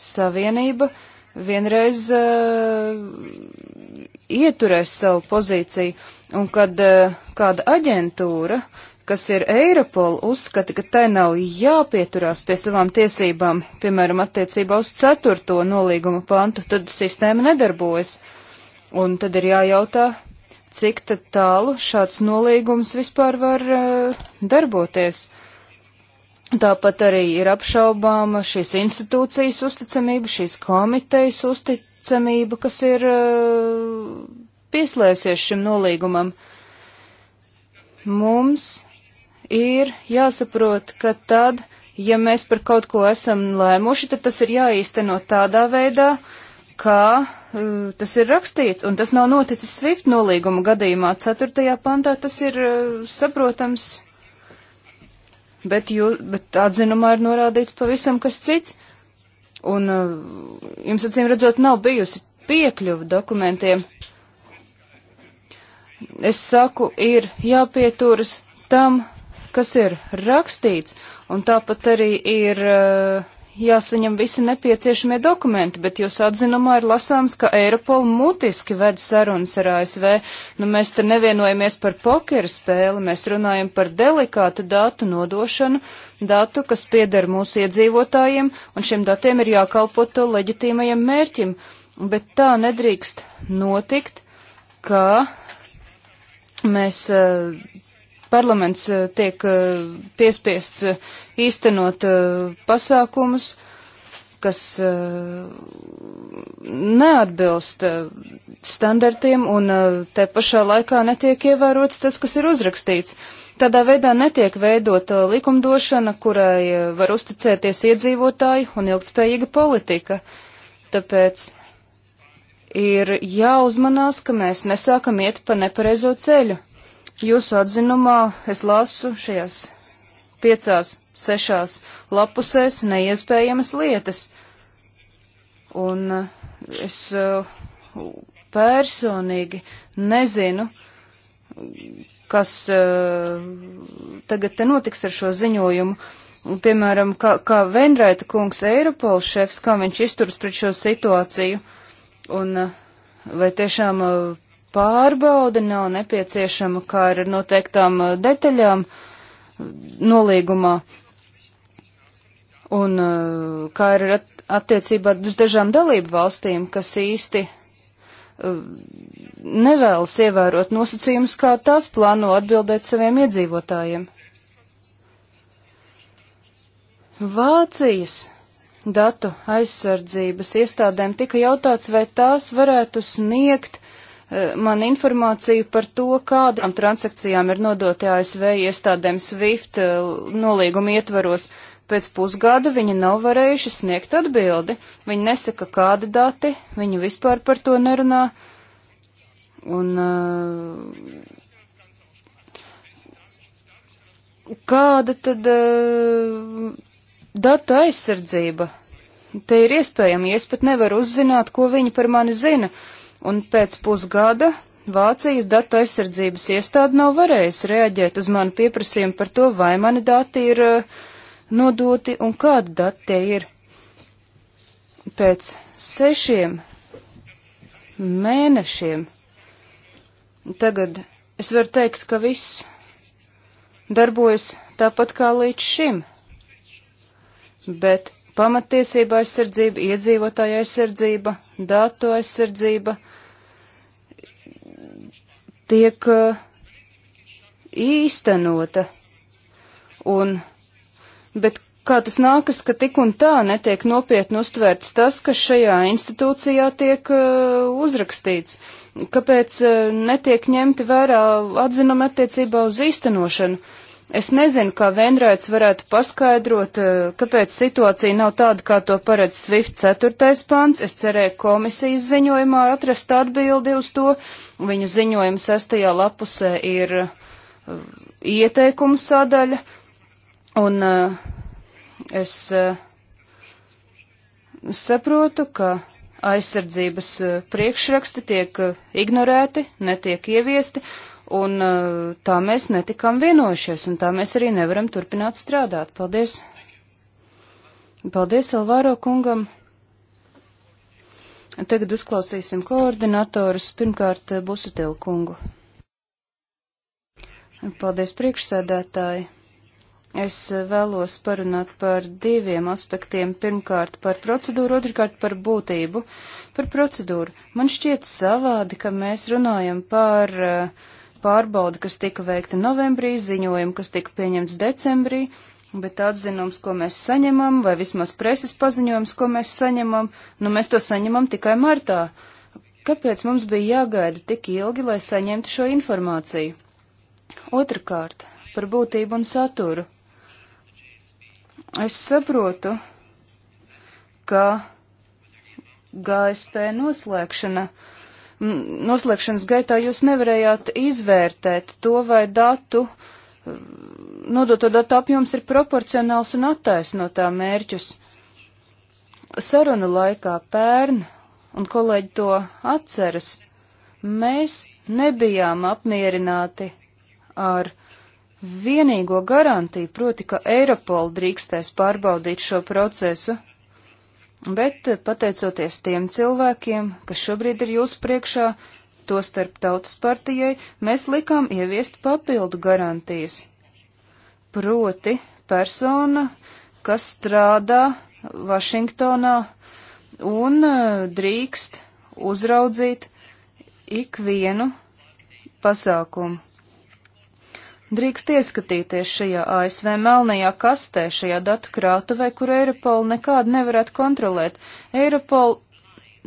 Savienība vienreiz uh, ieturēs savu pozīciju, un kad uh, kāda aģentūra, kas ir Eiropola, uzskata, ka tai nav jāpieturās pie savām tiesībām, piemēram, attiecībā uz ceturto nolīguma pantu, tad sistēma nedarbojas. Un tad ir jājautā, cik tālu šāds nolīgums vispār var uh, darboties. Tāpat arī ir apšaubāma šīs institūcijas uzticamība, šīs komitejas uzticamība, kas ir uh, pieslēsies šim nolīgumam. Mums ir jāsaprot, ka tad, ja mēs par kaut ko esam lēmuši, tad tas ir jāīsteno tādā veidā, kā uh, tas ir rakstīts, un tas nav noticis Swift nolīguma gadījumā. Ceturtajā pantā tas ir uh, saprotams bet, jū, bet atzinumā ir norādīts pavisam kas cits. Un uh, jums acīm redzot nav bijusi piekļuva dokumentiem. Es saku, ir jāpieturas tam, kas ir rakstīts, un tāpat arī ir uh, jāsaņem visi nepieciešamie dokumenti, bet jūs atzinumā ir lasāms, ka Eiropola mutiski ved sarunas ar ASV. Nu, mēs te nevienojamies par pokeru spēli, mēs runājam par delikātu datu nodošanu, datu, kas pieder mūsu iedzīvotājiem, un šiem datiem ir jākalpo to leģitīmajam mērķim. Bet tā nedrīkst notikt, ka mēs uh, parlaments eh, tiek eh, piespiests eh, īstenot pasākumus, kas neatbilst standartiem un te pašā laikā netiek ievērots tas, kas ir uzrakstīts. Tādā veidā netiek veidota likumdošana, kurai var uzticēties iedzīvotāji un ilgtspējīga politika. Tāpēc ir jāuzmanās, ka mēs nesākam iet pa nepareizo ceļu. Jūsu atzinumā es lasu šajās piecās, sešās lapusēs neiespējamas lietas. Un eh, es eh, personīgi nezinu, kas eh, tagad te notiks ar šo ziņojumu. Piemēram, kā, kā Venraita kungs Eiropola šefs, kā viņš izturs pret šo situāciju. Un vai tiešām pārbauda, nav nepieciešama kā ar noteiktām uh, detaļām uh, nolīgumā. Un uh, kā ir attiecībā uz dažām dalību valstīm, kas īsti nevēlas ievērot nosacījumus, kā tās plāno atbildēt saviem iedzīvotājiem. Vācijas datu aizsardzības iestādēm tika jautāts, vai tās varētu sniegt man informāciju par to, kādām transakcijām ir nodoti ASV iestādēm SWIFT eh, nolīguma ietvaros. Pēc pusgada viņi nav varējuši sniegt atbildi. Viņi nesaka, kādi dati, viņi vispār par to nerunā. Un, eh, kāda tad eh, datu aizsardzība? Te ir iespējami, ja es pat nevaru uzzināt, ko viņi par mani zina. Uh, un pēc pusgada Vācijas datu aizsardzības iestāde nav varējusi reaģēt uz manu pieprasījumu par to, vai mani dati ir eh, nodoti un kādi dati tie ir. Pēc sešiem mēnešiem tagad es varu teikt, ka viss darbojas tāpat kā līdz šim, bet pamatiesība aizsardzība, iedzīvotāja aizsardzība, datu aizsardzība – tiek uh, īstenota. Un, bet kā tas nākas, ka tik un tā netiek nopietni uztvērts tas, kas šajā institūcijā tiek uh, uzrakstīts? Kāpēc uh, netiek ņemti vērā atzinumi attiecībā uz īstenošanu? Uh, Es nezinu, kā Venrēts varētu paskaidrot, eh, kāpēc situācija nav tāda, kā to paredz Swift 4. pants. Es cerēju komisijas ziņojumā atrast atbildi uz to. Viņu ziņojuma sestajā lapusē ir eh, ieteikumu sadaļa. Un eh, es saprotu, ka aizsardzības eh, priekšraksti tiek eh, ignorēti, netiek ieviesti, un eh, tā mēs netikam vienojušies, un tā mēs arī nevaram turpināt strādāt. Paldies! Paldies Elvāro kungam! Tagad uzklausīsim koordinatorus, pirmkārt Busutēlu kungu. Paldies priekšsēdētāji! Es vēlos parunāt par diviem aspektiem. Pirmkārt par procedūru, otrkārt par būtību. Par procedūru. Man šķiet savādi, ka mēs runājam par eh, pārbaudi, kas tika veikta novembrī, ziņojumu, kas tika pieņemts decembrī, bet atzinums, ko mēs saņemam, vai vismaz preses paziņojums, ko mēs saņemam, nu mēs to saņemam tikai martā. Kāpēc mums bija jāgaida tik ilgi, lai saņemtu šo informāciju? Otrakārt, par būtību un saturu. Es saprotu, ka GSP noslēgšana, noslēgšanas gaitā jūs nevarējāt izvērtēt to, vai datu, nodoto datu apjoms ir proporcionāls un attaisno tā mērķus. Sarunu laikā pērn, un kolēģi to atceras, mēs nebijām apmierināti ar vienīgo garantiju, proti, ka Eiropola drīkstēs pārbaudīt šo procesu, bet eh, pateicoties tiem cilvēkiem, kas šobrīd ir jūsu priekšā, to starp tautas partijai, mēs likām ieviest papildu garantijas. Proti, persona, kas strādā Vašingtonā un eh, drīkst uzraudzīt ikvienu pasākumu drīkst ieskatīties šajā ASV melnajā kastē, šajā datu krātuvē, kur Eiropola nekādu nevarētu kontrolēt. Eiropola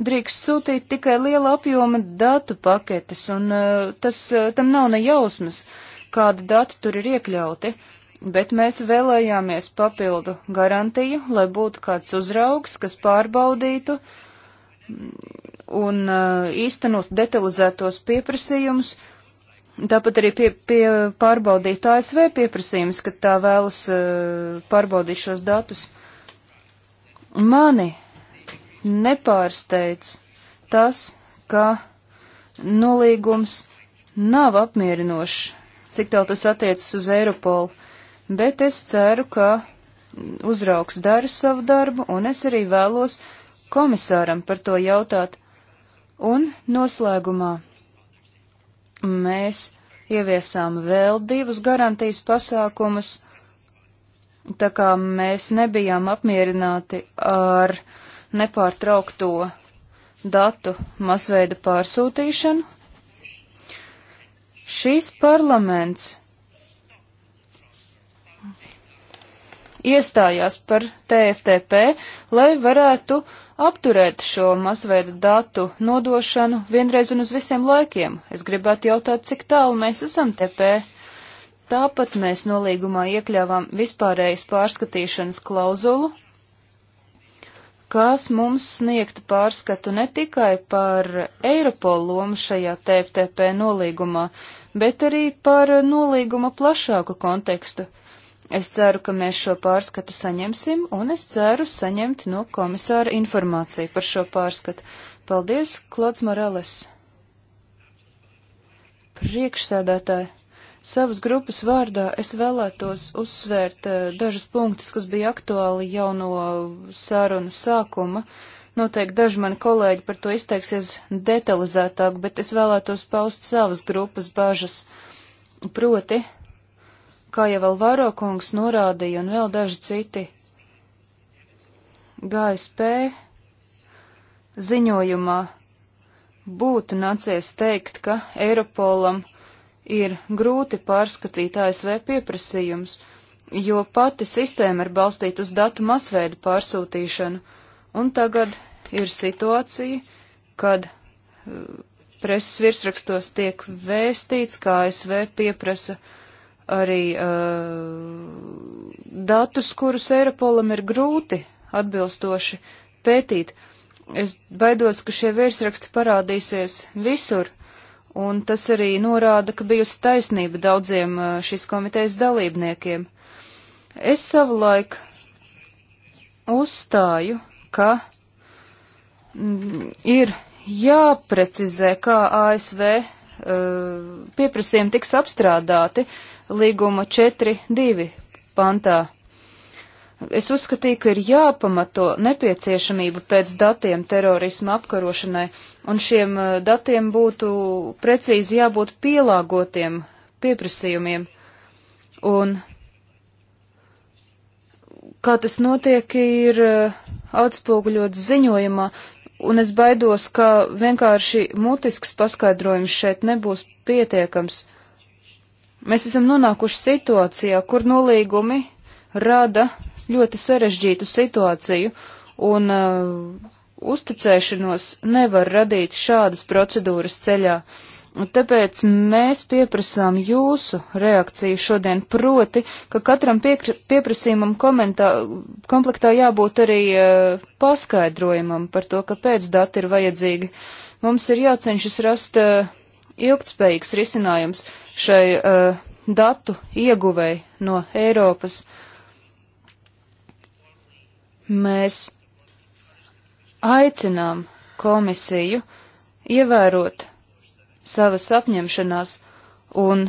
drīkst sūtīt tikai liela apjoma datu paketes, un uh, tas, uh, tam nav ne jausmas, kādi dati tur ir iekļauti, bet mēs vēlējāmies papildu garantiju, lai būtu kāds uzraugs, kas pārbaudītu mm, un uh, īstenot detalizētos pieprasījumus, uh, Tāpat arī pie, pie pārbaudīt ASV pieprasījums, ka tā vēlas uh, pārbaudīt šos datus. Mani nepārsteidz tas, ka nolīgums nav apmierinošs, cik tālu tas attiecas uz Eiropolu, bet es ceru, ka uzrauks dara savu darbu, un es arī vēlos komisāram par to jautāt. Un noslēgumā mēs ieviesām vēl divus garantijas pasākumus, tā kā mēs nebijām apmierināti ar nepārtraukto datu masveida pārsūtīšanu. Šīs parlaments iestājās par TFTP, lai varētu uh, apturēt šo masveida datu nodošanu vienreiz un uz visiem laikiem. Es gribētu jautāt, cik tālu mēs esam TP. Tāpat mēs nolīgumā iekļāvām vispārējas pārskatīšanas klauzulu, kas mums sniegtu pārskatu ne tikai par Eiropolu lomu šajā TFTP nolīgumā, bet arī par nolīguma plašāku kontekstu, Es ceru, ka mēs šo pārskatu saņemsim, un es ceru saņemt no komisāra informāciju par šo pārskatu. Paldies, Klods Moreles. Priekšsēdētāji, savas grupas vārdā es vēlētos uzsvērt uh, dažus punktus, kas bija aktuāli jau no sarunu sākuma. Noteikti daži mani kolēģi par to izteiksies detalizētāk, bet es vēlētos paust savas grupas bažas. Proti, kā jau Alvaro kungs norādīja un vēl daži citi. GSP ziņojumā būtu nācies teikt, ka Eiropolam ir grūti pārskatīt ASV pieprasījums, jo pati sistēma ir balstīta uz datu masveidu pārsūtīšanu, un tagad ir situācija, kad uh, preses virsrakstos tiek vēstīts, kā ASV pieprasa uh, arī uh, datus, kurus Eiropolam ir grūti atbilstoši pētīt. Es baidos, ka šie virsraksti parādīsies visur, un tas arī norāda, ka bijusi taisnība daudziem uh, šīs komitejas dalībniekiem. Es savulaik uzstāju, ka mm, ir jāprecizē, kā ASV pieprasījumi tiks apstrādāti līguma 4.2. pantā. Es uzskatīju, ka ir jāpamato nepieciešamība pēc datiem terorisma apkarošanai, un šiem uh, datiem būtu precīzi jābūt pielāgotiem pieprasījumiem. Un kā tas notiek, ir uh, atspoguļots ziņojumā, un es baidos, ka vienkārši mutisks paskaidrojums šeit nebūs pietiekams. Mēs esam nonākuši situācijā, kur nolīgumi rada ļoti sarežģītu situāciju, un uh, uzticēšanos nevar radīt šādas procedūras ceļā. Uh, Tāpēc mēs pieprasām jūsu reakciju šodien, proti, ka katram pieprasījumam komentā, komplektā jābūt arī uh, paskaidrojumam par to, kāpēc dati ir vajadzīgi. Mums ir jācenšas rast uh, ilgtspējīgs risinājums šai uh, datu ieguvei no Eiropas. Mēs aicinām komisiju ievērot savas apņemšanās, un,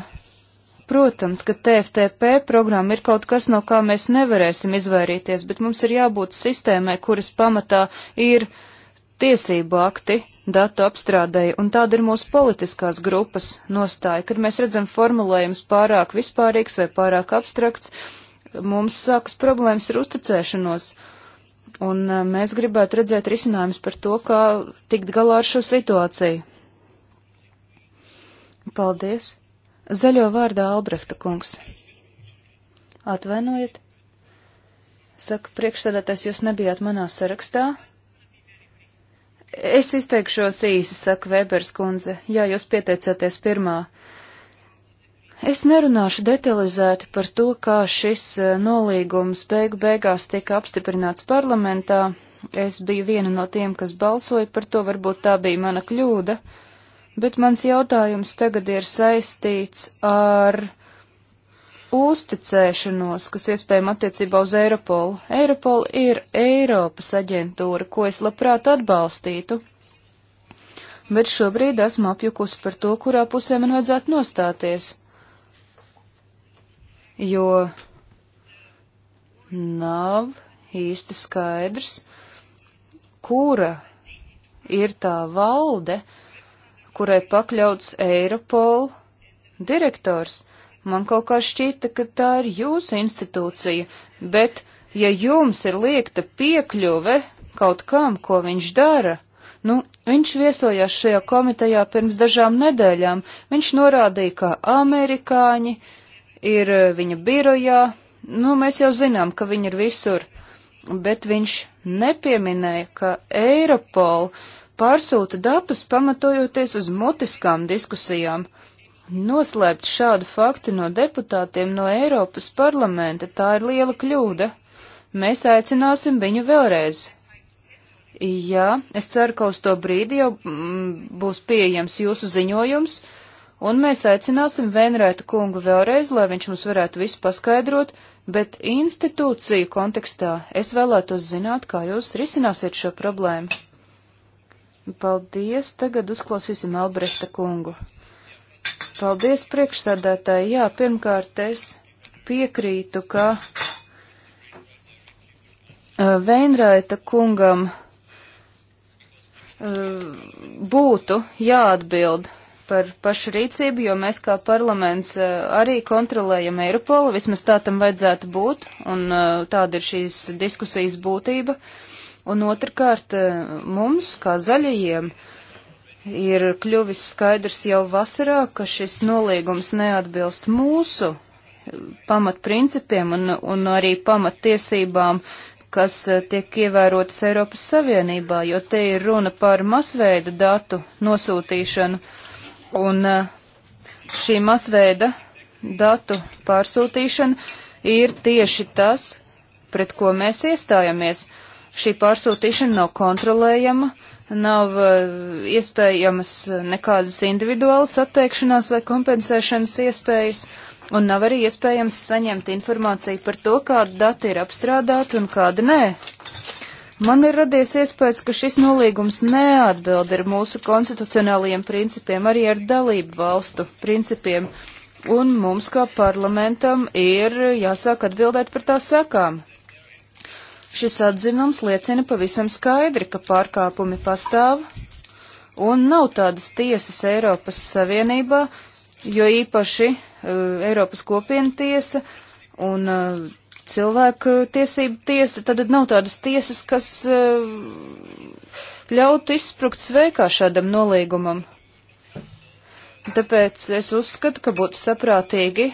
protams, ka TFTP programma ir kaut kas, no kā mēs nevarēsim izvairīties, bet mums ir jābūt sistēmai, kuras pamatā ir tiesību akti datu apstrādēji, un tāda ir mūsu politiskās grupas nostāja, kad mēs redzam formulējums pārāk vispārīgs vai pārāk abstrakts, mums sākas problēmas ar uzticēšanos un eh, mēs gribētu redzēt risinājumus par to, kā tikt galā ar šo situāciju. Paldies. Zaļo vārdā Albrehta kungs. Atvainojiet. Saka, priekšsēdētājs, jūs nebijāt manā sarakstā. Es izteikšos īsi, saka Vēbers kundze, jā, jūs pieteicāties pirmā. Es nerunāšu detalizēti par to, kā šis eh, nolīgums beigu beigās tika apstiprināts parlamentā. Es biju viena no tiem, kas balsoja par to, varbūt tā bija mana kļūda. Uh, bet mans jautājums tagad ir saistīts ar uzticēšanos, kas iespējama attiecībā uz Eiropolu. Eiropola ir Eiropas aģentūra, ko es labprāt atbalstītu, bet šobrīd esmu apjukusi par to, kurā pusē man vajadzētu nostāties. Jo nav īsti skaidrs, kura ir tā valde, uh, kurai pakļauts Eiropol direktors. Man kaut kā šķita, ka tā ir jūsu institūcija, bet ja jums ir liekta piekļuve kaut kam, ko viņš dara, nu, viņš viesojās šajā komitejā pirms dažām nedēļām, viņš norādīja, ka amerikāņi ir eh, viņa birojā, nu, mēs jau zinām, ka viņi ir visur, bet viņš nepieminēja, ka Eiropol pārsūta datus pamatojoties uz mutiskām diskusijām. Noslēpt šādu faktu no deputātiem no Eiropas parlamenta tā ir liela kļūda. Mēs aicināsim viņu vēlreiz. Jā, es ceru, ka uz to brīdi jau mm, būs pieejams jūsu ziņojums, un mēs aicināsim Vēnrēta kungu vēlreiz, lai viņš mums varētu visu paskaidrot, bet institūciju kontekstā es vēlētos zināt, kā jūs risināsiet šo problēmu. Paldies, tagad uzklausīsim Albrehta kungu. Paldies, priekšsādātāji. Jā, pirmkārt es piekrītu, ka Veinraita kungam būtu jāatbild par pašu rīcību, jo mēs kā parlaments arī kontrolējam Eiropolu, vismaz tā tam vajadzētu būt, un tāda ir šīs diskusijas būtība. Uh, Un otrkārt, eh, mums, kā zaļajiem, ir kļuvis skaidrs jau vasarā, ka šis nolīgums neatbilst mūsu eh, pamatprincipiem un, un arī pamattiesībām, kas eh, tiek ievērotas Eiropas Savienībā, jo te ir runa par masveida datu nosūtīšanu. Un šī masveida datu pārsūtīšana ir tieši tas, pret ko mēs iestājamies. Uh, šī pārsūtīšana nav kontrolējama, nav eh, iespējamas nekādas individuālas atteikšanās vai kompensēšanas iespējas, un nav arī iespējams saņemt informāciju par to, kāda dati ir apstrādāti un kāda nē. Man ir radies iespējas, ka šis nolīgums neatbild ar mūsu konstitucionālajiem principiem, arī ar dalību valstu principiem, un mums kā parlamentam ir jāsāk atbildēt par tā sakām. Šis atzinums liecina pavisam skaidri, ka pārkāpumi pastāv un nav tādas tiesas Eiropas Savienībā, jo īpaši uh, Eiropas kopiena tiesa un uh, cilvēku tiesību tiesa, tad nav tādas tiesas, kas uh, ļautu izsprukt sveikā šādam nolīgumam. Tāpēc es uzskatu, ka būtu saprātīgi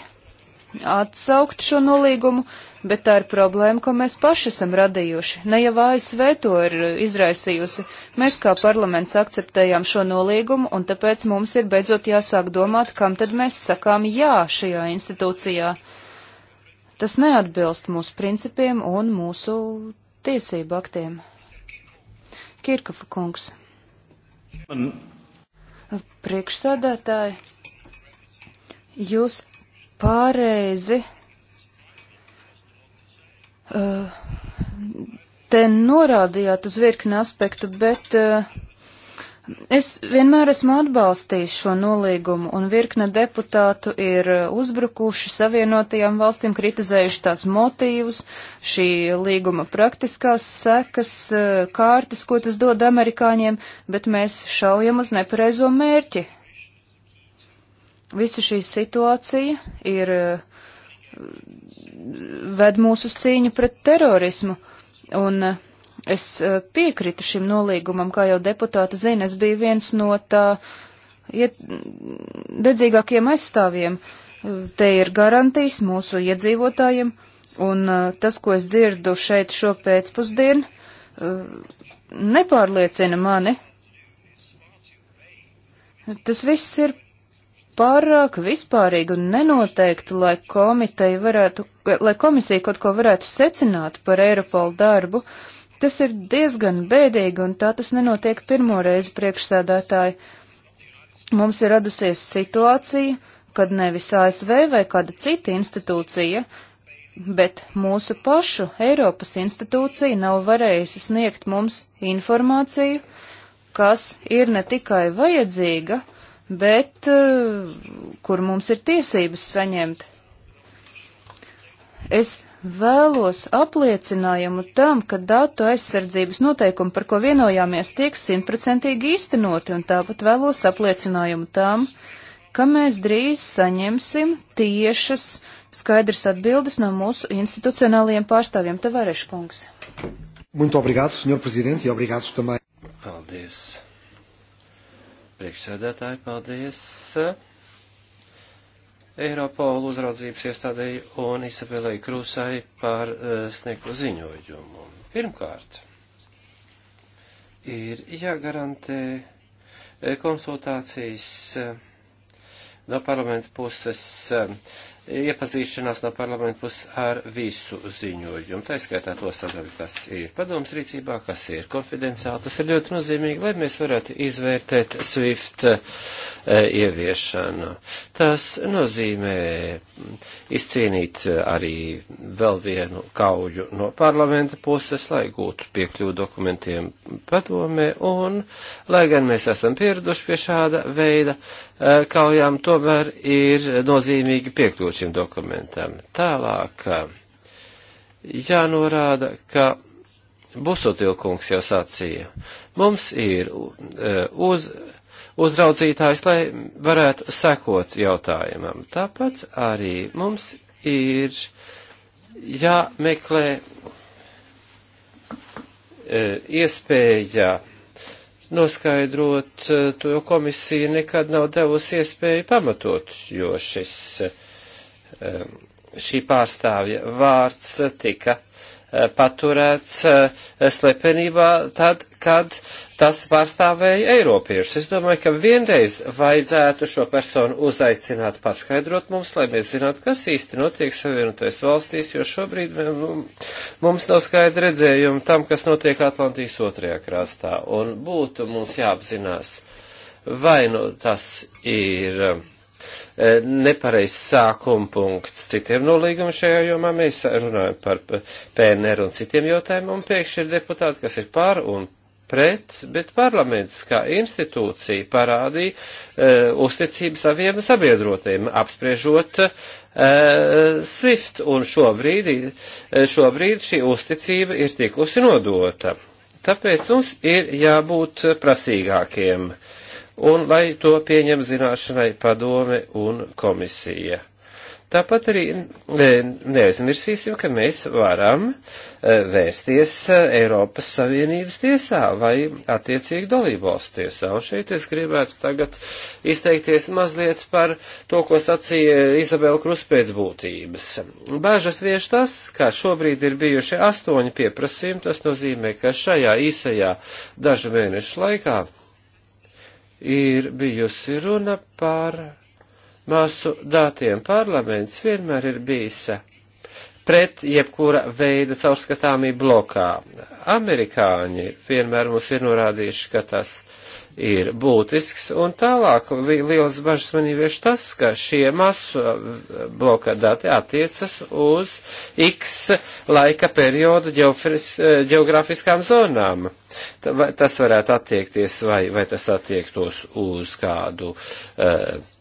atsaukt šo nolīgumu, uh, bet tā ir problēma, ko mēs paši esam radījuši. Ne jau ASV to ir izraisījusi. Mēs kā parlaments akceptējām šo nolīgumu, un tāpēc mums ir beidzot jāsāk domāt, kam tad mēs sakām jā šajā institūcijā. Tas neatbilst mūsu principiem un mūsu tiesību aktiem. Kirkafa kungs. Man... Priekšsādātāji, jūs pareizi Te norādījāt uz virkni aspektu, bet eh, es vienmēr esmu atbalstījis šo nolīgumu, un virkne deputātu ir eh, uzbrukuši savienotajām valstīm, kritizējuši tās motīvus, šī līguma praktiskās sekas, eh, kārtas, ko tas dod amerikāņiem, bet mēs šaujam uz nepareizo mērķi. Visa šī situācija ir ved mūs uz cīņu pret terorismu. Un eh, es eh, piekritu šim nolīgumam, kā jau deputāta zina, es biju viens no tā iet, dedzīgākiem aizstāvjiem. Te ir garantijas mūsu iedzīvotājiem, un eh, tas, ko es dzirdu šeit šo pēcpusdienu, nepārliecina mani. Tas viss ir pārāk vispārīga un nenoteikta, lai, varētu, lai komisija kaut ko varētu secināt par Eiropolu darbu. Tas ir diezgan bēdīgi, un tā tas nenotiek pirmo reizi priekšsēdētāji. Mums ir radusies situācija, kad nevis ASV vai kāda cita institūcija, bet mūsu pašu Eiropas institūcija nav varējusi sniegt mums informāciju, kas ir ne tikai vajadzīga, bet eh, kur mums ir tiesības saņemt. Es vēlos apliecinājumu tam, ka datu aizsardzības noteikumi, par ko vienojāmies, tiek simtprocentīgi īstenoti, un tāpat vēlos apliecinājumu tam, ka mēs drīz saņemsim tiešas skaidrs atbildes no mūsu institucionālajiem pārstāvjiem. Tavareškungs. Muito obrigado, senhor presidente, e obrigado também. Paldies. Priekšsēdētāji, paldies. Eiropola uzraudzības iestādēji un Isabelai Krūsai par eh, sniegto ziņojumu. Pirmkārt, ir jāgarantē eh, konsultācijas eh, no parlamenta puses iepazīšanās no parlamenta puses ar visu ziņojumu. Tā skaitā to sadaļu, kas ir padoms rīcībā, kas ir konfidenciāli. Tas ir ļoti nozīmīgi, lai mēs varētu izvērtēt SWIFT e, ieviešanu. Tas nozīmē izcīnīt arī vēl vienu kauju no parlamenta puses, lai gūtu piekļuvu dokumentiem padomē, un, lai gan mēs esam pieraduši pie šāda veida e, kaujām, tomēr ir nozīmīgi piekļuvu piekļuvu šim dokumentam. Tālāk jānorāda, ka Busotilkungs jau sacīja, mums ir e, uz, uzraudzītājs, lai varētu sekot jautājumam. Tāpat arī mums ir jāmeklē e, iespēja noskaidrot, e, to komisija nekad nav devusi iespēju pamatot, jo šis Ehm, šī pārstāvja vārds tika eh, paturēts eh, slepenībā tad, kad tas pārstāvēja Eiropiešus. Es domāju, ka vienreiz vajadzētu šo personu uzaicināt, paskaidrot mums, lai mēs zinātu, kas īsti notiek Savienotajās valstīs, jo šobrīd nu, mums nav skaidra redzējuma tam, kas notiek Atlantijas otrajā krastā. Un būtu mums jāapzinās, vai nu tas ir Eh, nepareizs sākuma punkts citiem nolīgumiem šajā jomā. Mēs runājam par PNR un citiem jautājumiem, un pēkšņi ir deputāti, kas ir par un pret, bet parlaments kā institūcija parādīja e, uzticību saviem sabiedrotajiem, apspriežot e, SWIFT, un šobrīd, e, šobrīd šī uzticība ir tikusi nodota. Tāpēc mums ir jābūt prasīgākiem. E, un lai to pieņem zināšanai padome un komisija. Tāpat arī e, neaizmirsīsim, ka mēs varam e, vērsties e, Eiropas Savienības tiesā vai attiecīgi dalībvalstu tiesā. Un šeit es gribētu tagad izteikties mazliet par to, ko sacīja Izabela Krus pēc būtības. Bāžas vieš tas, ka šobrīd ir bijuši astoņi pieprasījumi, tas nozīmē, ka šajā īsajā dažu mēnešu laikā ir bijusi runa par masu datiem. Parlaments vienmēr ir bijis pret jebkura veida caurskatāmību blokā. Amerikāņi vienmēr mums ir norādījuši, ka tas ir būtisks, un tālāk liels bažas man ievieš tas, ka šie masu eh, bloka dati attiecas uz X laika periodu eh, geogrāfiskām zonām. Tas varētu attiekties, vai, vai tas attiektos uz kādu uh,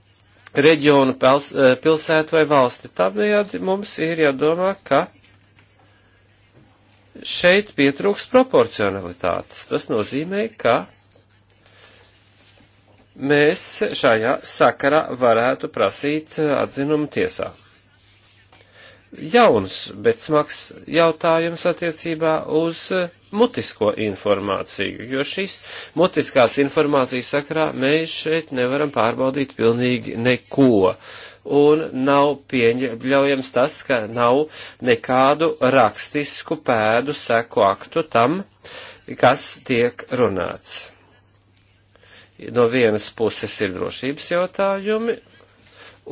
reģionu, pils, pilsētu vai valsti. Tādējādi mums ir jādomā, ka šeit pietrūks proporcionalitātes. Tas nozīmē, ka mēs šajā sakarā varētu prasīt eh, atzinumu tiesā. Jauns, bet smags jautājums attiecībā uz eh, mutisko informāciju, jo šīs mutiskās informācijas sakarā mēs šeit nevaram pārbaudīt pilnīgi neko. Un nav pieļaujams tas, ka nav nekādu rakstisku pēdu seku aktu tam, kas tiek runāts no vienas puses ir drošības jautājumi,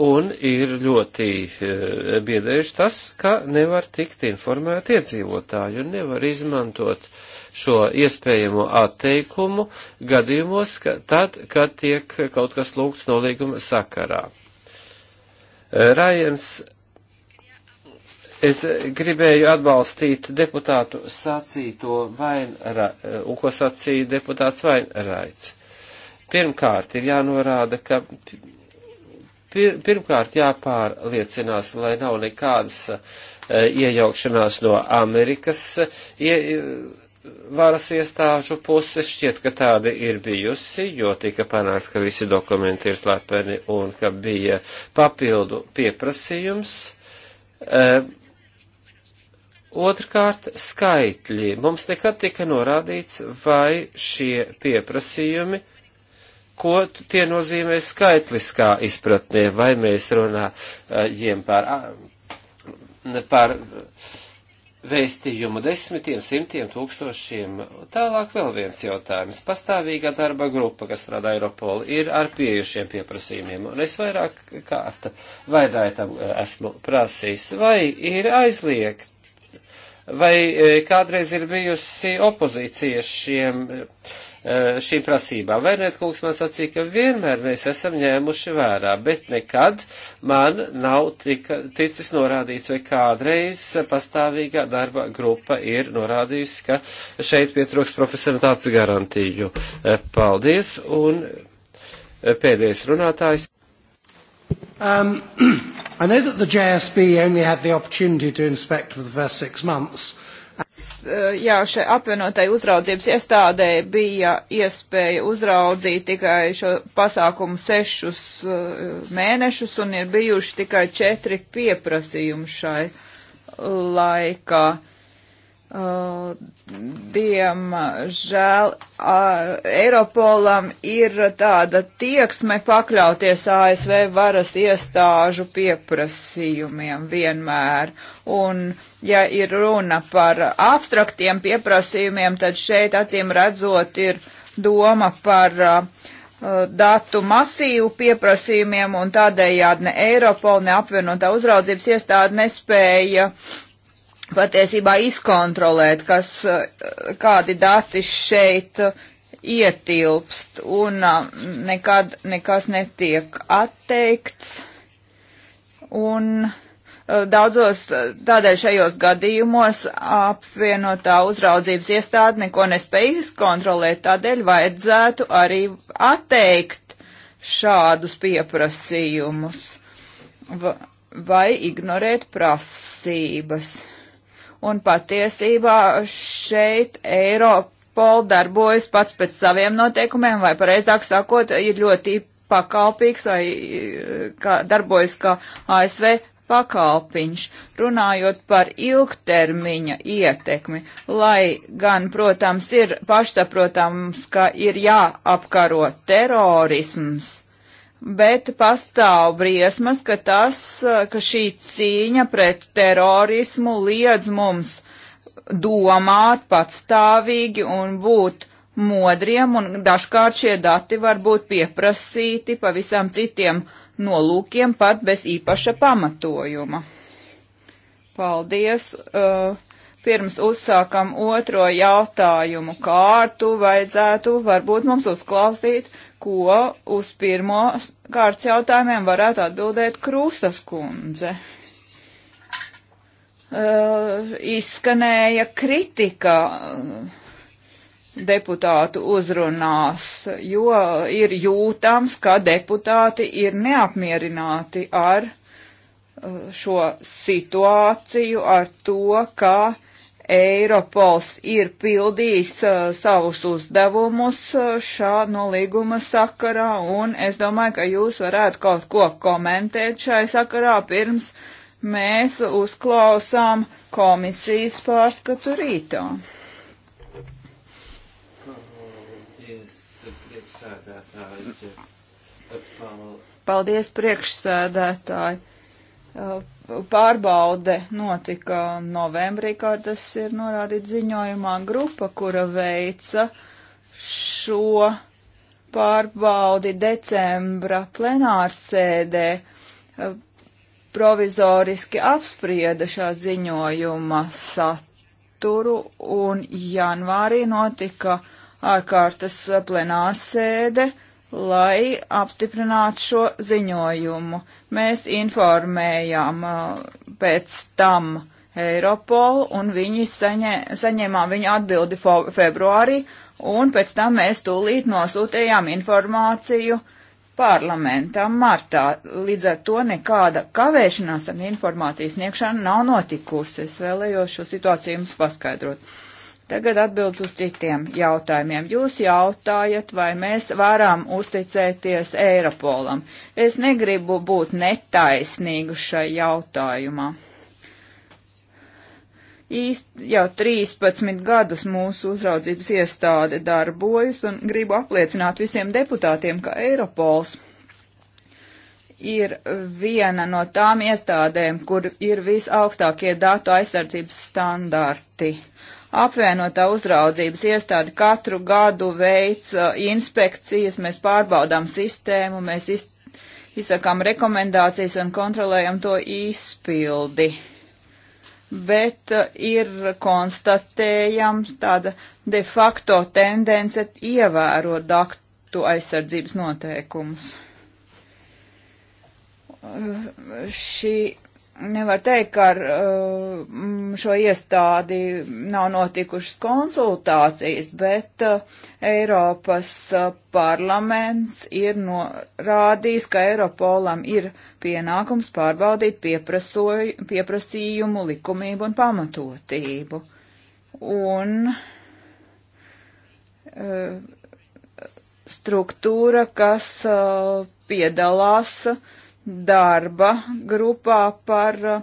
un ir ļoti e, biedējuši tas, ka nevar tikt informēt iedzīvotāju un nevar izmantot šo iespējamo atteikumu gadījumos, ka tad, kad tiek kaut kas lūgts nolīguma sakarā. E, Rajans, es gribēju atbalstīt deputātu sacīto vainra, e, un ko sacīja deputāts Vainraits Pirmkārt, ir jānorāda, ka pir, pirmkārt jāpārliecinās, lai nav nekādas uh, iejaukšanās no Amerikas ie, varas iestāžu puses. Šķiet, ka tāda ir bijusi, jo tika panāks, ka visi dokumenti ir slepeni un ka bija papildu pieprasījums. Uh, Otrkārt, skaitļi. Mums nekad tika norādīts, vai šie pieprasījumi uh, ko tie nozīmē skaitliskā izpratnē, vai mēs runājam eh, par, par vēstījumu desmitiem, simtiem, tūkstošiem. Tālāk vēl viens jautājums. Pastāvīgā darba grupa, kas strādā Eiropola, ir ar pieejušiem pieprasījumiem, un es vairāk kārt vaidāju tam eh, esmu prasījis, vai ir aizliegt, vai eh, kādreiz ir bijusi opozīcija šiem E, šīm prasībām. Vainētkungs man sacīja, ka vienmēr mēs esam ņēmuši vērā, bet nekad man nav tika, ticis norādīts, vai kādreiz pastāvīgā darba grupa ir norādījusi, ka šeit pietrūks profesionālitātes garantiju. E, paldies, un pēdējais runātājs. Um, I know that the JSB only had the opportunity to inspect for the first six months. Eh, jā, šai apvienotai uzraudzības iestādē bija iespēja uzraudzīt tikai šo pasākumu sešus eh, mēnešus un ir bijuši tikai četri pieprasījumi šai laikā. Uh, diemžēl uh, Eiropolam ir tāda tieksme pakļauties ASV varas iestāžu pieprasījumiem vienmēr. Un uh, ja ir runa par abstraktiem pieprasījumiem, tad šeit acīm redzot ir doma par uh, datu masīvu pieprasījumiem un tādējādi ne Eiropola, ne apvienotā uzraudzības iestāde nespēja patiesībā izkontrolēt, kas, uh, kādi dati šeit uh, ietilpst un uh, nekad nekas netiek atteikts. Un uh, Eh, daudzos eh, tādēļ šajos gadījumos apvienotā uzraudzības iestāde neko nespēj izkontrolēt, tādēļ vajadzētu arī atteikt šādus pieprasījumus vai ignorēt prasības. Un patiesībā šeit Eiropol darbojas pats pēc saviem noteikumiem, vai pareizāk sakot, ir ļoti pakalpīgs vai eh, kā, darbojas kā ASV pakalpiņš, runājot par ilgtermiņa ietekmi, lai gan, protams, ir pašsaprotams, ka ir jāapkaro terorisms, bet pastāv briesmas, ka, tas, ka šī cīņa pret terorismu liedz mums domāt patstāvīgi un būt modriem, un dažkārt šie dati var būt pieprasīti pavisam citiem uh, nolūkiem pat bez īpaša pamatojuma. Paldies! Uh, pirms uzsākam otro jautājumu kārtu, vajadzētu varbūt mums uzklausīt, ko uz pirmo kārtas jautājumiem varētu atbildēt Krūstas kundze. Uh, izskanēja kritika uh, deputātu uzrunās, jo ir jūtams, ka deputāti ir neapmierināti ar uh, šo situāciju, ar to, ka Eiropols ir pildījis uh, savus uzdevumus uh, šā nolīguma sakarā, un es domāju, ka jūs varētu kaut ko komentēt šai sakarā pirms mēs uzklausām komisijas pārskatu rītā. Paldies, priekšsēdētāji. Pārbaude notika novembrī, kā tas ir norādīts ziņojumā, grupa, kura veica šo pārbaudi decembra plenārsēdē provizoriski apsprieda šā ziņojuma saturu un janvārī notika uh, ārkārtas plenārsēde, lai apstiprinātu šo ziņojumu. Mēs informējām uh, pēc tam Eiropolu un viņi saņē, saņēmām viņa atbildi februārī un pēc tam mēs tūlīt nosūtījām informāciju parlamentam martā. Līdz ar to nekāda kavēšanās ar informācijas sniegšanu nav notikusi. Es vēlējos šo situāciju jums paskaidrot. Tagad atbildes uz citiem jautājumiem. Jūs jautājat, vai mēs varam uzticēties Eiropolam. Es negribu būt netaisnīgu šai jautājumā. Īst jau 13 gadus mūsu uzraudzības iestāde darbojas un gribu apliecināt visiem deputātiem, ka Eiropols ir viena no tām iestādēm, kur ir visaugstākie datu aizsardzības standarti. Uh, apvienotā uzraudzības iestāde katru gadu veic uh, inspekcijas, mēs pārbaudām sistēmu, mēs iz, izsakām rekomendācijas un kontrolējam to izpildi. Bet uh, ir konstatējams tāda de facto tendence ievērot daktu aizsardzības noteikumus. Uh, šī nevar teikt, ka ar uh, šo iestādi nav notikušas konsultācijas, bet uh, Eiropas uh, parlaments ir norādījis, ka Eiropolam ir pienākums pārbaudīt pieprasījumu likumību un pamatotību. Un struktūra, kas piedalās uh, darba grupā par uh,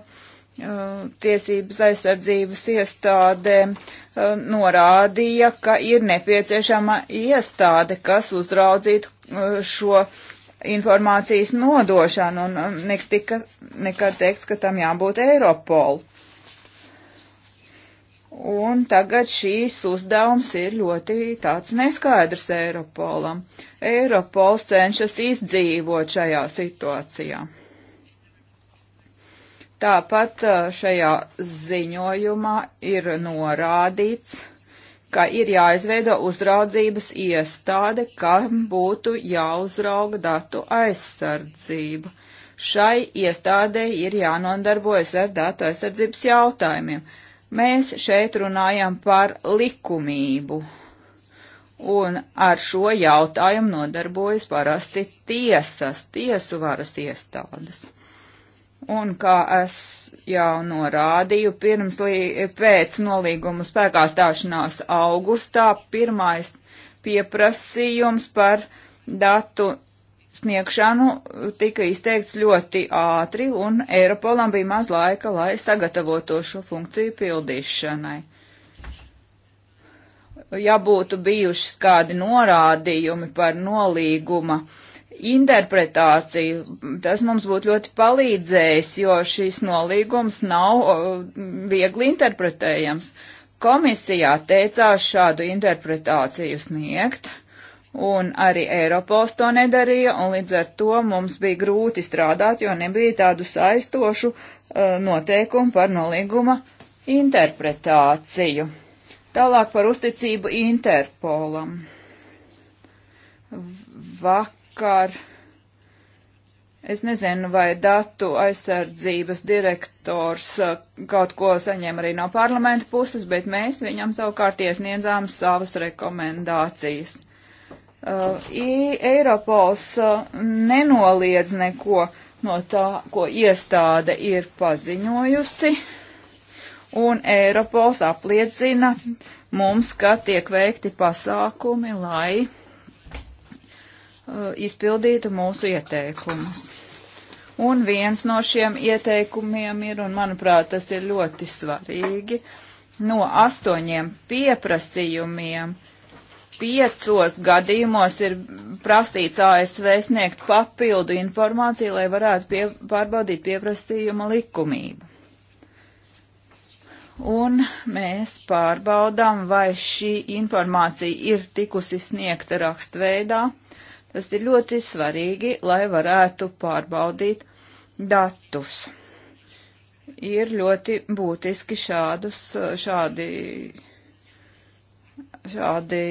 tiesības aizsardzības iestādēm uh, norādīja, ka ir nepieciešama iestāde, kas uzraudzītu uh, šo informācijas nodošanu, un netika nekad teikts, ka tam jābūt Eiropolu. Un tagad šīs uzdevums ir ļoti tāds neskaidrs Eiropolam. Eiropols cenšas izdzīvot šajā situācijā. Tāpat šajā ziņojumā ir norādīts, ka ir jāizveido uzraudzības iestāde, kam būtu jāuzrauga datu aizsardzība. Šai iestādei ir jānodarbojas ar datu aizsardzības jautājumiem Mēs šeit runājam par likumību. Un ar šo jautājumu nodarbojas parasti tiesas, tiesu varas iestādes. Un kā es jau norādīju, pirms lī, pēc nolīguma spēkā stāšanās augustā pirmais pieprasījums par datu sniegšanu tika izteikts ļoti ātri, un Eiropolam bija maz laika, lai sagatavoto šo funkciju pildīšanai. Ja būtu bijušas kādi norādījumi par nolīguma interpretāciju, tas mums būtu ļoti palīdzējis, jo šis nolīgums nav viegli interpretējams. Komisijā teicās šādu interpretāciju sniegt un arī Eiropols to nedarīja, un līdz ar to mums bija grūti strādāt, jo nebija tādu saistošu uh, noteikumu par nolīguma interpretāciju. Tālāk par uzticību Interpolam. Vakar, es nezinu, vai datu aizsardzības direktors uh, kaut ko saņēma arī no parlamenta puses, bet mēs viņam savukārt iesniedzām savas rekomendācijas. Uh, Eiropols uh, nenoliedz neko no tā, ko iestāde ir paziņojusi, un Eiropols apliecina mums, ka tiek veikti pasākumi, lai uh, izpildītu mūsu ieteikumus. Un viens no šiem ieteikumiem ir, un manuprāt, tas ir ļoti svarīgi, no astoņiem pieprasījumiem piecos gadījumos ir prasīts ASV sniegt papildu informāciju, lai varētu pie, pārbaudīt pieprasījuma likumību. Un mēs pārbaudām, vai šī informācija ir tikusi sniegta rakstveidā. Tas ir ļoti svarīgi, lai varētu pārbaudīt datus. Ir ļoti būtiski šādus, šādi šādi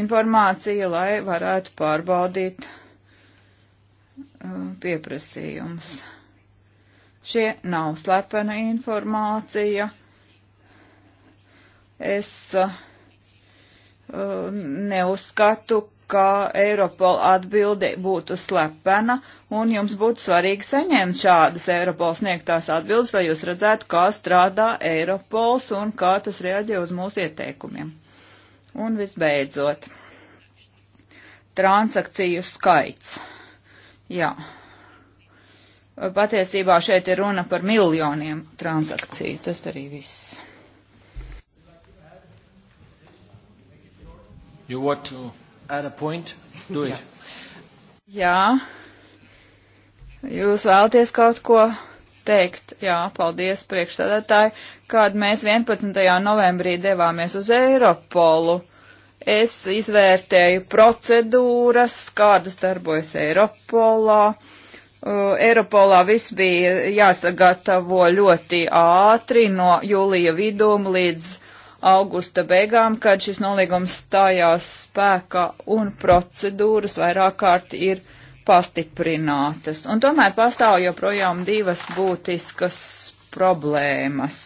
informācija, lai varētu pārbaudīt uh, pieprasījumus. Šie nav slepena informācija. Es uh, uh neuzskatu, ka Eiropola atbildi būtu slepena, un jums būtu svarīgi saņemt šādas Eiropola sniegtās atbildes, lai jūs redzētu, kā strādā Eiropols un kā tas reaģē uz mūsu ieteikumiem. Un visbeidzot, transakciju skaits. Jā. Patiesībā šeit ir runa par miljoniem transakciju. Tas arī viss. You want to add a point? Do it. Jā. Jūs vēlaties kaut ko teikt? Jā, paldies priekšsēdētāji. Kad mēs 11. novembrī devāmies uz Eiropolu, es izvērtēju procedūras, kādas darbojas Eiropolā. Uh, Eiropolā viss bija jāsagatavo ļoti ātri no jūlija vidum līdz augusta beigām, kad šis nolīgums stājās spēkā un procedūras vairāk kārt ir pastiprinātas. Un tomēr pastāv joprojām divas būtiskas problēmas.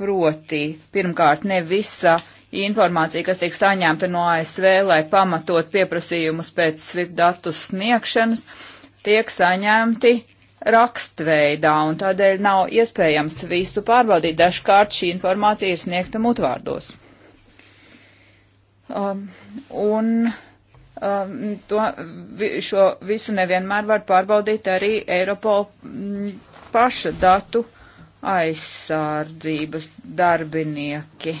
Proti, pirmkārt, ne visa informācija, kas tiek saņemta no ASV, lai pamatot pieprasījumus pēc SWIFT datu sniegšanas, tiek saņemti rakstveidā, un tādēļ nav iespējams visu pārbaudīt. Dažkārt šī informācija ir sniegta mutvārdos. Um, un um, to, šo visu nevienmēr var pārbaudīt arī Eiropola paša datu uh, aizsardzības darbinieki.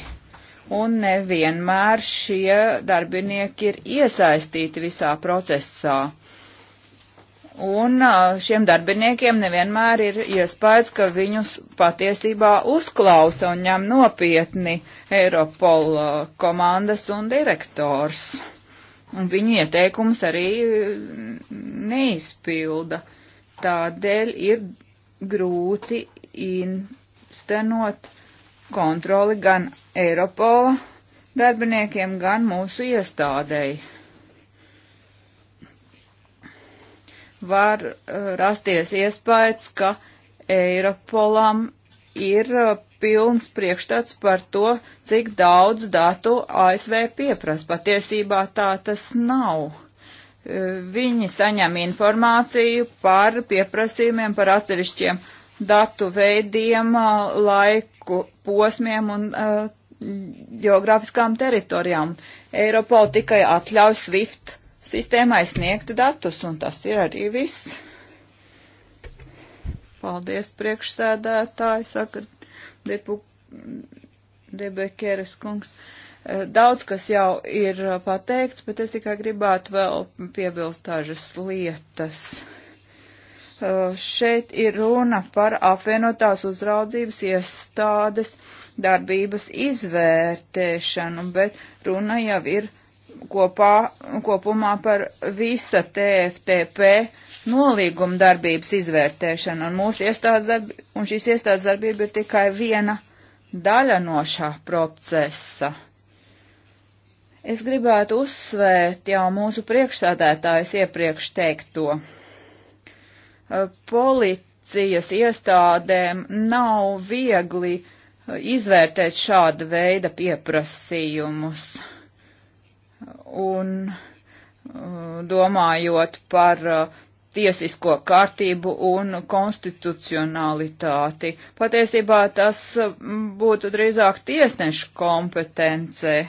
Un nevienmēr šie darbinieki ir iesaistīti visā procesā. Un šiem darbiniekiem nevienmēr ir iespējas, ka viņus patiesībā uzklausa un ņem nopietni Eiropola komandas un direktors. Un viņu ieteikums arī neizpilda. Tādēļ ir grūti īstenot kontroli gan Eiropola darbiniekiem, gan mūsu iestādēji. Var eh, rasties iespējas, ka Eiropolam ir eh, pilns priekšstats par to, cik daudz datu ASV pieprasa. Patiesībā tā tas nav. Eh, viņi saņem informāciju par pieprasījumiem par atsevišķiem datu veidiem, laiku posmiem un uh, geogrāfiskām teritorijām. Eiropola tikai atļauj SWIFT sistēmai sniegt datus, un tas ir arī viss. Paldies, priekšsēdētāji, saka Depu, Debekeres kungs. Daudz, kas jau ir pateikts, bet es tikai gribētu vēl piebilst dažas lietas. Eh, šeit ir runa par apvienotās uzraudzības iestādes darbības izvērtēšanu, bet runa jau ir kopā, kopumā par visa TFTP nolīguma darbības izvērtēšanu, un mūsu iestādes darbība, un šīs iestādes darbība ir tikai viena daļa no šā procesa. Es gribētu uzsvērt jau mūsu priekšsādētājs iepriekš teikto policijas iestādēm nav viegli eh, izvērtēt šāda veida pieprasījumus. Un eh, domājot par eh, tiesisko kārtību un konstitucionalitāti. Patiesībā tas mm, būtu drīzāk tiesnešu kompetence.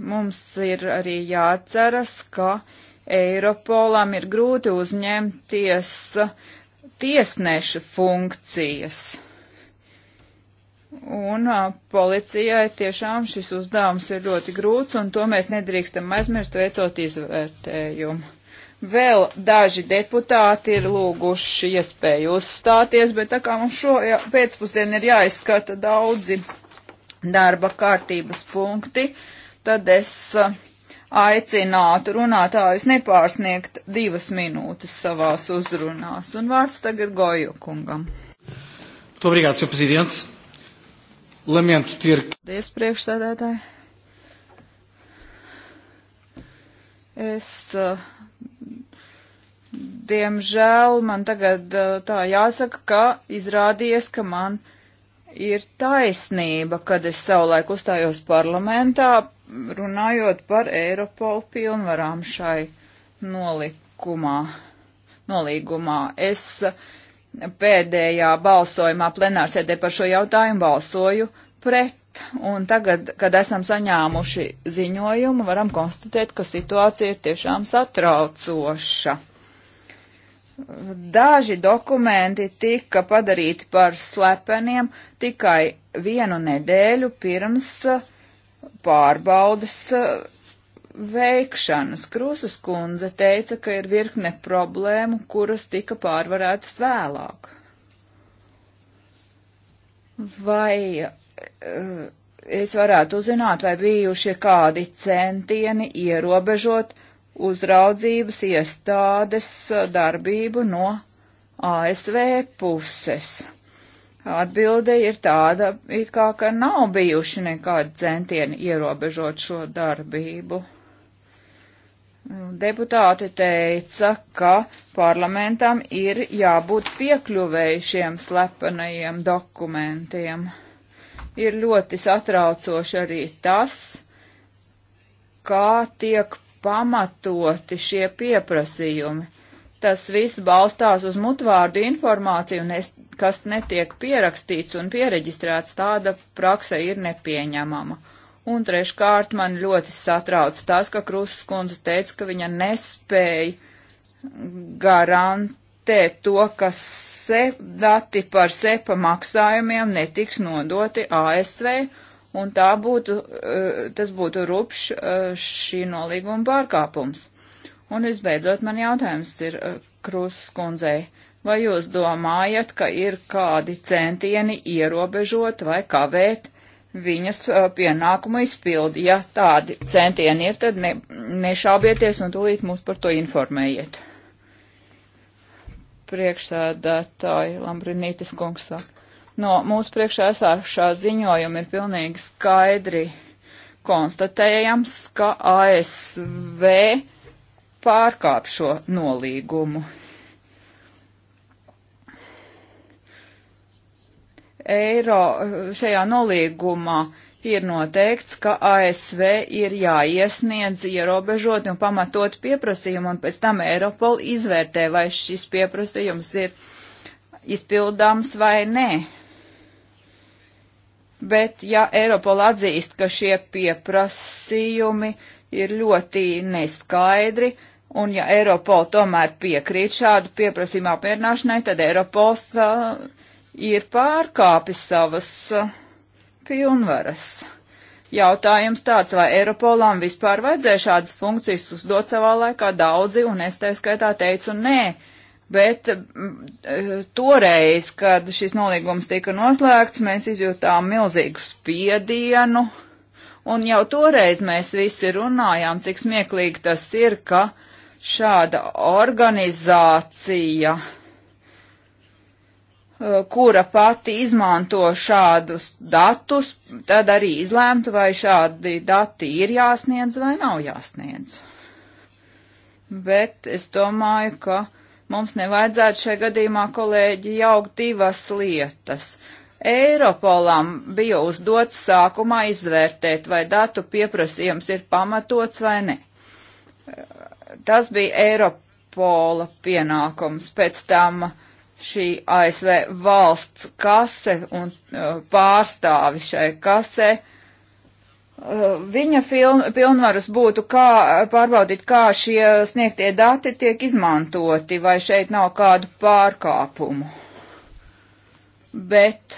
Mums ir arī jāceras, ka uh, Eiropolam ir grūti uzņemties tiesnešu funkcijas. Un a, policijai tiešām šis uzdevums ir ļoti grūts, un to mēs nedrīkstam aizmirst veicot izvērtējumu. Vēl daži deputāti ir lūguši iespēju uzstāties, bet tā kā mums šo jā, pēcpusdienu ir jāizskata daudzi darba kārtības punkti, tad es uh, aicinātu runātājus nepārsniegt divas minūtes savās uzrunās. Un vārds tagad Goju kungam. Obrigado, Sr. Presidente. Lamentu ter. Paldies, priekšsēdētāji. Es, eh, diemžēl, man tagad eh, tā jāsaka, ka izrādījies, ka man ir taisnība, kad es savulaik uzstājos parlamentā runājot par Eiropolu pilnvarām šai nolikumā, nolīgumā. Es pēdējā balsojumā plenārsēdē par šo jautājumu balsoju pret. Un tagad, kad esam saņēmuši ziņojumu, varam konstatēt, ka situācija ir tiešām satraucoša. Daži dokumenti tika padarīti par slepeniem tikai vienu nedēļu pirms uh, pārbaudas eh, veikšanas. Krūsas kundze teica, ka ir virkne problēmu, kuras tika pārvarētas vēlāk. Vai eh, es varētu uzzināt, vai bijušie kādi centieni ierobežot uzraudzības iestādes eh, darbību no ASV puses? Atbilde ir tāda, it kā, ka nav bijuši nekādi centieni ierobežot šo darbību. Deputāti teica, ka parlamentam ir jābūt piekļuvējušiem slepenajiem dokumentiem. Ir ļoti satraucoši arī tas, kā tiek pamatoti šie pieprasījumi tas viss balstās uz mutvārdu informāciju, nes, kas netiek pierakstīts un piereģistrēts, tāda prakse ir nepieņemama. Un treškārt man ļoti satrauc tas, ka Krusas kundze teica, ka viņa nespēja garantēt to, ka se, dati par sepa maksājumiem netiks nodoti ASV, un tā būtu, eh, tas būtu rupšs eh, šī nolīguma pārkāpums. Un visbeidzot, man jautājums ir eh, Krūzes kundzei. Vai jūs domājat, ka ir kādi centieni ierobežot vai kavēt viņas eh, pienākumu izpildi? Ja tādi centieni ir, tad ne, nešaubieties un tūlīt mūs par to informējiet. Priekšsēdētāji Lambrinītis kungs saka. No mūsu priekšā esāšā ziņojuma ir pilnīgi skaidri konstatējams, ka ASV pārkāp šo nolīgumu. Eiro šajā nolīgumā ir noteikts, ka ASV ir jāiesniedz ierobežot un pamatot pieprasījumu, un pēc tam Eiropol izvērtē, vai šis pieprasījums ir izpildāms vai nē. Bet ja Eiropola atzīst, ka šie pieprasījumi ir ļoti neskaidri, Un ja Eiropola tomēr piekrīt šādu pieprasījumu apmierināšanai, tad Eiropols uh, ir pārkāpis savas uh, pilnvaras. Jautājums tāds, vai Eiropolām vispār vajadzēja šādas funkcijas uzdot savā laikā daudzi, un es tā skaitā teicu nē. Bet toreiz, kad šis nolīgums tika noslēgts, mēs izjūtām milzīgu spiedienu, un jau toreiz mēs visi runājām, cik smieklīgi tas ir, ka uh, šāda organizācija, eh, kura pati izmanto šādus datus, tad arī izlēmtu, vai šādi dati ir jāsniedz vai nav jāsniedz. Bet es domāju, ka mums nevajadzētu šajā gadījumā, kolēģi, jaukt divas lietas. Eiropolam bija uzdots sākumā izvērtēt, vai datu pieprasījums ir pamatots vai ne tas bija Eiropola pienākums. Pēc tam šī ASV valsts kase un uh, pārstāvi šai kasē. Uh, viņa filn, pilnvaras būtu kā, pārbaudīt, kā šie sniegtie dati tiek izmantoti, vai šeit nav kādu pārkāpumu. Bet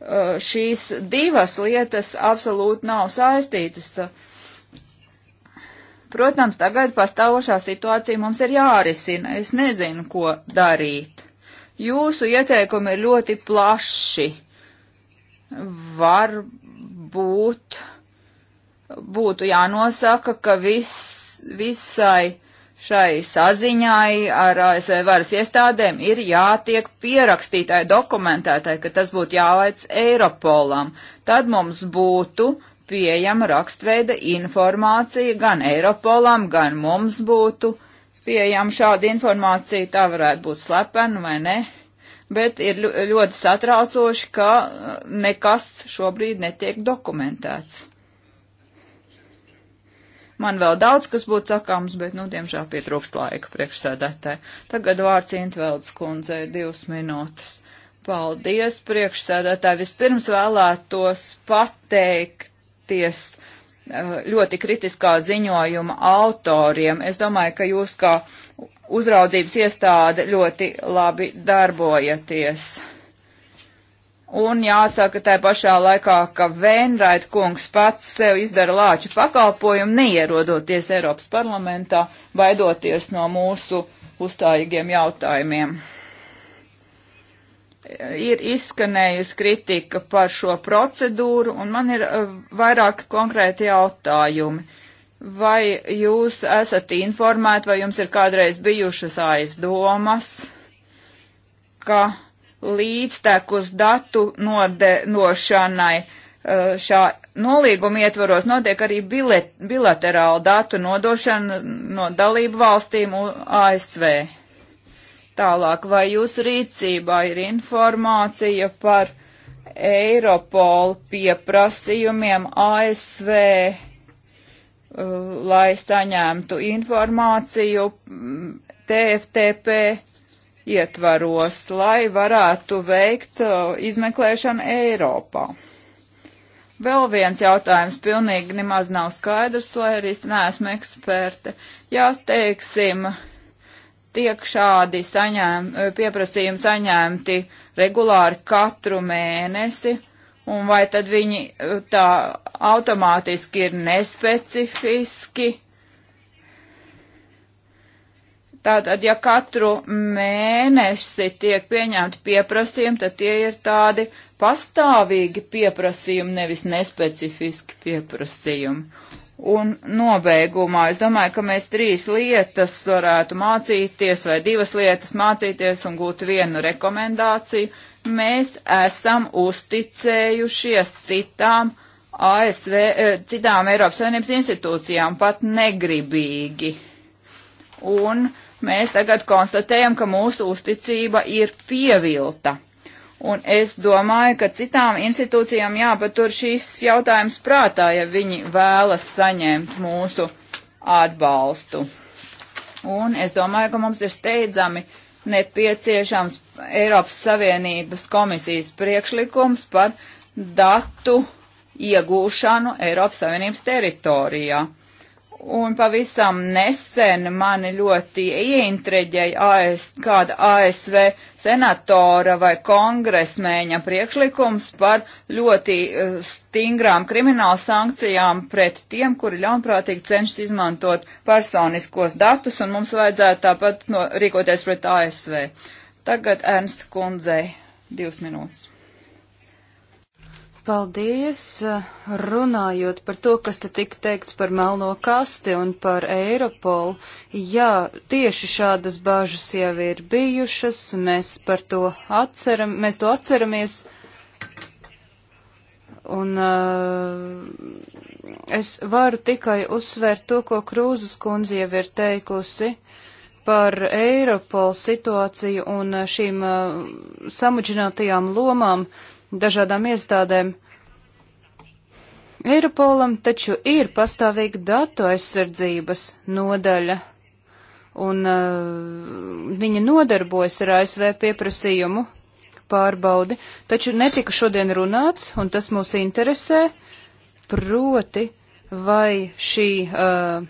uh, šīs divas lietas absolūti nav saistītas. Uh, Protams, tagad pastāvošā situācija mums ir jārisina. Es nezinu, ko darīt. Jūsu ieteikumi ir ļoti plaši. Varbūt būtu jānosaka, ka vis, visai šai saziņai ar ASV varas iestādēm ir jātiek pierakstītāji, dokumentētāji, ka tas būtu jāveic Eiropolam. Tad mums būtu pieejama rakstveida informācija gan Eiropolam, gan mums būtu pieejama šāda informācija, tā varētu būt slepena vai ne, bet ir ļoti satraucoši, ka uh, nekas šobrīd netiek dokumentēts. Man vēl daudz, kas būtu sakāms, bet, nu, diemžēl pietrūkst laika priekšsēdētāji. Tagad vārds Intveldes kundzei divas minūtes. Paldies, priekšsēdētāji. Vispirms vēlētos pateikt pateikties eh, ļoti kritiskā ziņojuma autoriem. Es domāju, ka jūs kā uzraudzības iestāde ļoti labi darbojaties. Un jāsaka tā pašā laikā, ka Vēnrait kungs pats sev izdara lāču pakalpojumu, neierodoties Eiropas parlamentā, baidoties no mūsu uzstājīgiem jautājumiem ir izskanējusi kritika par šo procedūru, un man ir eh, vairāki konkrēti jautājumi. Vai jūs esat informēti, vai jums ir kādreiz bijušas aizdomas, ka līdztekus datu node, nošanai eh, šā nolīguma ietvaros notiek arī bilet, bilaterāla datu nodošana no dalību valstīm ASV? Tālāk, vai jūsu rīcībā ir informācija par Eiropolu pieprasījumiem ASV, uh, lai saņemtu informāciju mm, TFTP ietvaros, lai varētu veikt uh, izmeklēšanu Eiropā? Vēl viens jautājums pilnīgi nemaz nav skaidrs, lai arī es neesmu eksperte. Ja, teiksim, uh, tiek šādi saņēm, eh, pieprasījumi saņemti regulāri katru mēnesi, un vai tad viņi eh, tā automātiski ir nespecifiski? Tātad, ja katru mēnesi tiek pieņemti pieprasījumi, tad tie ir tādi pastāvīgi pieprasījumi, nevis nespecifiski pieprasījumi. Un nobeigumā es domāju, ka mēs trīs lietas varētu mācīties vai divas lietas mācīties un gūt vienu rekomendāciju. Mēs esam uzticējušies citām ASV, eh, citām Eiropas Savienības institūcijām pat negribīgi. Un mēs tagad konstatējam, ka mūsu uzticība ir pievilta. Un es domāju, ka citām institūcijām jāpatur šīs jautājums prātā, ja viņi vēlas saņemt mūsu atbalstu. Un es domāju, ka mums ir steidzami nepieciešams Eiropas Savienības komisijas priekšlikums par datu iegūšanu Eiropas Savienības teritorijā. Un pavisam nesen mani ļoti ieintriģēja AS, kāda ASV senatora vai kongresmēņa priekšlikums par ļoti eh, stingrām kriminālu sankcijām pret tiem, kuri ļaunprātīgi cenšas izmantot personiskos datus, un mums vajadzētu tāpat no, rīkoties pret ASV. Tagad Ernsta kundzei divas minūtes. Paldies! Runājot par to, kas te tika teikts par melno kasti un par Eiropolu, jā, tieši šādas bāžas jau ir bijušas, mēs par to atceram, mēs to atceramies. Un uh, es varu tikai uzsvērt to, ko Krūzes kundze jau ir teikusi par Eiropolu situāciju un uh, šīm uh, samudžinātajām lomām. Uh, dažādām iestādēm. Eiropolam taču ir pastāvīga datu aizsardzības nodaļa, un uh, viņa nodarbojas ar ASV pieprasījumu pārbaudi, taču netika šodien runāts, un tas mūs interesē, proti, vai šī uh,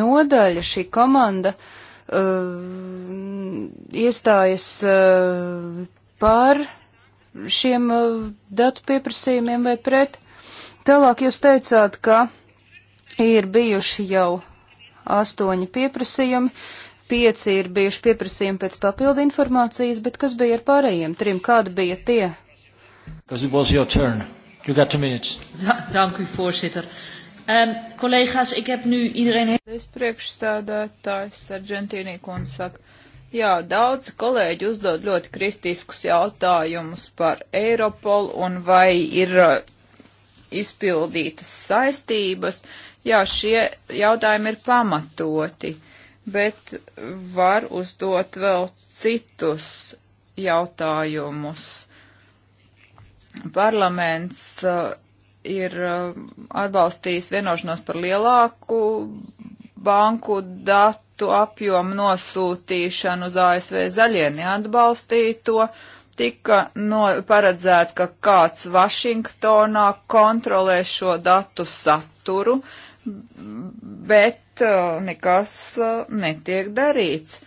nodaļa, šī komanda uh, iestājas uh, par šiem uh, datu pieprasījumiem vai pret. Tālāk jūs teicāt, ka ir bijuši jau astoņi pieprasījumi, pieci ir bijuši pieprasījumi pēc papildu informācijas, bet kas bija ar pārējiem trim? Kādi bija tie? Because it was your turn. You got two minutes. Da, dank u, voorzitter. Um, collega's, ik heb nu iedereen... Deze priekšstādātājs Argentīnī kundze saka, Jā, daudz kolēģi uzdod ļoti kritiskus jautājumus par Eiropolu un vai ir uh, izpildītas saistības. Jā, šie jautājumi ir pamatoti, bet var uzdot vēl citus jautājumus. Parlaments uh, ir uh, atbalstījis vienošanos par lielāku banku datu projektu apjomu nosūtīšanu uz ASV zaļie neatbalstīja to. Tika no, paredzēts, ka kāds Vašingtonā kontrolē šo datu saturu, bet uh, nekas uh, netiek darīts.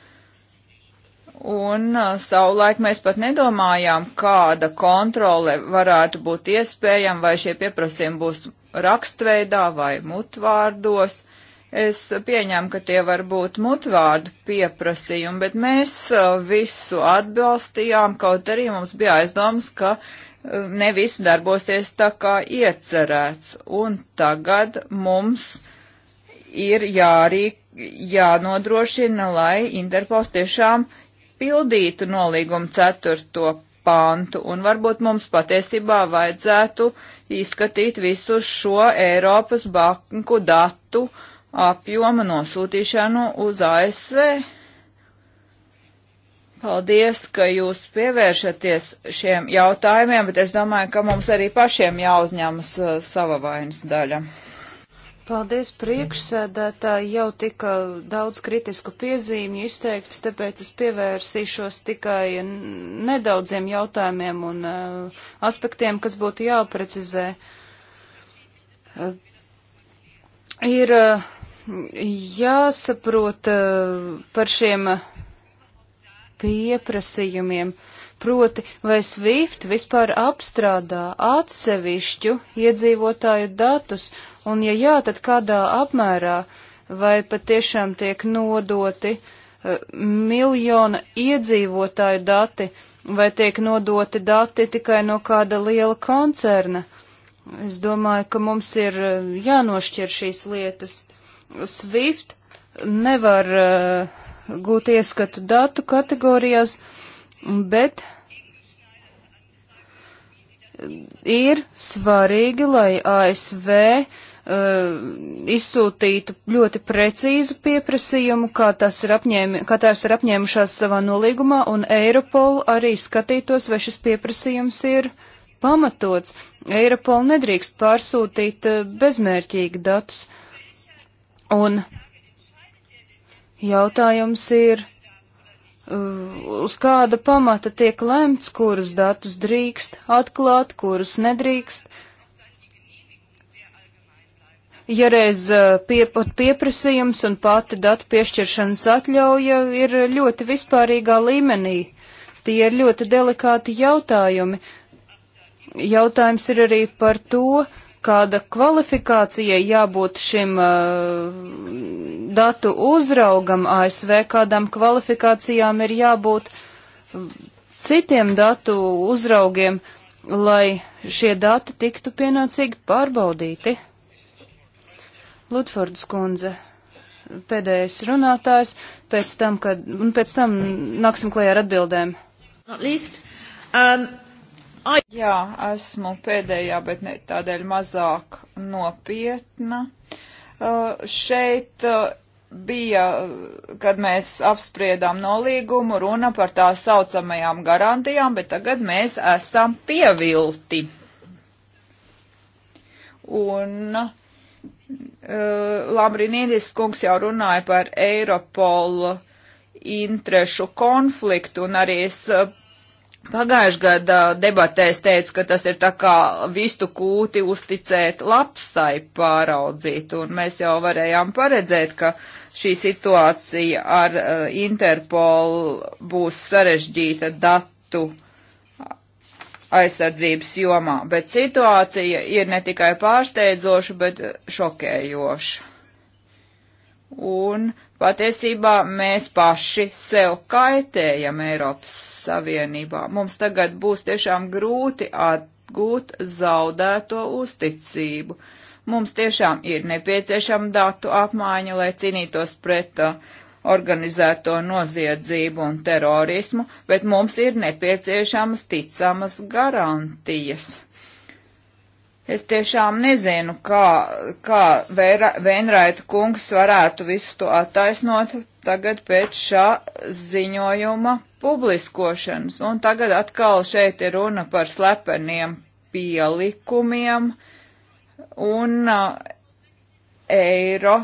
Un uh, savulaik mēs pat nedomājām, kāda kontrole varētu būt iespējama, vai šie pieprasījumi būs rakstveidā vai mutvārdos. Uh, Es pieņemu, ka tie var būt mutvārdu pieprasījumi, bet mēs uh, visu atbalstījām, kaut arī mums bija aizdomas, ka uh, ne viss darbosies tā kā iecerēts. Un tagad mums ir jārīk, jānodrošina, lai Interpols tiešām pildītu nolīgumu ceturto pantu, un varbūt mums patiesībā vajadzētu izskatīt visu šo Eiropas banku datu uh, apjoma nosūtīšanu uz ASV. Paldies, ka jūs pievēršaties šiem jautājumiem, bet es domāju, ka mums arī pašiem jāuzņemas uh, sava vainas daļa. Paldies priekšsēdētāji, jau tika daudz kritisku piezīmju izteikts, tāpēc es pievērsīšos tikai nedaudziem jautājumiem un uh, aspektiem, kas būtu jāprecizē. Uh, ir uh, jāsaprot eh, par šiem pieprasījumiem. Proti, vai SWIFT vispār apstrādā atsevišķu iedzīvotāju datus, un ja jā, tad kādā apmērā, vai patiešām tiek nodoti uh, miljona iedzīvotāju dati, vai tiek nodoti dati tikai no kāda liela koncerna. Es domāju, ka mums ir eh, jānošķir šīs lietas. SWIFT nevar uh, gūt ieskatu datu kategorijās, bet ir svarīgi, lai ASV uh, eh, izsūtītu ļoti precīzu pieprasījumu, kā tās ir, apņēmi, kā tās ir apņēmušās savā nolīgumā, un Eiropol arī skatītos, vai šis pieprasījums ir pamatots. Eiropol nedrīkst pārsūtīt eh, bezmērķīgi datus. Uh, Un jautājums ir, uh, uz kāda pamata tiek lemts, kurus datus drīkst atklāt, kurus nedrīkst. Ja reiz uh, pie, pieprasījums un pati datu piešķiršanas atļauja ir ļoti vispārīgā līmenī, tie ir ļoti delikāti jautājumi. Jautājums ir arī par to, uh, kāda kvalifikācija jābūt šim uh, datu uzraugam ASV, kādām kvalifikācijām ir jābūt um, citiem datu uzraugiem, lai šie dati tiktu pienācīgi pārbaudīti. Lutfords kundze, pēdējais runātājs, pēc tam, kad, un pēc tam nāksim klajā ar atbildēm. Not least, um, Jā, esmu pēdējā, bet ne tādēļ mazāk nopietna. Uh, šeit uh, bija, uh, kad mēs apspriedām nolīgumu, runa par tā saucamajām garantijām, bet tagad mēs esam pievilti. Un uh, Lambrinīdis kungs jau runāja par Eiropolu interešu konfliktu, un arī es uh, Pagājušajā gadā debatēs teica, ka tas ir tā kā vistu kūti uzticēt lapsai pāraudzīt, un mēs jau varējām paredzēt, ka šī situācija ar uh, Interpol būs sarežģīta datu aizsardzības jomā, bet situācija ir ne tikai pārsteidzoša, bet šokējoša. Un patiesībā mēs paši sev kaitējam Eiropas Savienībā. Mums tagad būs tiešām grūti atgūt zaudēto uzticību. Mums tiešām ir nepieciešama datu apmaiņa, lai cīnītos pret uh, organizēto noziedzību un terorismu, bet mums ir nepieciešamas ticamas garantijas Es tiešām nezinu, kā, kā Vēnraita kungs varētu visu to attaisnot tagad pēc šā ziņojuma publiskošanas. Un tagad atkal šeit ir runa par slepeniem pielikumiem un uh, eiro.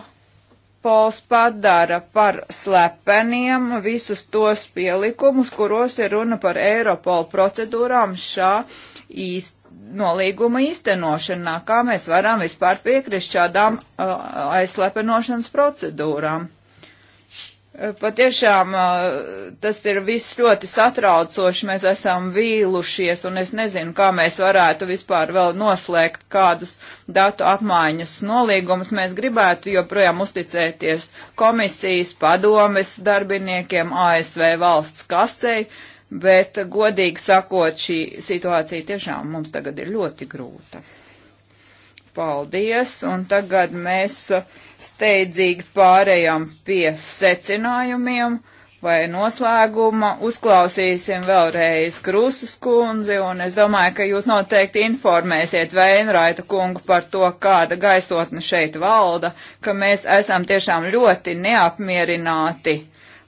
Pols padara par slepeniem visus tos pielikumus, kuros ir runa par Eiropolu procedūrām šā īst, nolīguma īstenošanā, kā mēs varam vispār piekrist šādām uh, aizslepenošanas procedūrām. Uh, patiešām uh, tas ir viss ļoti satraucoši, mēs esam vīlušies, un es nezinu, kā mēs varētu vispār vēl noslēgt kādus datu apmaiņas nolīgumus. Mēs gribētu joprojām uzticēties komisijas, padomes darbiniekiem, ASV valsts kasei, uh, bet godīgi sakot, šī situācija tiešām mums tagad ir ļoti grūta. Paldies, un tagad mēs steidzīgi pārējām pie secinājumiem vai noslēguma. Uzklausīsim vēlreiz Krusas kundzi, un es domāju, ka jūs noteikti informēsiet Veinraita kungu par to, kāda gaisotne šeit valda, ka mēs esam tiešām ļoti neapmierināti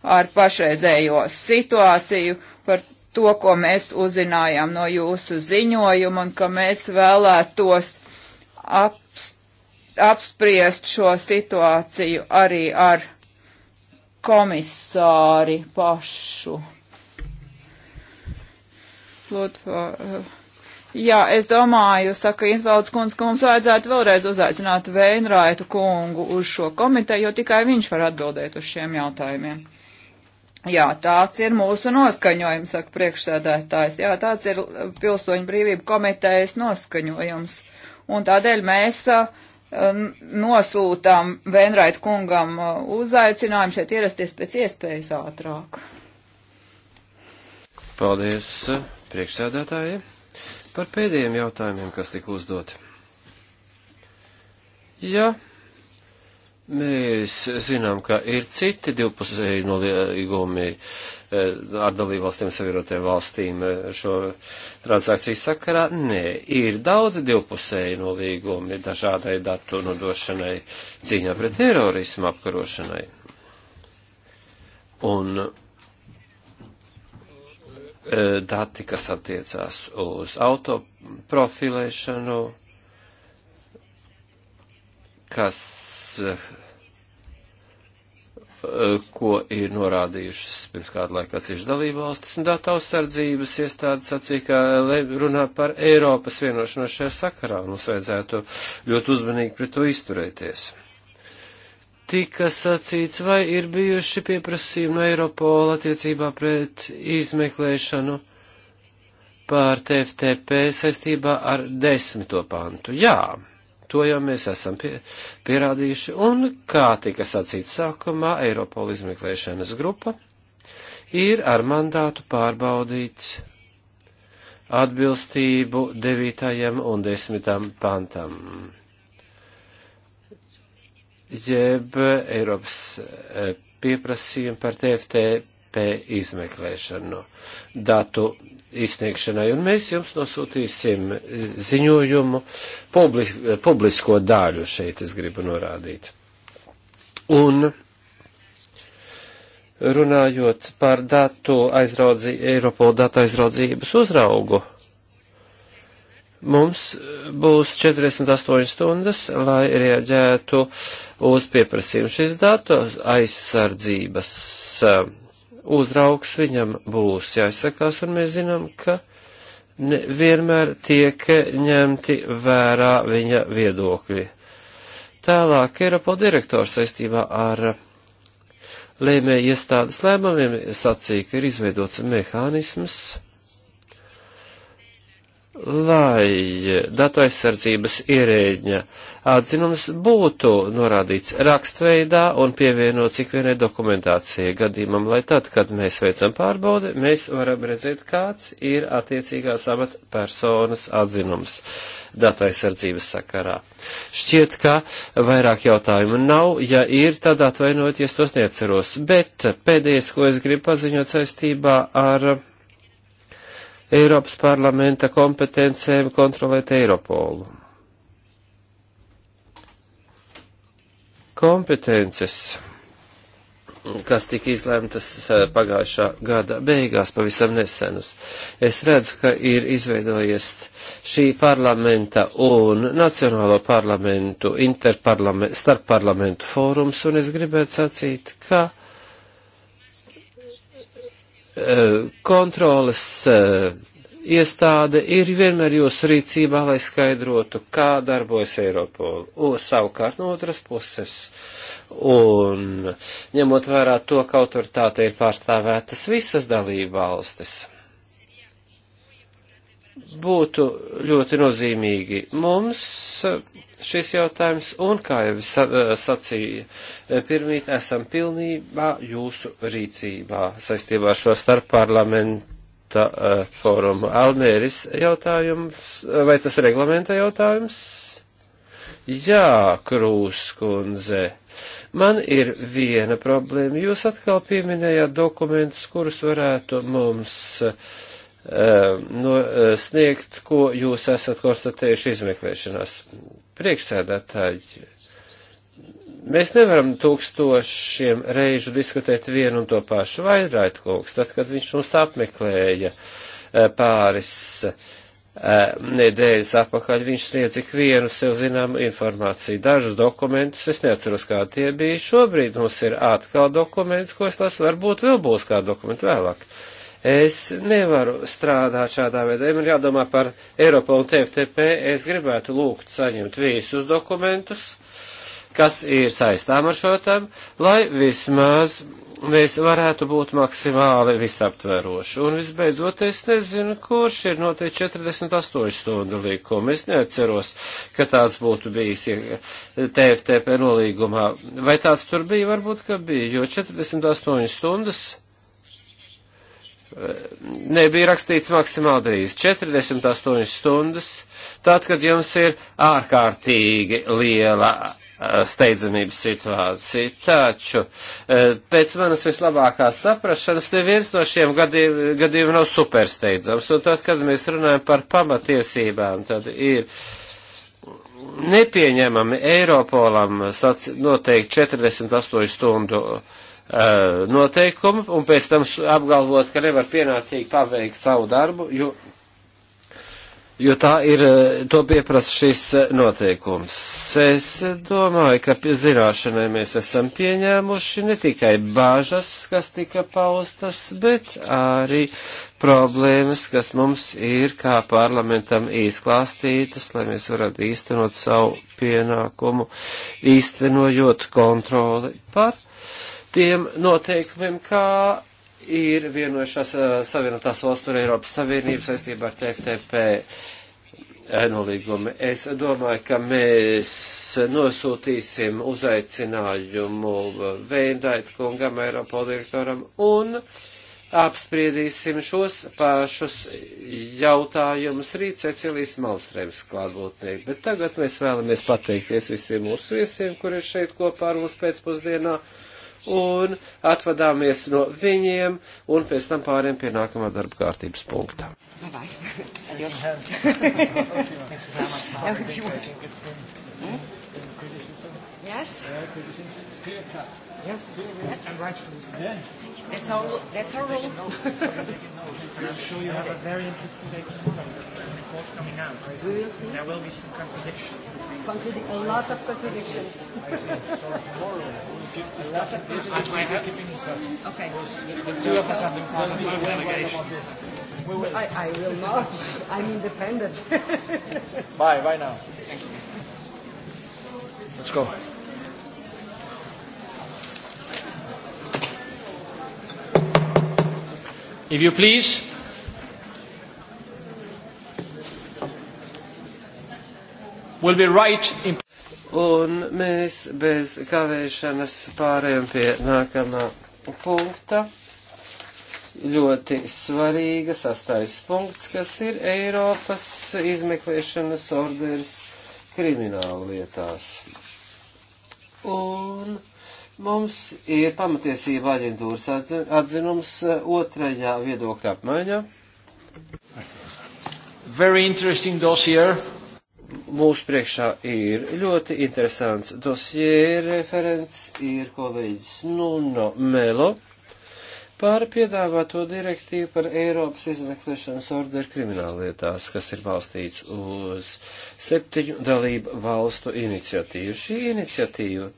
ar pašreizējo situāciju, par to, ko mēs uzzinājām no jūsu ziņojuma un ka mēs vēlētos aps, apspriest šo situāciju arī ar komisāri pašu. Lūdzu, eh, Jā, es domāju, saka Intvalds kundze, ka mums vajadzētu vēlreiz uzaicināt Veinraitu kungu uz šo komiteju, jo tikai viņš var atbildēt uz šiem jautājumiem. Jā, tāds ir mūsu noskaņojums, saka priekšsēdētājs. Jā, tāds ir pilsoņu brīvību komitejas noskaņojums. Un tādēļ mēs nosūtām Vēnraita kungam uzaicinājumu šeit ierasties pēc iespējas ātrāk. Paldies priekšsēdētāji par pēdējiem jautājumiem, kas tika uzdoti. Ja Mēs zinām, ka ir citi divpusēji nolīgumi eh, ar dalībvalstīm savienotajām valstīm eh, šo transakciju sakarā. Nē, ir daudz divpusēji nolīgumi dažādai datu nodošanai, cīņā pret terorismu apkarošanai. Un eh, dati, kas attiecās uz autoprofilēšanu, kas ko ir norādījušas pirms kādu laiku atsevišķi dalībvalstis, un datu aussardzības iestādes sacīja, ka runā par Eiropas vienošanos šajā sakarā, un mums vajadzētu ļoti uzmanīgi pret to izturēties. Tika sacīts, vai ir bijuši pieprasījumi no Eiropola attiecībā pret izmeklēšanu pār TFTP saistībā ar desmito pantu. Jā to jau mēs esam pie, pierādījuši. Un, kā tika sacīts sākumā, Eiropola izmeklēšanas grupa ir ar mandātu pārbaudīt atbilstību 9. un 10. pantam jeb Eiropas eh, pieprasījumu par TFT IP izmeklēšanu datu izsniegšanai, un mēs jums nosūtīsim ziņojumu publis, publisko daļu šeit, es gribu norādīt. Un runājot par datu aizraudzību, Eiropola datu aizraudzības uzraugu, mums būs 48 stundas, lai reaģētu uz pieprasījumu šis datu aizsardzības. Uh, uzraugs viņam būs jāizsakās, un mēs zinām, ka ne, vienmēr tiek ņemti vērā viņa viedokļi. Tālāk Eiropo direktors saistībā ar lēmēja iestādes lēmumiem sacīja, ka ir izveidots mehānisms, lai datu aizsardzības ierēģņa atzinums būtu norādīts rakstveidā un pievienots ik vienai dokumentācijai gadījumam, lai tad, kad mēs veicam pārbaudi, mēs varam redzēt, kāds ir attiecīgās amat personas atzinums datu aizsardzības sakarā. Šķiet, ka vairāk jautājumu nav, ja ir, tad atvainojoties tos neatceros, bet pēdējais, ko es gribu paziņot saistībā ar Eiropas parlamenta kompetencēm kontrolēt Eiropolu. Kompetences, kas tika izlēmtas eh, pagājušā gada beigās, pavisam nesenus. Es redzu, ka ir izveidojies šī parlamenta un nacionālo parlamentu, interparlamentu, starpparlamentu fórums, un es gribētu sacīt, ka Eh, kontrolas eh, iestāde ir vienmēr jūsu rīcībā, lai skaidrotu, kā darbojas Eiropola. O, savukārt no otras puses, un ņemot vērā to, ka autoritāte ir pārstāvētas visas dalība valstis, būtu ļoti nozīmīgi mums šis jautājums, un, kā jau es eh, sacīju, eh, pirmīt esam pilnībā jūsu rīcībā saistībā ar šo starpparlamenta eh, fórumu. Almēris jautājums, vai tas reglamenta jautājums? Jā, Krūs kundze, man ir viena problēma. Jūs atkal pieminējāt dokumentus, kurus varētu mums uh, no, sniegt, ko jūs esat konstatējuši izmeklēšanās Priekšsēdētāji, mēs nevaram tūkstošiem reižu diskutēt vienu un to pašu. Vairātkungs, tad, kad viņš mums apmeklēja e, pāris e, nedēļas apakaļ viņš sniedz ik vienu sev zināmu informāciju, dažus dokumentus, es neatceros, kā tie bija. Šobrīd mums ir atkal dokuments, ko es lasu, varbūt vēl būs kāda dokumenta vēlāk. Uh, Es nevaru strādāt šādā veidā. Man ir jādomā par Eiropa un TFTP. Es gribētu lūgt saņemt visus dokumentus, kas ir saistām ar šo tam, lai vismaz mēs varētu būt maksimāli visaptveroši. Un visbeidzot, es nezinu, kurš ir noteikti 48 stundu līkuma. Es neatceros, ka tāds būtu bijis TFTP nolīgumā. Vai tāds tur bija? Varbūt, ka bija, jo 48 stundas nebija rakstīts maksimāli drīz 48 stundas, tad, kad jums ir ārkārtīgi liela steidzamības situācija. Taču pēc manas vislabākās saprašanas neviens no šiem gadījumiem gadījum nav supersteidzams. Un tad, kad mēs runājam par pamatiesībām, tad ir nepieņemami Eiropolam noteikti 48 stundu uh, Eh, noteikumi un pēc tam apgalvot, ka nevar pienācīgi paveikt savu darbu, jo, jo tā ir, eh, to pieprasa šis eh, noteikums. Es domāju, ka zināšanai mēs esam pieņēmuši ne tikai bāžas, kas tika paustas, bet arī problēmas, kas mums ir kā parlamentam izklāstītas, lai mēs varētu īstenot savu pienākumu, īstenojot kontroli par tiem noteikumiem, kā ir vienojušās Savienotās valsts un Eiropas Savienības saistībā ar TFTP nolīgumi. Es domāju, ka mēs nosūtīsim uzaicinājumu Veindait kungam, Eiropa direktoram un apspriedīsim šos pašus jautājumus rīt Cecilijas Malstrēmas klātbūtnē. Bet tagad mēs vēlamies pateikties visiem mūsu viesiem, kuri ir šeit kopā ar mums pēcpusdienā un atvadāmies no viņiem un pēc tam pāriem pie nākamā darba kārtības punkta. Yes. Yes. yes. And rightfully so. Yeah. That's our that's our role. I'm sure you have a very interesting report coming out. I see. There will be some contradictions contradic- a lot of contradictions. I see. So tomorrow we keep discussing this. I have keeping in touch. Okay. The two of us have been part of the delegation. We will. I, I will not. I'm independent. bye. Bye now. Thank you. Let's go. If you please. will be right in... Un mēs bez kavēšanas pārējām pie nākamā punkta. Ļoti svarīga sastais punkts, kas ir Eiropas izmeklēšanas orders krimināla lietās. Un mums ir pamatiesība aģentūras atzinums eh, otrajā viedokļa apmaiņā. Very interesting dossier mūsu priekšā ir ļoti interesants dosie referents, ir kolēģis Nuno Melo par piedāvāto direktīvu par Eiropas izmeklēšanas orderu krimināllietās, kas ir balstīts uz septiņu dalību valstu iniciatīvu. Šī iniciatīva.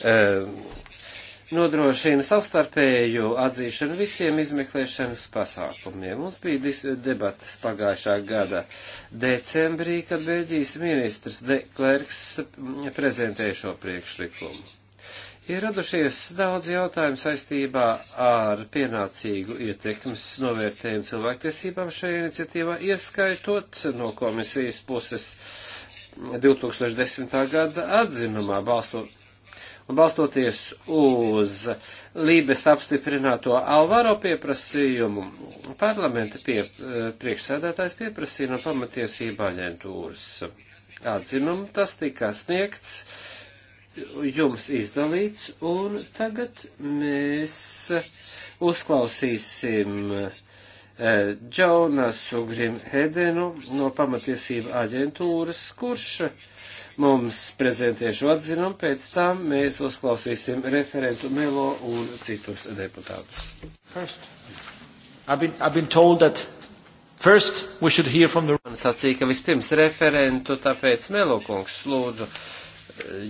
Um, nodrošina savstarpēju atzīšanu visiem izmeklēšanas pasākumiem. Mums bija debatas pagājušā gada decembrī, kad Beļģijas ministrs Deklerks prezentēja šo priekšlikumu. Ir radušies daudz jautājumu saistībā ar pienācīgu ietekmes novērtējumu cilvēktiesībām šajā iniciatīvā, ieskaitot no komisijas puses 2010. gada atzinumā balstot balstoties uz Lībes apstiprināto Alvaro pieprasījumu, parlamenta pie, eh, priekšsēdētājs pieprasīja no pamatiesība aģentūras atzinumu. Tas tika sniegts, jums izdalīts, un tagad mēs uzklausīsim eh, Džonasu Grimhedenu no pamatiesība aģentūras, kurš mums prezentē šo atzinumu, pēc tam mēs uzklausīsim referentu Melo un citus deputātus. First. I've been, I've been told that First, we should hear from the... Man sacīja, ka vispirms referentu, tāpēc Melokungs lūdzu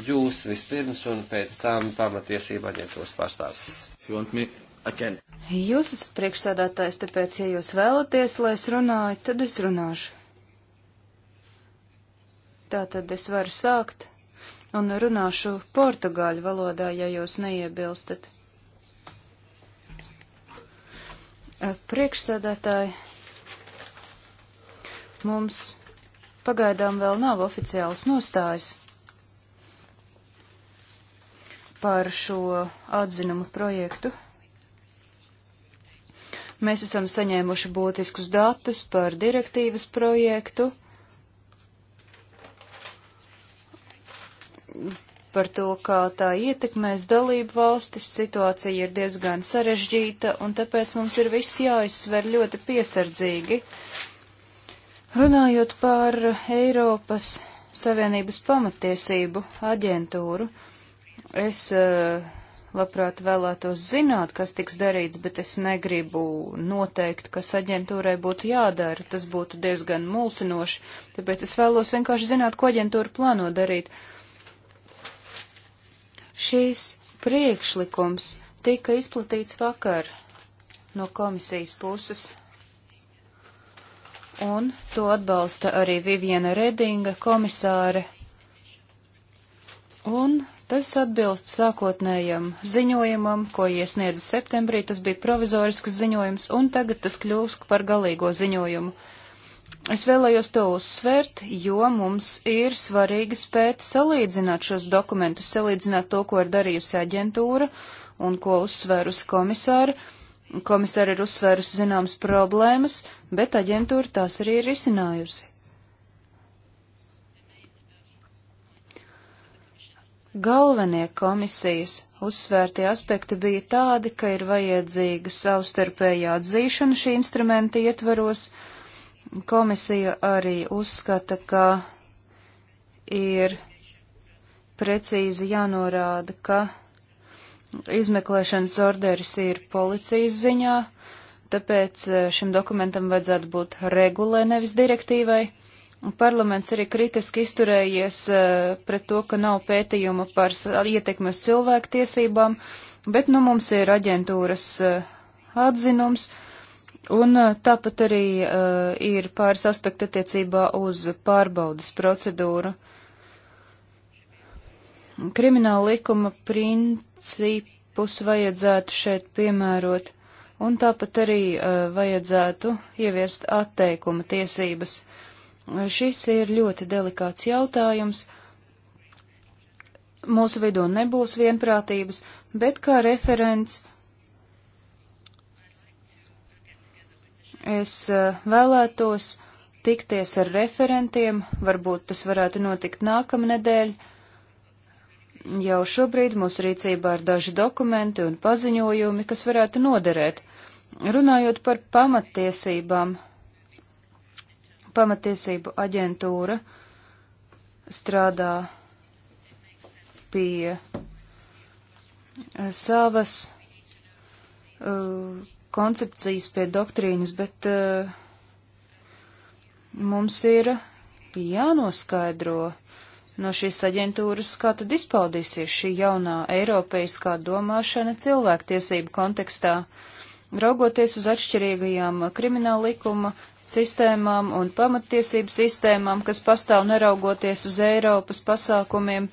jūs vispirms un pēc tam pamatiesība aģentūras pārstāvs. Jūs esat priekšsēdētājs, tāpēc, ja jūs vēlaties, lai es runāju, tad es runāšu. Tātad es varu sākt un runāšu portugāļu valodā, ja jūs neiebilstat. Priekšsēdētāji, mums pagaidām vēl nav oficiāls nostājs par šo atzinumu projektu. Mēs esam saņēmuši būtiskus datus par direktīvas projektu. par to, kā tā ietekmēs dalību valstis, situācija ir diezgan sarežģīta, un tāpēc mums ir viss jāizsver ļoti piesardzīgi. Runājot par Eiropas Savienības pamatiesību aģentūru, es eh, labprāt vēlētos zināt, kas tiks darīts, bet es negribu noteikt, kas aģentūrai būtu jādara. Tas būtu diezgan mulsinoši, tāpēc es vēlos vienkārši zināt, ko aģentūra plāno darīt. Uh, Šīs priekšlikums tika izplatīts vakar no komisijas puses, un to atbalsta arī Viviena Redinga, komisāre, un tas atbilst sākotnējam ziņojumam, ko iesniedza septembrī, tas bija provizorisks ziņojums, un tagad tas kļūst par galīgo ziņojumu. Es vēlējos to uzsvērt, jo mums ir svarīgi spēt salīdzināt šos dokumentus, salīdzināt to, ko ir darījusi aģentūra un ko uzsvērusi komisāra. Komisāra ir uzsvērusi zināmas problēmas, bet aģentūra tās arī ir izcinājusi. Galvenie komisijas uzsvērtie aspekti bija tādi, ka ir vajadzīga savstarpējā atzīšana šī instrumenta ietvaros, uh, Komisija arī uzskata, ka ir precīzi jānorāda, ka izmeklēšanas orderis ir policijas ziņā, tāpēc eh, šim dokumentam vajadzētu būt regulē, nevis direktīvai. Parlaments arī kritiski izturējies eh, pret to, ka nav pētījuma par ietekmi uz cilvēku tiesībām, bet nu mums ir aģentūras eh, atzinums, Un eh, tāpat arī uh, ir pāris aspekti attiecībā uz pārbaudas procedūru. Krimināla likuma principus vajadzētu šeit piemērot, un tāpat arī uh, vajadzētu ieviest atteikuma tiesības. Šis ir ļoti delikāts jautājums. Mūsu vidū nebūs vienprātības, bet kā referents Es eh, vēlētos tikties ar referentiem, varbūt tas varētu notikt nākamnedēļ. Jau šobrīd mūsu rīcībā ir daži dokumenti un paziņojumi, kas varētu noderēt. Runājot par pamattiesībām, pamatiesību aģentūra strādā pie eh, savas uh, koncepcijas, pie doktrīnas, bet uh, mums ir jānoskaidro no šīs aģentūras, kā tad izpaudīsies šī jaunā eiropeiskā domāšana cilvēktiesību kontekstā, raugoties uz atšķirīgajām krimināla likuma sistēmām un pamattiesību sistēmām, kas pastāv neraugoties uz Eiropas pasākumiem.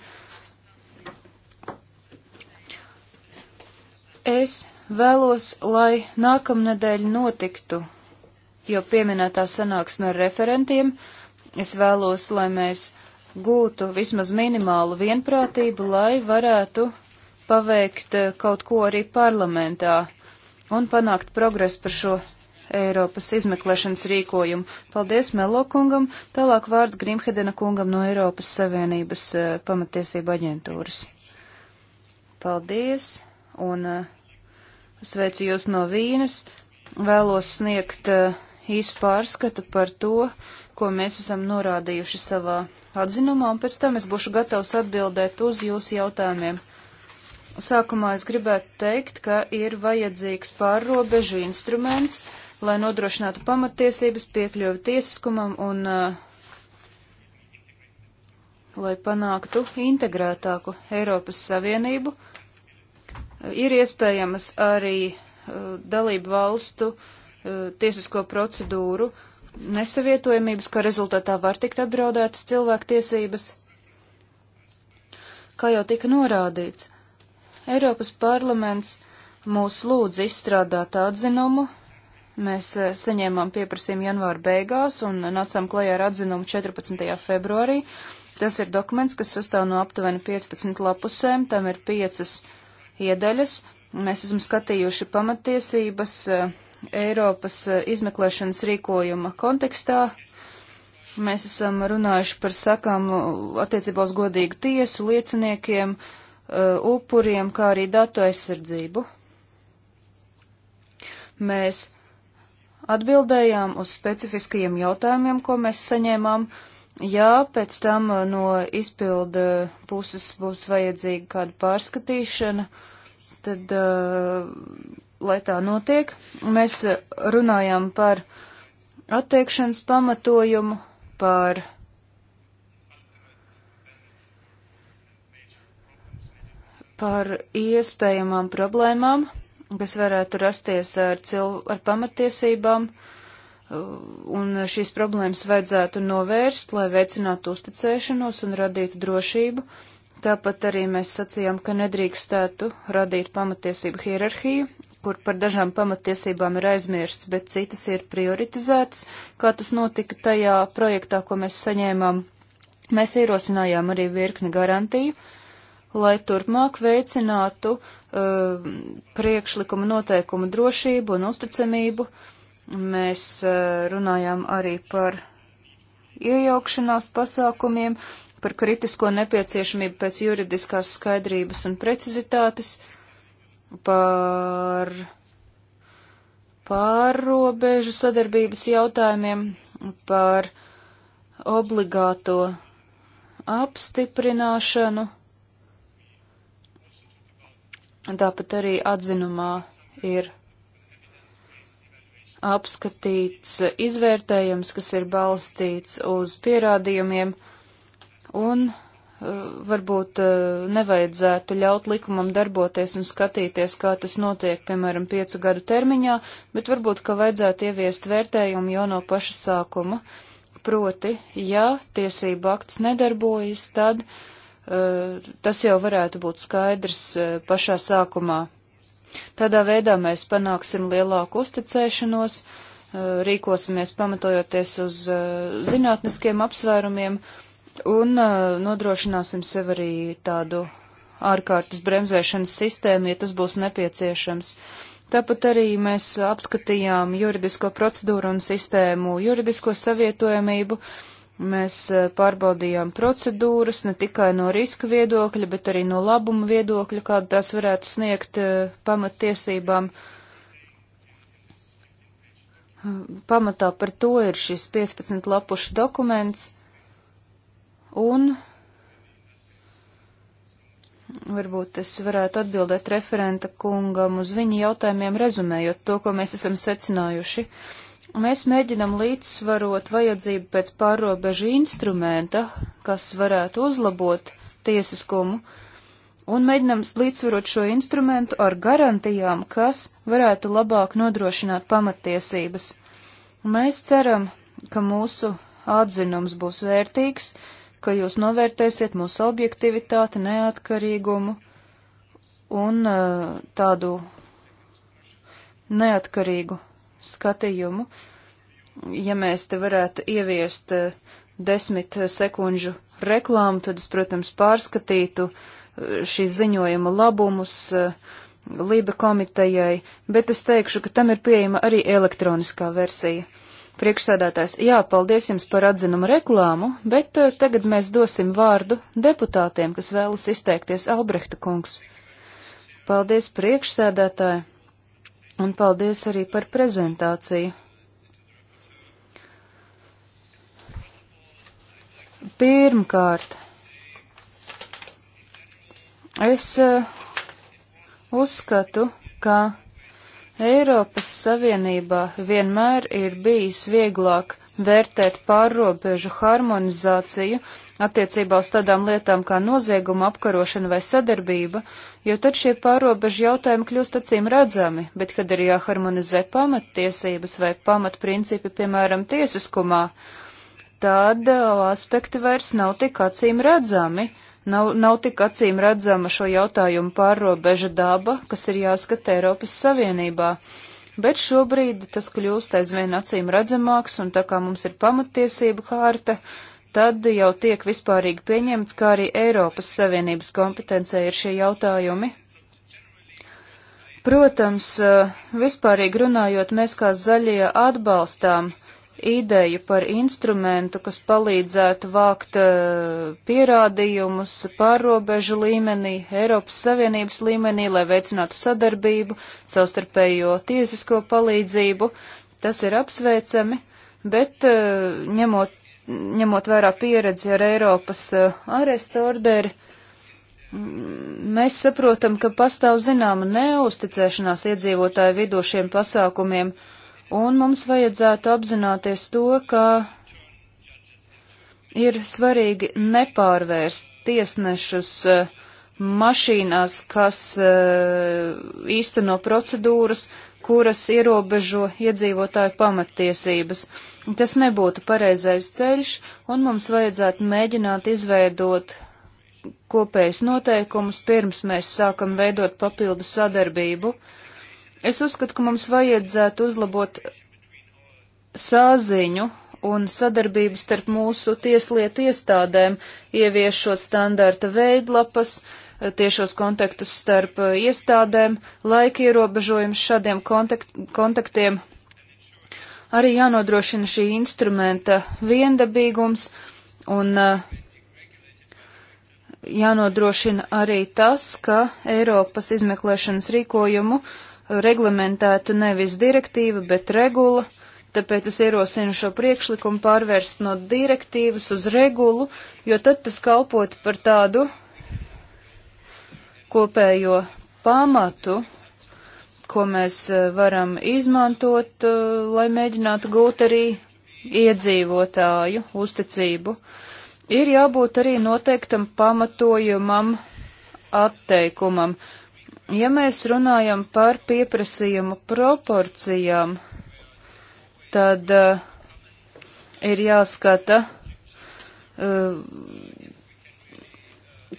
Es Vēlos, lai nākamnedēļ notiktu jau pieminētā sanāksme ar referentiem. Es vēlos, lai mēs gūtu vismaz minimālu vienprātību, lai varētu paveikt eh, kaut ko arī parlamentā un panākt progresu par šo Eiropas izmeklēšanas rīkojumu. Paldies Melo kungam, tālāk vārds Grimhedena kungam no Eiropas Savienības uh, eh, pamatiesība aģentūras. Paldies, un uh, Sveicu jūs no Vīnes. Vēlos sniegt eh, īsu pārskatu par to, ko mēs esam norādījuši savā atzinumā, un pēc tam es būšu gatavs atbildēt uz jūsu jautājumiem. Sākumā es gribētu teikt, ka ir vajadzīgs pārrobežu instruments, lai nodrošinātu pamatiesības piekļuvi tiesiskumam un uh, lai panāktu integrētāku Eiropas Savienību, ir iespējamas arī uh, dalību valstu uh, tiesisko procedūru nesavietojamības, kā rezultātā var tikt apdraudētas cilvēktiesības. Kā jau tika norādīts, Eiropas parlaments mūs lūdz izstrādāt atzinumu. Mēs uh, saņēmām pieprasījumu janvāra beigās un nācām klajā ar atzinumu 14. februārī. Tas ir dokuments, kas sastāv no aptuveni 15 lapusēm, tam ir piecas uh, iedaļas. Mēs esam skatījuši pamatiesības eh, Eiropas eh, izmeklēšanas rīkojuma kontekstā. Mēs esam runājuši par sakām eh, attiecībā uz godīgu tiesu, lieciniekiem, upuriem, kā arī datu aizsardzību. Mēs atbildējām uz specifiskajiem jautājumiem, ko mēs saņēmām. Uh, Jā, pēc tam uh, no izpilda puses būs vajadzīga kāda pārskatīšana, tad, uh, lai tā notiek, mēs runājām par atteikšanas pamatojumu, par par iespējamām problēmām, kas varētu rasties ar, cil, ar pamatiesībām, uh, un šīs problēmas vajadzētu novērst, lai veicinātu uzticēšanos un radītu drošību. Tāpat arī mēs sacījām, ka nedrīkstētu radīt pamatiesību hierarhiju, kur par dažām pamatiesībām ir aizmirsts, bet citas ir prioritizētas, kā tas notika tajā projektā, ko mēs saņēmām. Mēs ierosinājām arī virkni garantiju, lai turpmāk veicinātu uh, priekšlikuma noteikumu drošību un uzticamību. Uh, Mēs eh, runājām arī par iejaukšanās pasākumiem, par kritisko nepieciešamību pēc juridiskās skaidrības un precizitātes, par pārrobežu sadarbības jautājumiem, par obligāto apstiprināšanu. Tāpat arī atzinumā ir apskatīts izvērtējums, kas ir balstīts uz pierādījumiem, un uh, varbūt uh, nevajadzētu ļaut likumam darboties un skatīties, kā tas notiek, piemēram, piecu gadu termiņā, bet varbūt, ka vajadzētu ieviest vērtējumu jau no paša sākuma. Proti, ja tiesība akts nedarbojas, tad uh, tas jau varētu būt skaidrs uh, pašā sākumā. Tādā veidā mēs panāksim lielāku uzticēšanos, eh, rīkosimies pamatojoties uz eh, zinātniskiem apsvērumiem un eh, nodrošināsim sev arī tādu ārkārtas bremzēšanas sistēmu, ja tas būs nepieciešams. Tāpat arī mēs apskatījām juridisko procedūru un sistēmu, juridisko savietojamību, uh, Mēs eh, pārbaudījām procedūras ne tikai no riska viedokļa, bet arī no labuma viedokļa, kādu tās varētu sniegt eh, pamattiesībām. Pamatā par to ir šis 15 lapušu dokuments, un varbūt es varētu atbildēt referenta kungam uz viņa jautājumiem, rezumējot to, ko mēs esam secinājuši. Uh, Mēs mēģinam līdzsvarot vajadzību pēc pārobežu instrumenta, kas varētu uzlabot tiesiskumu, un mēģinam līdzsvarot šo instrumentu ar garantijām, kas varētu labāk nodrošināt pamatiesības. Mēs ceram, ka mūsu atzinums būs vērtīgs, ka jūs novērtēsiet mūsu objektivitāti, neatkarīgumu un uh, tādu neatkarīgu skatījumu, ja mēs te varētu ieviest eh, desmit sekundžu reklāmu, tad es, protams, pārskatītu eh, šīs ziņojuma labumus eh, Lība komitejai, bet es teikšu, ka tam ir pieejama arī elektroniskā versija. Priekšsēdētājs, jā, paldies jums par atzinumu reklāmu, bet tagad mēs dosim vārdu deputātiem, kas vēlas izteikties Albrehta kungs. Paldies priekšsēdētāji! Un paldies arī par prezentāciju. Pirmkārt, es eh, uzskatu, ka Eiropas Savienībā vienmēr ir bijis vieglāk vērtēt pārrobežu harmonizāciju attiecībā uz tādām lietām kā nozieguma apkarošana vai sadarbība, jo tad šie pārrobežu jautājumi kļūst acīm redzami, bet kad ir jāharmonizē pamattiesības vai pamatprincipi, piemēram, tiesiskumā, tad aspekti vairs nav tik acīm redzami. Nav, nav tik acīm redzama šo jautājumu pārrobeža daba, kas ir jāskata Eiropas Savienībā. Uh, bet šobrīd tas kļūst aizvien acīm redzamāks, un tā kā mums ir pamatiesība hārta, tad jau tiek vispārīgi pieņemts, kā arī Eiropas Savienības kompetencē ir šie jautājumi. Protams, vispārīgi runājot, mēs kā zaļie atbalstām uh, ideja par instrumentu, kas palīdzētu vākt eh, pierādījumus pārobežu līmenī, Eiropas Savienības līmenī, lai veicinātu sadarbību, savstarpējo tiesisko palīdzību. Tas ir apsveicami, bet eh, ņemot, ņemot vērā pieredzi ar Eiropas eh, arestu orderi, mm, mēs saprotam, ka pastāv zināma neusticēšanās iedzīvotāju vidū šiem pasākumiem un mums vajadzētu apzināties to, ka ir svarīgi nepārvērst tiesnešus eh, mašīnās, kas eh, īsteno procedūras, kuras ierobežo iedzīvotāju pamatiesības. Tas nebūtu pareizais ceļš, un mums vajadzētu mēģināt izveidot kopējus noteikumus, pirms mēs sākam veidot papildu sadarbību. Uh, Es uzskatu, ka mums vajadzētu uzlabot sāziņu un sadarbību starp mūsu tieslietu iestādēm, ieviešot standarta veidlapas, tiešos kontaktus starp uh, iestādēm, laika ierobežojums šādiem kontakt, kontaktiem. Arī jānodrošina šī instrumenta viendabīgums un uh, jānodrošina arī tas, ka Eiropas izmeklēšanas rīkojumu uh, reglamentētu nevis direktīva, bet regula, tāpēc es ierosinu šo priekšlikumu pārvērst no direktīvas uz regulu, jo tad tas kalpotu par tādu kopējo pamatu, ko mēs eh, varam izmantot, eh, lai mēģinātu gūt arī iedzīvotāju uzticību. Ir jābūt arī noteiktam pamatojumam, atteikumam. Ja mēs runājam par pieprasījumu proporcijām, tad uh, ir jāskata uh,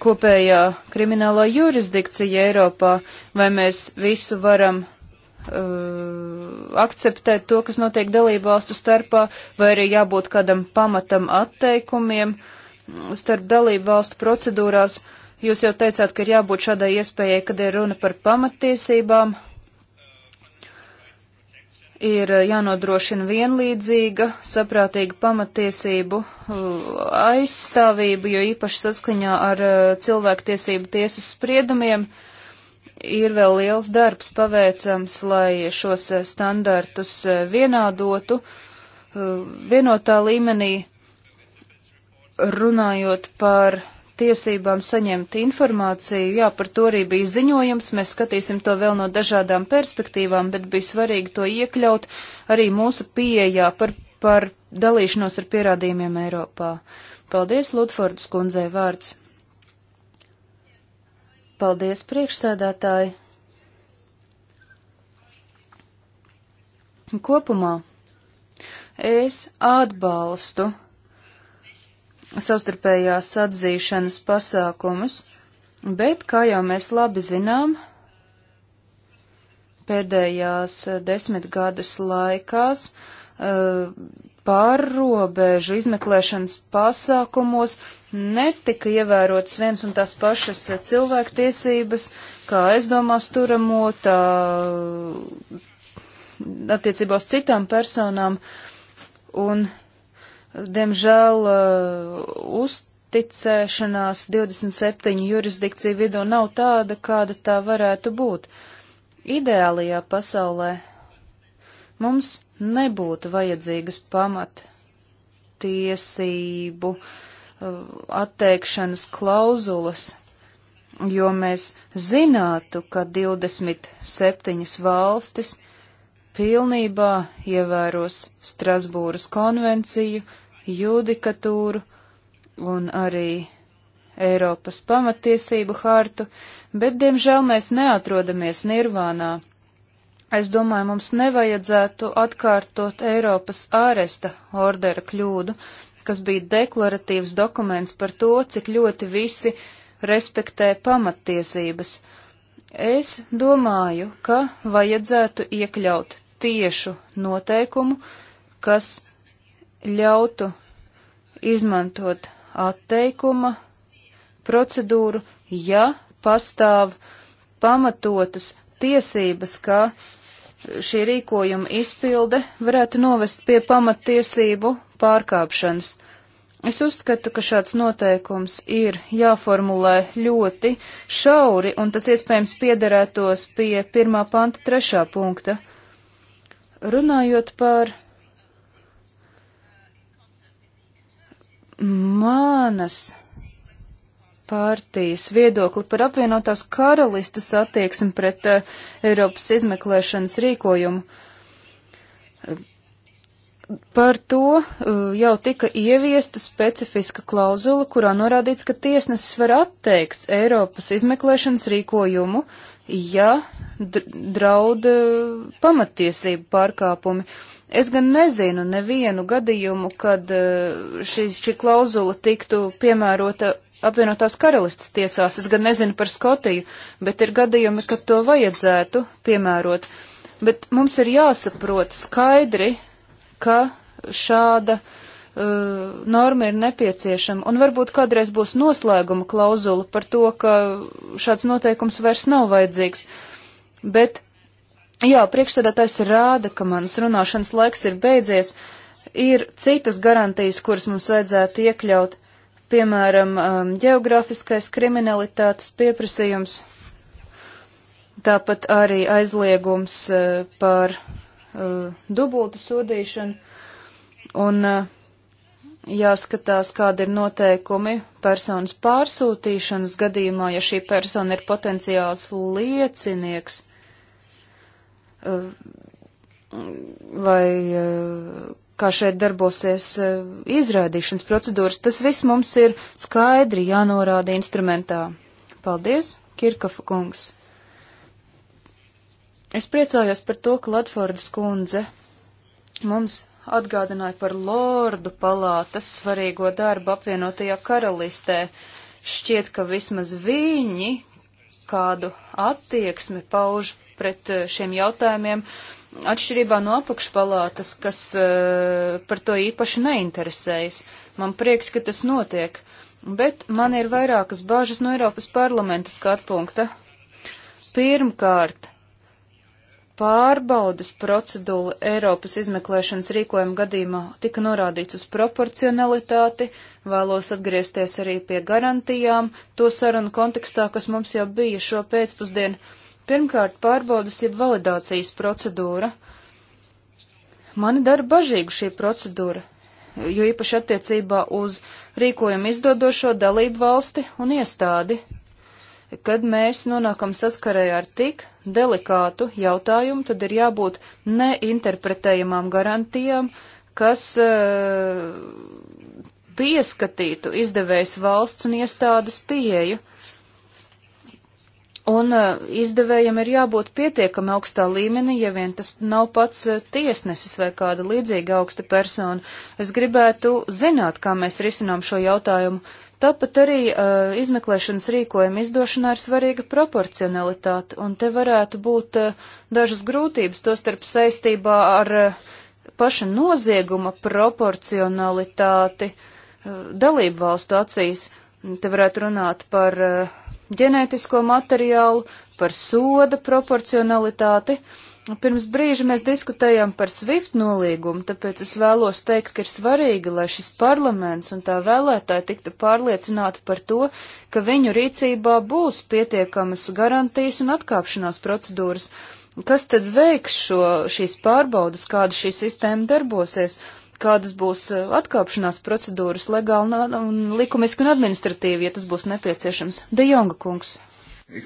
kopējā kriminālā jurisdikcija Eiropā, vai mēs visu varam uh, akceptēt to, kas notiek dalībvalstu starpā, vai arī jābūt kādam pamatam atteikumiem starp dalībvalstu procedūrās. Uh, Jūs jau teicāt, ka ir jābūt šādai iespējai, kad ir runa par pamatiesībām, ir jānodrošina vienlīdzīga, saprātīga pamatiesību uh, aizstāvība, jo īpaši saskaņā ar uh, cilvēktiesību tiesas spriedumiem ir vēl liels darbs paveicams, lai šos uh, standartus vienādotu vienotā līmenī runājot par tiesībām saņemt informāciju. Jā, par to arī bija ziņojums, mēs skatīsim to vēl no dažādām perspektīvām, bet bija svarīgi to iekļaut arī mūsu pieejā par, par dalīšanos ar pierādījumiem Eiropā. Paldies, Lutfordas kundzei vārds. Paldies, priekšsēdētāji. Kopumā es atbalstu savstarpējās atzīšanas pasākumus, bet, kā jau mēs labi zinām, pēdējās eh, desmitgades laikās uh, pārrobežu izmeklēšanas pasākumos netika ievērotas viens un tās pašas cilvēktiesības, kā aizdomās turamo, tā eh, attiecībā uz citām personām, un Diemžēl uh, uzticēšanās 27 jurisdikciju vidū nav tāda, kāda tā varētu būt. Ideālajā pasaulē mums nebūtu vajadzīgas pamat tiesību uh, atteikšanas klauzulas, jo mēs zinātu, ka 27 valstis – pilnībā ievēros Strasbūras konvenciju, judikatūru un arī Eiropas pamatiesību hartu, bet, diemžēl, mēs neatrodamies nirvānā. Es domāju, mums nevajadzētu atkārtot Eiropas āresta ordera kļūdu, kas bija deklaratīvs dokuments par to, cik ļoti visi respektē pamatiesības. Es domāju, ka vajadzētu iekļaut tiešu noteikumu, kas ļautu izmantot atteikuma procedūru, ja pastāv pamatotas tiesības, ka šī rīkojuma izpilde varētu novest pie pamattiesību pārkāpšanas. Es uzskatu, ka šāds noteikums ir jāformulē ļoti šauri, un tas iespējams piederētos pie pirmā panta trešā punkta. Runājot par manas partijas viedokli par apvienotās karalistas attieksmi pret uh, Eiropas izmeklēšanas rīkojumu. Eh, par to uh, jau tika ieviesta specifiska klauzula, kurā norādīts, ka tiesnesis var atteikt Eiropas izmeklēšanas rīkojumu, ja draud e, pamatiesību pārkāpumi. Es gan nezinu nevienu gadījumu, kad e, šīs, šī klauzula tiktu piemērota apvienotās karalistas tiesās. Es gan nezinu par Skotiju, bet ir gadījumi, kad to vajadzētu piemērot. Bet mums ir jāsaprot skaidri, ka šāda uh, uh, norma ir nepieciešama, un varbūt kādreiz būs noslēguma klauzula par to, ka šāds noteikums vairs nav vajadzīgs. Bet, jā, priekšstādātais rāda, ka mans runāšanas laiks ir beidzies, ir citas garantijas, kuras mums vajadzētu iekļaut, piemēram, um, geogrāfiskais kriminalitātes pieprasījums, tāpat arī aizliegums uh, par dubultu sodīšanu. Un uh, jāskatās, kāda ir noteikumi personas pārsūtīšanas gadījumā, ja šī persona ir potenciāls liecinieks eh, vai eh, kā šeit darbosies eh, izrādīšanas procedūras. Tas viss mums ir skaidri jānorāda instrumentā. Paldies, Kirkafa kungs! Es priecājos par to, ka Latfordas kundze mums atgādināja par lordu palātas svarīgo darbu apvienotajā karalistē. Šķiet, ka vismaz viņi kādu attieksmi pauž pret eh, šiem jautājumiem, atšķirībā no apakšpalātas, kas uh, par to īpaši neinteresējas. Man prieks, ka tas notiek, bet man ir vairākas bāžas no Eiropas parlamenta skatpunkta. Pirmkārt, pārbaudas procedūra Eiropas izmeklēšanas rīkojuma gadījumā tika norādīts uz proporcionalitāti, vēlos atgriezties arī pie garantijām, to sarunu kontekstā, kas mums jau bija šo pēcpusdienu. Pirmkārt, pārbaudas jeb validācijas procedūra. Mani dara bažīgu šī procedūra, jo īpaši attiecībā uz rīkojumu izdodošo dalību valsti un iestādi. Kad mēs nonākam saskarē ar tik delikātu jautājumu, tad ir jābūt neinterpretējamām garantijām, kas uh, pieskatītu izdevējs valsts un iestādes pieeju. Un uh, eh, izdevējam ir jābūt pietiekami augstā līmenī, ja vien tas nav pats uh, tiesnesis vai kāda līdzīga augsta persona. Es gribētu zināt, kā mēs risinām šo jautājumu Tāpat arī uh, izmeklēšanas rīkojuma izdošanā ir svarīga proporcionalitāte, un te varētu būt uh, dažas grūtības, tostarp saistībā ar uh, paša nozieguma proporcionalitāti uh, dalību valstu acīs. Te varētu runāt par uh, ģenētisko materiālu, par soda proporcionalitāti. Uh, Pirms brīža mēs diskutējām par SWIFT nolīgumu, tāpēc es vēlos teikt, ka ir svarīgi, lai šis parlaments un tā vēlētāji tiktu pārliecināti par to, ka viņu rīcībā būs pietiekamas garantijas un atkāpšanās procedūras. Kas tad veiks šo, šīs pārbaudas, kāda šī sistēma darbosies, kādas būs eh, atkāpšanās procedūras legāli un likumiski un administratīvi, ja tas būs nepieciešams? De Jonga kungs. Eh,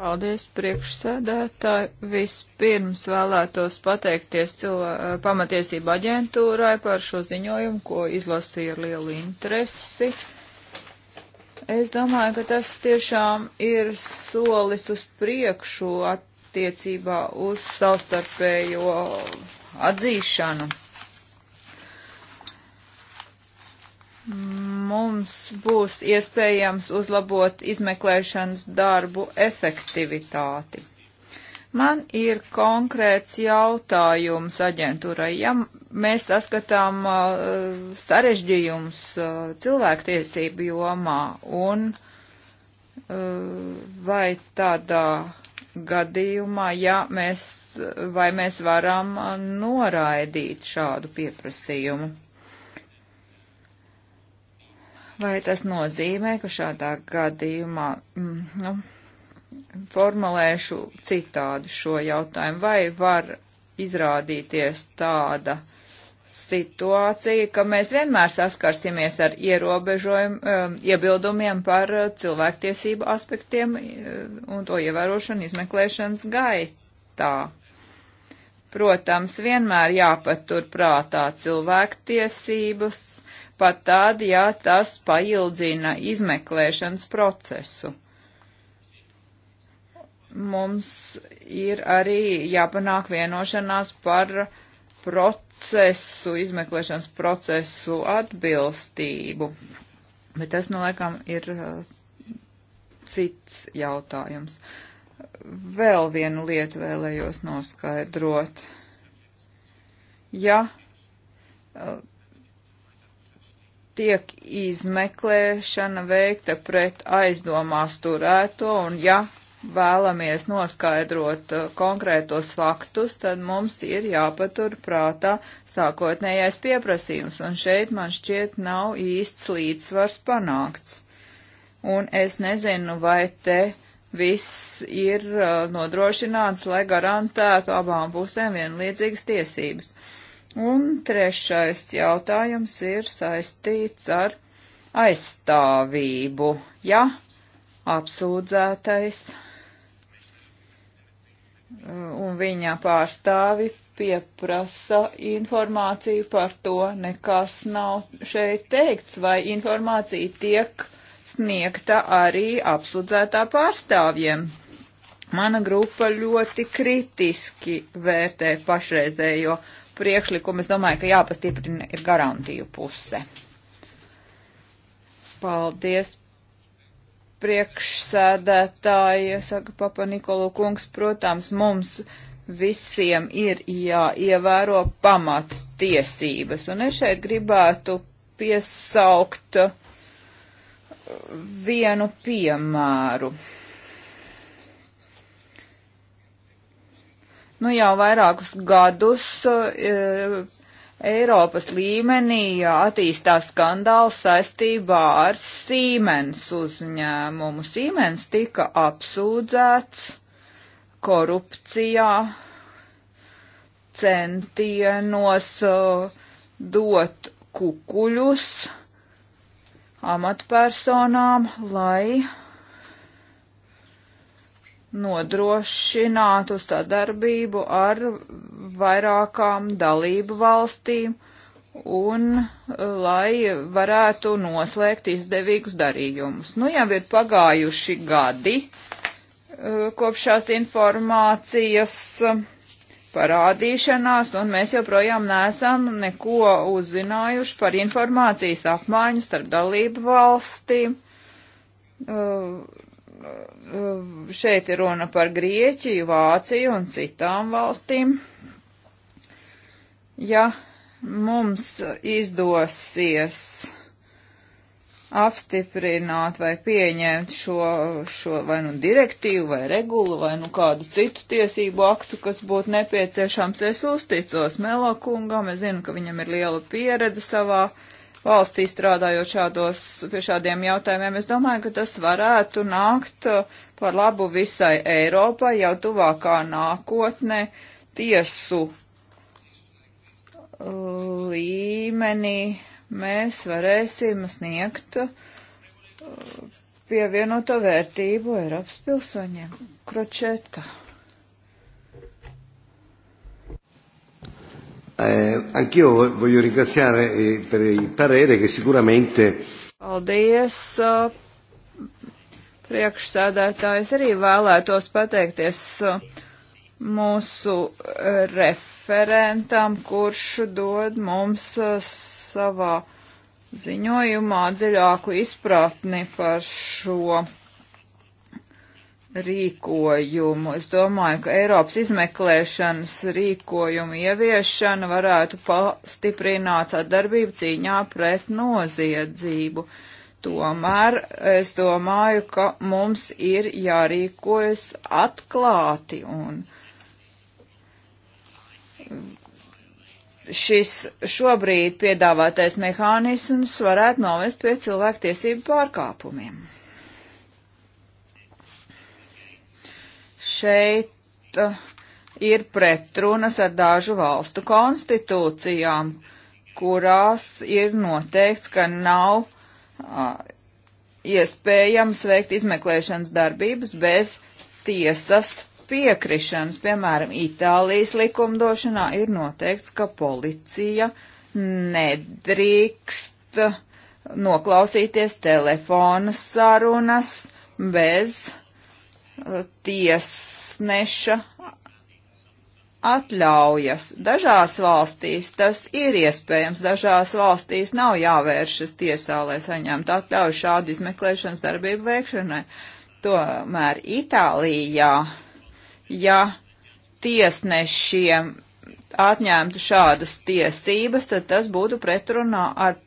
Paldies, priekšsēdētāji. Vispirms vēlētos pateikties eh, pamatiesību aģentūrai par šo ziņojumu, ko izlasīju ar lielu interesi. Es domāju, ka tas tiešām ir solis uz priekšu attiecībā uz savstarpējo atzīšanu mums būs iespējams uzlabot izmeklēšanas darbu efektivitāti. Man ir konkrēts jautājums aģentūrai. Ja mēs saskatām uh, sarežģījums uh, cilvēktiesību jomā un uh, vai tādā gadījumā, ja mēs, vai mēs varam uh, noraidīt šādu pieprasījumu? vai tas nozīmē, ka šādā gadījumā, mm, nu, formulēšu citādi šo jautājumu, vai var izrādīties tāda situācija, ka mēs vienmēr saskarsimies ar ierobežojumu, um, iebildumiem par uh, cilvēktiesību aspektiem uh, un to ievērošanu izmeklēšanas gaitā. Protams, vienmēr jāpatur prātā cilvēktiesības pat tad, ja tas paildzina izmeklēšanas procesu. Mums ir arī jāpanāk vienošanās par procesu, izmeklēšanas procesu atbilstību. Bet tas, nu, laikam, ir uh, cits jautājums. Vēl vienu lietu vēlējos noskaidrot. Ja uh, tiek izmeklēšana veikta pret aizdomās turēto, un ja vēlamies noskaidrot uh, konkrētos faktus, tad mums ir jāpatur prātā sākotnējais pieprasījums, un šeit man šķiet nav īsts līdzsvars panākts. Un es nezinu, vai te viss ir uh, nodrošināts, lai garantētu abām pusēm vienlīdzīgas tiesības. Uh, Un trešais jautājums ir saistīts ar aizstāvību, ja apsūdzētais uh, un viņa pārstāvi pieprasa informāciju par to, nekas nav šeit teikts, vai informācija tiek sniegta arī apsūdzētā pārstāvjiem. Mana grupa ļoti kritiski vērtē pašreizējo priekšlikumu es domāju, ka jāpastiprina ir garantiju puse. Paldies, priekšsēdētāji, saka papa Nikolu kungs, protams, mums visiem ir jāievēro pamat tiesības, un es šeit gribētu piesaukt vienu piemēru. Nu jau vairākus gadus e, Eiropas līmenī attīstās skandāls saistībā ar Siemens uzņēmumu. Siemens tika apsūdzēts korupcijā, centienos uh, dot kukuļus amatpersonām, lai nodrošinātu sadarbību ar vairākām dalību valstīm un eh, lai varētu noslēgt izdevīgus darījumus. Nu jau ir pagājuši gadi eh, kopš šās informācijas eh, parādīšanās, un mēs joprojām neesam neko uzzinājuši par informācijas apmaiņu starp dalību valstīm. Uh, Ehm, šeit ir runa par Grieķiju, Vāciju un citām valstīm. Ja mums izdosies apstiprināt vai pieņemt šo, šo vai nu direktīvu vai regulu vai nu kādu citu tiesību aktu, kas būtu nepieciešams, es uzticos Melokungam, es zinu, ka viņam ir liela pieredze savā uh, valstī strādājot šādos, pie šādiem jautājumiem. Es domāju, ka tas varētu nākt uh, par labu visai Eiropai jau tuvākā nākotnē tiesu uh, līmenī mēs varēsim sniegt uh, pievienoto vērtību Eiropas pilsoņiem. Kročeta. Eh, anch'io voglio ringraziare eh, per il parere che sicuramente. Paldies, eh, priekšsēdētājs. Arī vēlētos pateikties eh, mūsu referentam, kurš dod mums savā ziņojumā dziļāku izpratni par šo rīkojumu. Es domāju, ka Eiropas izmeklēšanas rīkojumu ieviešana varētu pastiprināt sadarbību cīņā pret noziedzību. Tomēr es domāju, ka mums ir jārīkojas atklāti un šis šobrīd piedāvātais mehānisms varētu novest pie cilvēktiesību pārkāpumiem. šeit eh, ir pretrunas ar dažu valstu konstitūcijām, kurās ir noteikts, ka nav eh, iespējams veikt izmeklēšanas darbības bez tiesas piekrišanas. Piemēram, Itālijas likumdošanā ir noteikts, ka policija nedrīkst eh, noklausīties telefona sarunas bez uh, tiesneša atļaujas. Dažās valstīs tas ir iespējams, dažās valstīs nav jāvēršas tiesā, lai saņemtu atļauju šādu izmeklēšanas darbību veikšanai. Tomēr Itālijā, ja tiesnešiem atņemtu šādas tiesības, tad tas būtu pretrunā ar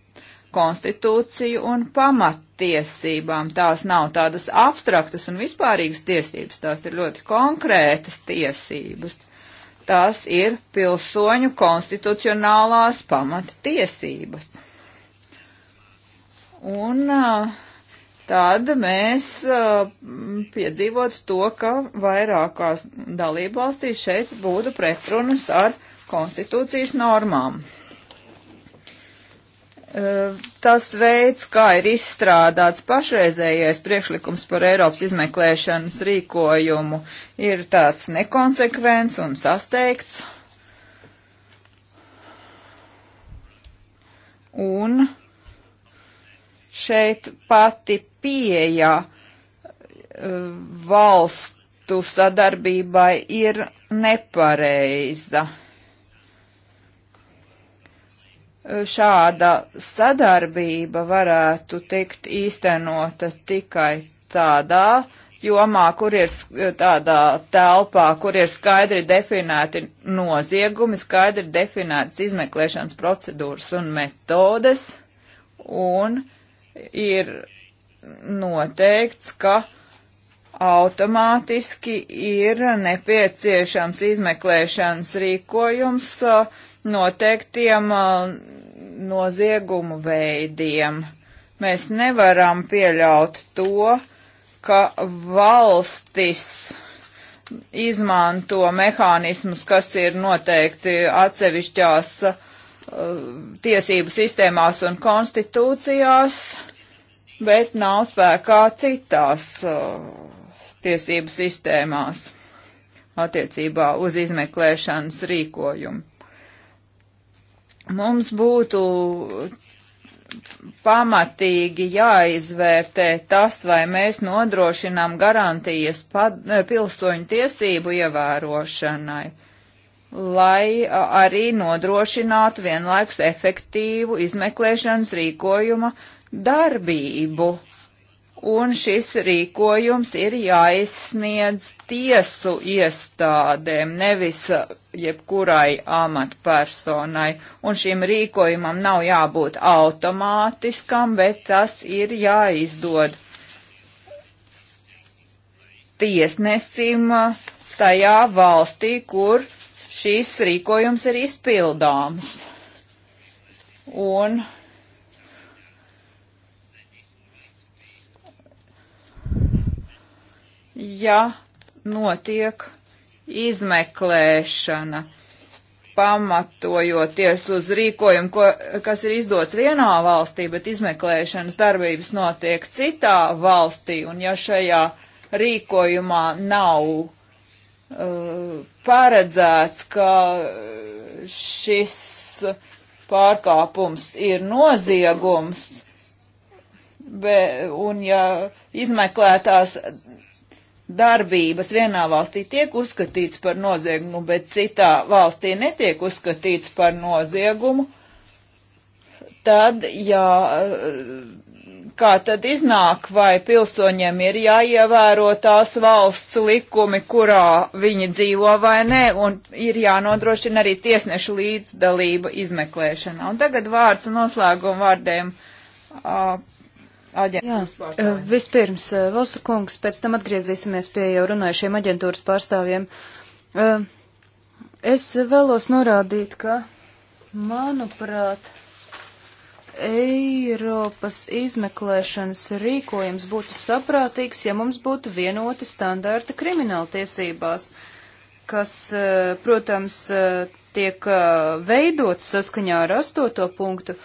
konstitūciju un pamattiesībām. Tās nav tādas abstraktas un vispārīgas tiesības, tās ir ļoti konkrētas tiesības. Tās ir pilsoņu konstitucionālās pamattiesības. Un uh, tad mēs uh, piedzīvotu to, ka vairākās dalībvalstīs šeit būtu pretrunas ar konstitūcijas normām. Eh, tas veids, kā ir izstrādāts pašreizējais priekšlikums par Eiropas izmeklēšanas rīkojumu, ir tāds nekonsekvents un sasteigts. Un šeit pati pieeja eh, valstu sadarbībai ir nepareiza šāda sadarbība varētu tikt īstenota tikai tādā jomā, kur ir tādā telpā, kur ir skaidri definēti noziegumi, skaidri definētas izmeklēšanas procedūras un metodes, un ir noteikts, ka automātiski ir nepieciešams izmeklēšanas rīkojums, uh, noteiktiem noziegumu veidiem. Mēs nevaram pieļaut to, ka valstis izmanto mehānismus, kas ir noteikti atsevišķās uh, tiesību sistēmās un konstitūcijās, bet nav spēkā citās uh, tiesību sistēmās attiecībā uz izmeklēšanas rīkojumu mums būtu pamatīgi jāizvērtē tas, vai mēs nodrošinām garantijas pilsoņu tiesību ievērošanai, lai arī nodrošinātu vienlaikus efektīvu izmeklēšanas rīkojuma darbību un šis rīkojums ir jāizsniedz tiesu iestādēm, nevis jebkurai amatpersonai. Un šim rīkojumam nav jābūt automātiskam, bet tas ir jāizdod tiesnesim tajā valstī, kur šīs rīkojums ir izpildāms. Un ja notiek izmeklēšana, pamatojoties uz rīkojumu, ko, kas ir izdots vienā valstī, bet izmeklēšanas darbības notiek citā valstī, un ja šajā rīkojumā nav uh, paredzēts, ka šis pārkāpums ir noziegums, be, un ja izmeklētās darbības vienā valstī tiek uzskatīts par noziegumu, bet citā valstī netiek uzskatīts par noziegumu, tad, ja, kā tad iznāk, vai pilsoņiem ir jāievēro tās valsts likumi, kurā viņi dzīvo vai nē, un ir jānodrošina arī tiesnešu līdzdalība izmeklēšanā. Un tagad vārds noslēguma vārdiem. Uh, aģentūras pārstāvjiem? Jā, eh, vispirms eh, Valsakungs, pēc tam atgriezīsimies pie jau runājušiem aģentūras pārstāvjiem. Eh, es vēlos norādīt, ka, manuprāt, Eiropas izmeklēšanas rīkojums būtu saprātīgs, ja mums būtu vienoti standarti krimināltiesībās, kas, protams, tiek veidots saskaņā ar astoto punktu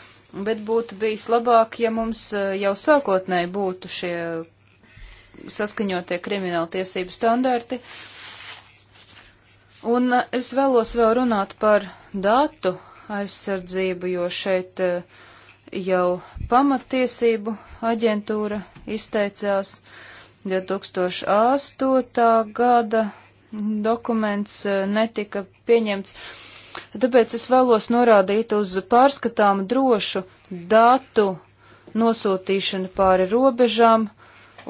bet būtu bijis labāk, ja mums e, jau sākotnēji būtu šie saskaņotie krimināla tiesību standarti. Un e, es vēlos vēl runāt par datu aizsardzību, jo šeit e, jau pamatiesību aģentūra izteicās 2008. gada dokuments netika pieņemts. Tāpēc es vēlos norādīt uz pārskatām drošu datu nosūtīšanu pāri robežām,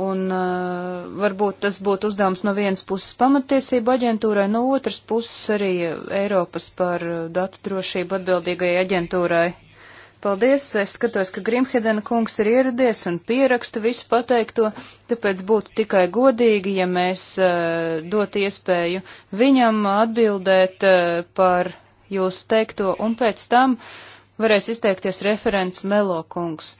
un uh, varbūt tas būtu uzdevums no vienas puses pamatiesība aģentūrai, no otras puses arī Eiropas par eh, datu drošību atbildīgajai aģentūrai. Paldies, es skatos, ka Grimhedena kungs ir ieradies un pieraksta visu pateikto, tāpēc būtu tikai godīgi, ja mēs uh, eh, dot iespēju viņam atbildēt uh, par jūsu teikto, un pēc tam varēs izteikties referents Melokungs.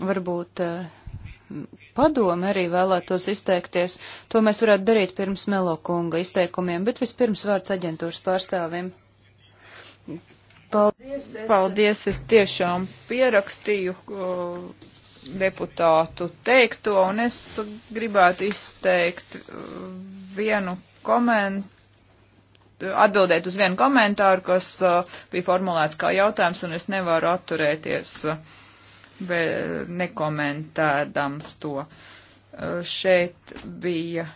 Varbūt eh, padome arī vēlētos izteikties. To mēs varētu darīt pirms Melokunga izteikumiem, bet vispirms vārds aģentūras pārstāvim. Paldies. Es... Paldies, es tiešām pierakstīju uh, deputātu teikto, un es gribētu izteikt uh, vienu komentāru atbildēt uz vienu komentāru, kas uh, bija formulēts kā jautājums, un es nevaru atturēties uh, nekomentēdams to. Uh, šeit bija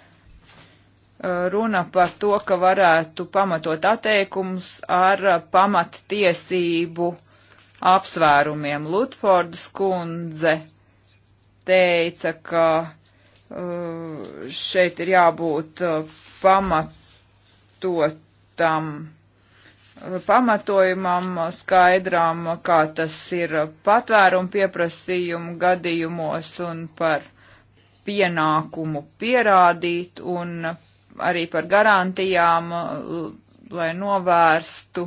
runa par to, ka varētu pamatot atteikums ar pamattiesību apsvērumiem. Lutfordas kundze teica, ka šeit ir jābūt pamatot tam pamatojumam skaidrām, kā tas ir patvērumu pieprasījumu gadījumos un par pienākumu pierādīt un arī par garantijām, lai novērstu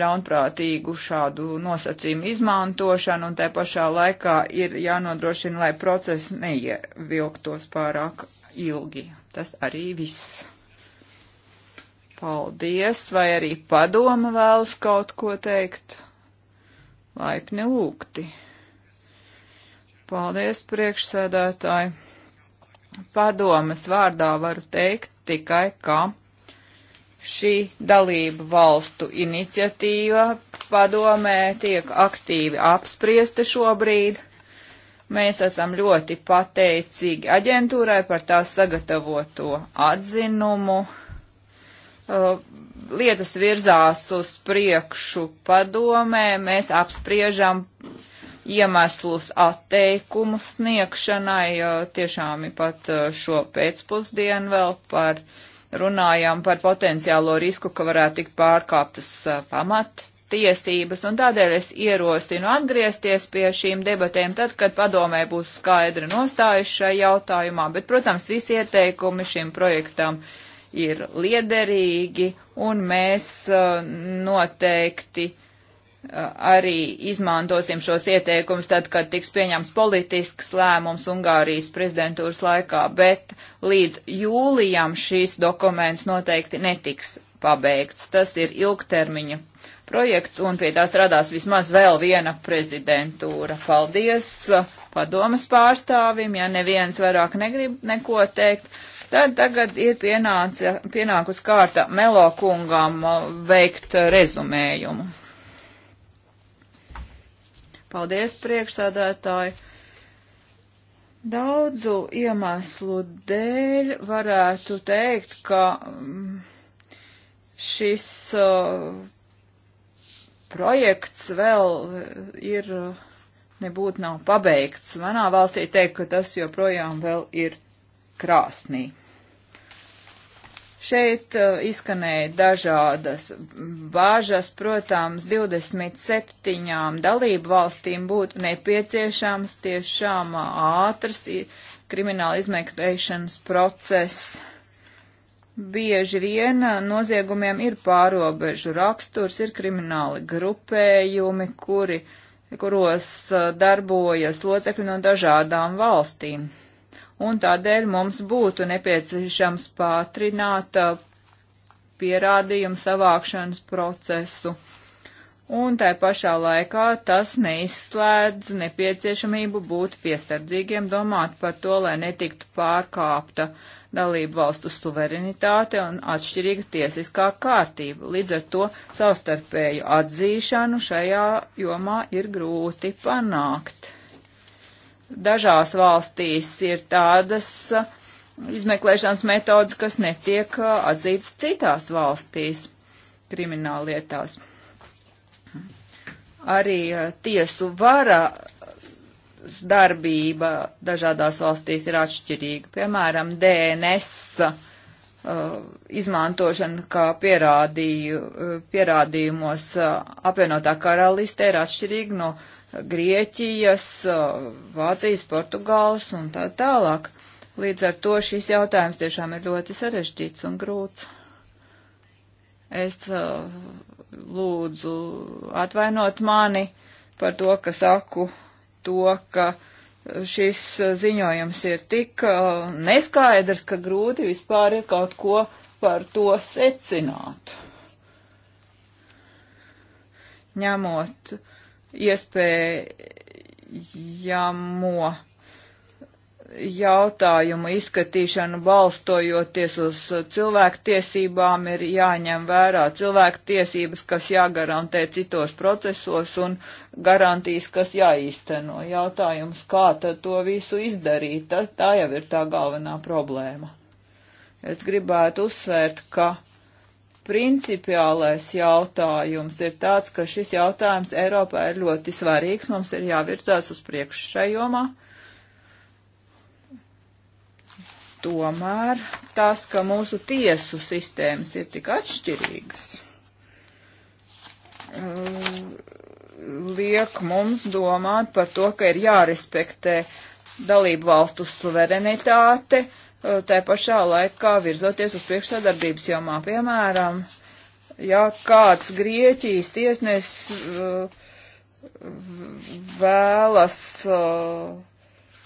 ļaunprātīgu šādu nosacījumu izmantošanu, un tai pašā laikā ir jānodrošina, lai process neievilktos pārāk ilgi. Tas arī viss. Paldies, vai arī padoma vēlas kaut ko teikt? Laipni lūgti. Paldies, priekšsēdētāji. Padomas vārdā varu teikt tikai, ka šī dalību valstu iniciatīva padomē tiek aktīvi apspriesta šobrīd. Mēs esam ļoti pateicīgi aģentūrai par tā sagatavoto atzinumu Uh, lietas virzās uz priekšu padomē, mēs apspriežam iemeslus atteikumu sniegšanai, uh, tiešām pat uh, šo pēcpusdienu vēl par runājām par potenciālo risku, ka varētu tikt pārkāptas pamat tiesības, un tādēļ es ierosinu atgriezties pie šīm debatēm tad, kad padomē būs skaidra nostājas šai jautājumā, bet, protams, visi ieteikumi šim projektam uh, ir liederīgi, un mēs uh, noteikti uh, arī izmantosim šos ieteikumus tad, kad tiks pieņems politisks lēmums Ungārijas prezidentūras laikā, bet līdz jūlijam šīs dokuments noteikti netiks pabeigts. Tas ir ilgtermiņa projekts, un pie tā strādās vismaz vēl viena prezidentūra. Paldies uh, padomas pārstāvim, ja neviens vairāk negrib neko teikt, Tad tagad ir pienāca, pienākus kārta Melo kungam uh, veikt uh, rezumējumu. Paldies, priekšsādātāji! Daudzu iemeslu dēļ varētu teikt, ka mm, šis uh, projekts vēl ir, uh, nebūtu nav pabeigts. Manā valstī teikt, ka tas joprojām vēl ir krāsnī. Šeit uh, izskanēja dažādas bāžas, protams, 27 dalību valstīm būtu nepieciešams tiešām uh, ātrs krimināla izmeklēšanas process. Bieži vien uh, noziegumiem ir pārobežu raksturs, ir krimināli grupējumi, kuri, kuros uh, darbojas locekļi no dažādām valstīm un tādēļ mums būtu nepieciešams pātrināt uh, pierādījumu savākšanas procesu. Un tai pašā laikā tas neizslēdz nepieciešamību būt piesardzīgiem, domāt par to, lai netiktu pārkāpta dalību valstu suverenitāte un atšķirīga tiesiskā kārtība. Līdz ar to savstarpēju atzīšanu šajā jomā ir grūti panākt. Dažās valstīs ir tādas uh, izmeklēšanas metodas, kas netiek uh, atzītas citās valstīs krimināllietās. Arī uh, tiesu vara darbība dažādās valstīs ir atšķirīga. Piemēram, DNS uh, izmantošana kā pierādīju, pierādījumos uh, apvienotā karaliste ir atšķirīga no Grieķijas, Vācijas, Portugāles un tā tālāk. Līdz ar to šis jautājums tiešām ir ļoti sarežģīts un grūts. Es lūdzu atvainot mani par to, ka saku to, ka šis ziņojums ir tik neskaidrs, ka grūti vispār ir kaut ko par to secināt. Ņemot uh, iespējamo jautājumu izskatīšanu balstojoties uz cilvēktiesībām ir jāņem vērā cilvēktiesības, kas jāgarantē citos procesos un garantijas, kas jāīsteno. Jautājums, kā tad to visu izdarīt, tā, tā jau ir tā galvenā problēma. Es gribētu uzsvērt, ka principiālais jautājums ir tāds, ka šis jautājums Eiropā ir ļoti svarīgs, mums ir jāvirzās uz priekšu šajomā. Tomēr tas, ka mūsu tiesu sistēmas ir tik atšķirīgas, eh, liek mums domāt par to, ka ir jārespektē dalību valstu suverenitāte, uh, Eh, tā pašā laikā virzoties uz priekšsadarbības jomā. Piemēram, ja kāds Grieķijas tiesnes eh, vēlas eh,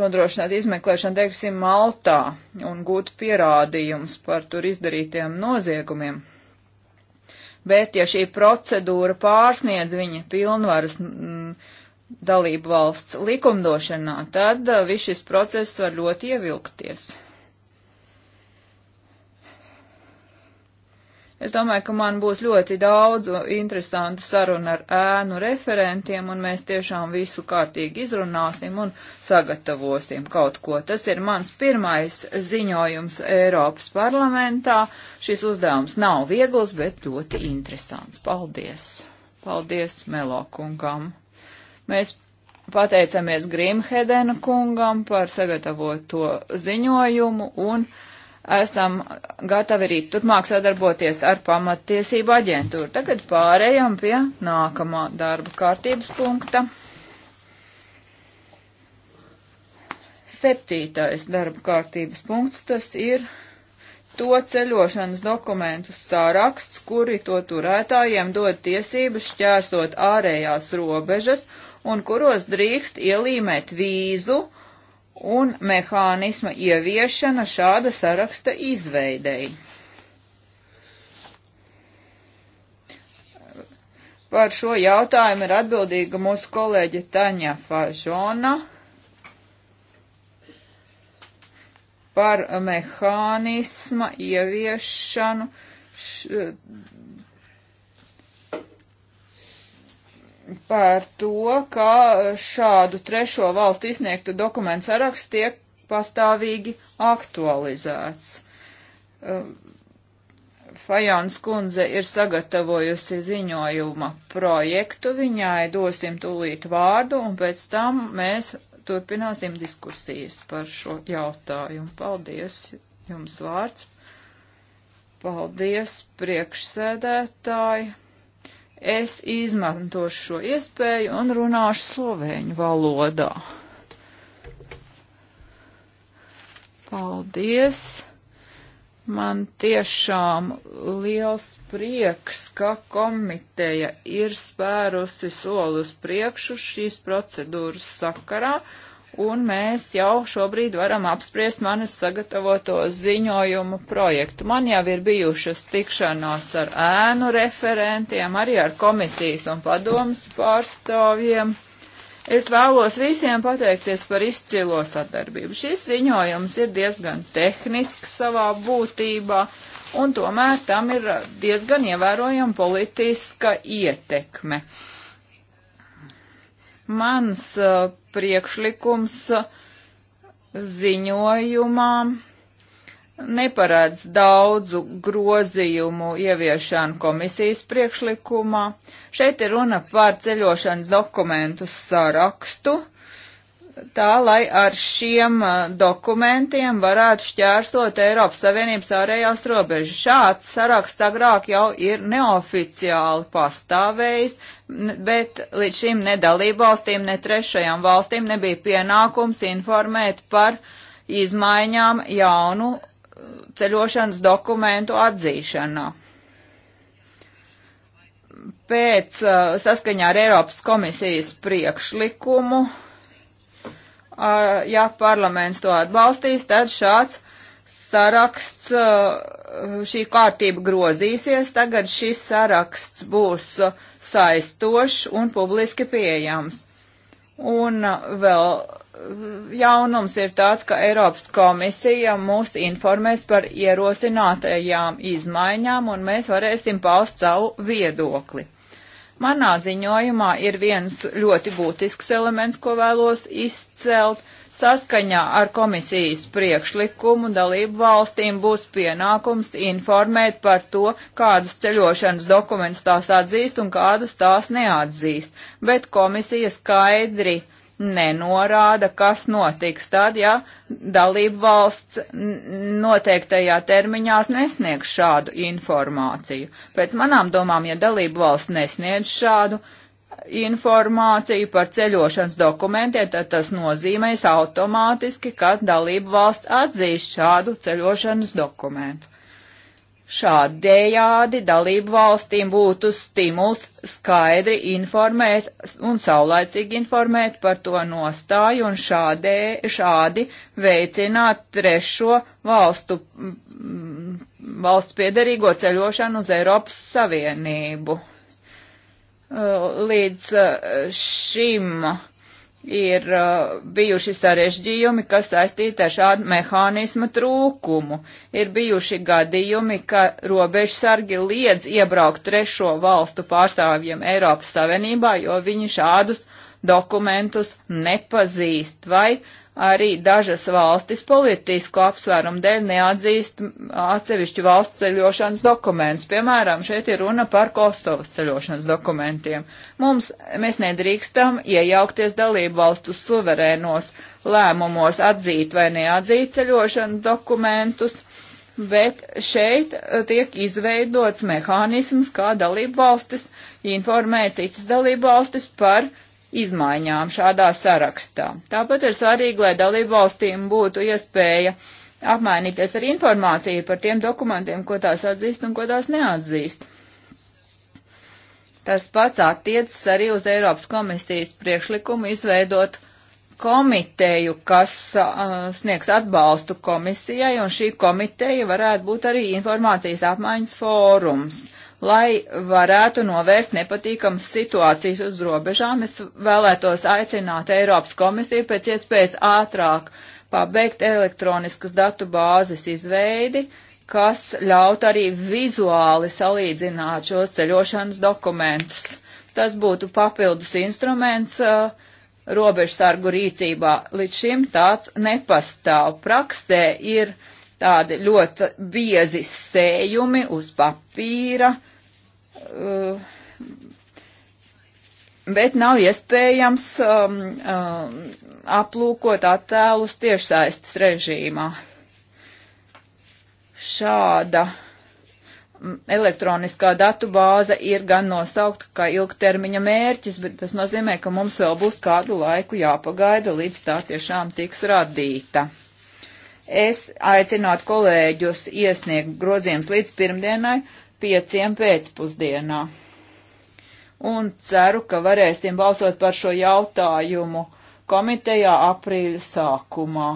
nodrošināt izmeklēšanu, teiksim, Maltā un gūt pierādījumus par tur izdarītiem noziegumiem. Bet, ja šī procedūra pārsniedz viņa pilnvaras, mm, dalību valsts likumdošanā, tad uh, viss šis process var ļoti ievilkties. Es domāju, ka man būs ļoti daudz interesantu sarunu ar ēnu referentiem, un mēs tiešām visu kārtīgi izrunāsim un sagatavosim kaut ko. Tas ir mans pirmais ziņojums Eiropas parlamentā. Šis uzdevums nav viegls, bet ļoti interesants. Paldies! Paldies Melokungam! Mēs pateicamies Grimhedena kungam par sagatavoto ziņojumu un esam gatavi arī turpmāk sadarboties ar pamattiesību aģentūru. Tagad pārējām pie nākamā darba kārtības punkta. Septītais darba kārtības punkts tas ir to ceļošanas dokumentu sāraksts, kuri to turētājiem dod tiesības šķērsot ārējās robežas un kuros drīkst ielīmēt vīzu un mehānisma ieviešana šāda saraksta izveidei. Par šo jautājumu ir atbildīga mūsu kolēģe Taņa Fažona par mehānisma ieviešanu š, par to, ka šādu trešo valstu izsniegtu dokumentu saraksts tiek pastāvīgi aktualizēts. Um, Fajāns kundze ir sagatavojusi ziņojuma projektu, viņai dosim tūlīt vārdu, un pēc tam mēs turpināsim diskusijas par šo jautājumu. Paldies, jums vārds. Paldies, priekšsēdētāji. Es izmantošu šo iespēju un runāšu slovēņu valodā. Paldies! Man tiešām liels prieks, ka komiteja ir spērusi soli uz priekšu šīs procedūras sakarā un mēs jau šobrīd varam apspriest manis sagatavoto ziņojumu projektu. Man jau ir bijušas tikšanās ar ēnu referentiem, arī ar komisijas un padomas pārstāvjiem. Es vēlos visiem pateikties par izcilo sadarbību. Šis ziņojums ir diezgan tehnisks savā būtībā, un tomēr tam ir diezgan ievērojama politiska ietekme. Uh, Mans uh, priekšlikums ziņojumā neparādz daudzu grozījumu ieviešanu komisijas priekšlikumā. Šeit ir runa par ceļošanas dokumentu sarakstu, uh, tā, lai ar šiem uh, dokumentiem varētu šķērsot Eiropas Savienības ārējās robežas. Šāds saraksts agrāk jau ir neoficiāli pastāvējis, bet līdz šim ne dalībvalstīm, ne trešajām valstīm nebija pienākums informēt par izmaiņām jaunu uh, ceļošanas dokumentu atzīšanā pēc uh, saskaņā ar Eiropas komisijas priekšlikumu Uh, ja parlaments to atbalstīs, tad šāds saraksts, uh, šī kārtība grozīsies. Tagad šis saraksts būs uh, saistošs un publiski pieejams. Un vēl jaunums ir tāds, ka Eiropas komisija mūs informēs par ierosinātajām izmaiņām, un mēs varēsim paust savu viedokli. Manā ziņojumā ir viens ļoti būtisks elements, ko vēlos izcelt. Saskaņā ar komisijas priekšlikumu dalību valstīm būs pienākums informēt par to, kādus ceļošanas dokumentus tās atzīst un kādus tās neatzīst, bet komisija skaidri uh, nenorāda, kas notiks tad, ja dalību valsts noteiktajā termiņā nesniegs šādu informāciju. Pēc manām domām, ja dalību valsts nesniedz šādu informāciju par ceļošanas dokumentiem, tad tas nozīmēs automātiski, ka dalību valsts atzīst šādu ceļošanas dokumentu. Šādējādi dalību valstīm būtu stimuls skaidri informēt un saulaicīgi informēt par to nostāju un šādē, šādi veicināt trešo valstu, mm, valsts piedarīgo ceļošanu uz Eiropas Savienību. Līdz šim ir uh, bijuši sarežģījumi, kas saistīti ar šādu mehānismu trūkumu. Ir bijuši gadījumi, ka robežsargi liedz iebraukt trešo valstu pārstāvjiem Eiropas Savienībā, jo viņi šādus dokumentus nepazīst vai Arī dažas valstis politisku apsvērumu dēļ neatzīst atsevišķu valstu ceļošanas dokumentus. Piemēram, šeit ir runa par Kosovas ceļošanas dokumentiem. Mums, mēs nedrīkstam iejaukties dalību valstu suverēnos lēmumos atzīt vai neatzīt ceļošanas dokumentus bet šeit e, tiek izveidots mehānisms, kā dalību valstis informē citas dalību valstis par izmaiņām šādā sarakstā. Tāpat ir svarīgi, lai dalību valstīm būtu iespēja apmainīties ar informāciju par tiem dokumentiem, ko tās atzīst un ko tās neatzīst. Tas pats attiecas arī uz Eiropas komisijas priekšlikumu izveidot komiteju, kas uh, sniegs atbalstu komisijai, un šī komiteja varētu būt arī informācijas apmaiņas fórums. Uh, lai varētu novērst nepatīkamas situācijas uz robežām. Es vēlētos aicināt Eiropas komisiju pēc iespējas ātrāk pabeigt elektroniskas datu bāzes izveidi, kas ļaut arī vizuāli salīdzināt šos ceļošanas dokumentus. Tas būtu papildus instruments uh, robežsargu rīcībā. Līdz šim tāds nepastāv. Praksē ir tādi ļoti biezi sējumi uz papīra, uh, Uh, bet nav iespējams um, um, aplūkot attēlus tiešsaistes režīmā. Šāda mm, elektroniskā datu bāze ir gan nosaukta kā ilgtermiņa mērķis, bet tas nozīmē, ka mums vēl būs kādu laiku jāpagaida, līdz tā tiešām tiks radīta. Es aicinātu kolēģus iesniegt grozījums līdz pirmdienai, uh, pieciem pēcpusdienā. Un ceru, ka varēsim balsot par šo jautājumu komitejā aprīļa sākumā.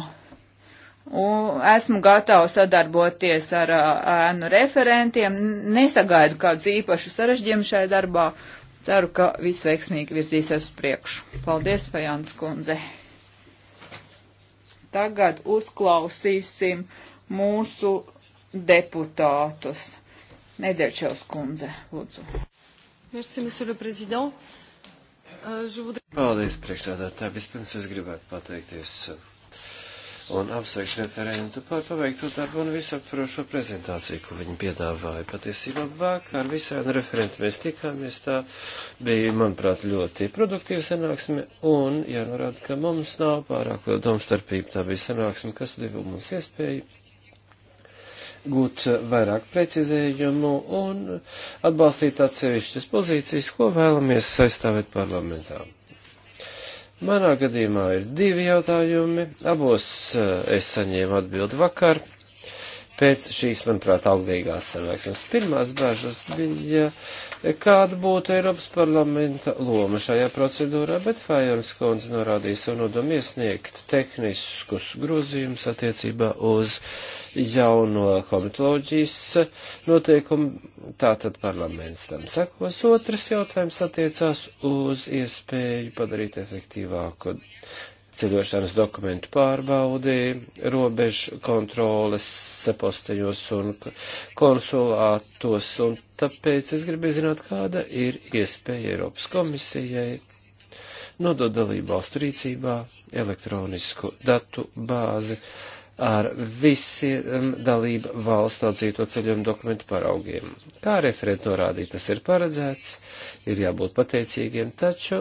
Un esmu gatava sadarboties ar ēnu referentiem, nesagaidu kādus īpašus sarežģījumus šajā darbā. Ceru, ka viss veiksmīgi virzīsies uz priekšu. Paldies, Fajāns kundze. Tagad uzklausīsim mūsu deputātus. Nederčevs kundze, lūdzu. Merci, monsieur le président. Euh, Paldies, priekšsēdētāji. Vispirms es gribētu pateikties uh, un apsveikt referentu par paveikto darbu un visaptvarošo prezentāciju, ko viņi piedāvāja. Patiesībā vakar visiem referentiem mēs tikāmies, tā bija, manuprāt, ļoti produktīva sanāksme, un jānorāda, ka mums nav pārāk liela domstarpība, tā bija sanāksme, kas deva mums iespēju gūt vairāk precizējumu un atbalstīt atsevišķas pozīcijas, ko vēlamies aizstāvēt parlamentā. Manā gadījumā ir divi jautājumi, abos eh, es saņēmu atbildi vakar. Pēc šīs, manuprāt, auglīgās sanāksmes pirmās bāžas bija kāda būtu Eiropas parlamenta loma šajā procedūrā, bet Fajons Kons norādīja savu nodomu iesniegt tehniskus grozījumus attiecībā uz jauno komitoloģijas noteikumu. Tātad parlaments tam sakos. Otrs jautājums attiecās uz iespēju padarīt efektīvāku ceļošanas dokumentu pārbaudi, robežu kontroles posteļos un konsulātos, un tāpēc es gribu zināt, kāda ir iespēja Eiropas komisijai nodot dalību valstu rīcībā elektronisku datu bāzi ar visiem dalību valstu atzīto ceļojumu dokumentu paraugiem. Kā referenta norādīja, tas ir paredzēts, ir jābūt pateicīgiem, taču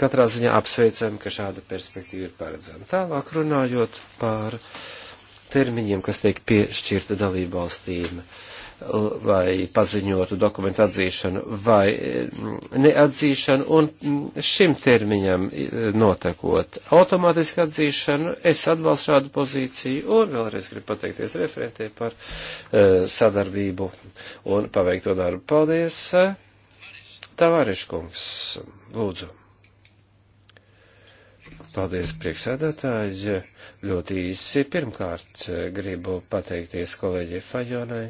katrā ziņā apsveicam, ka šāda perspektīva ir paredzama. Tālāk runājot par termiņiem, kas tiek piešķirta dalību valstīm vai paziņotu dokumentu atzīšanu vai mm, neatzīšanu, un mm, šim termiņam notekot automātiski atzīšanu, es atbalstu šādu pozīciju, un vēlreiz gribu pateikties referentē par uh, sadarbību un paveikto darbu. Paldies, e, Tavāriškungs, lūdzu. Paldies, priekšsēdētāji. Ļoti īsi. Pirmkārt, gribu pateikties kolēģi Fajonai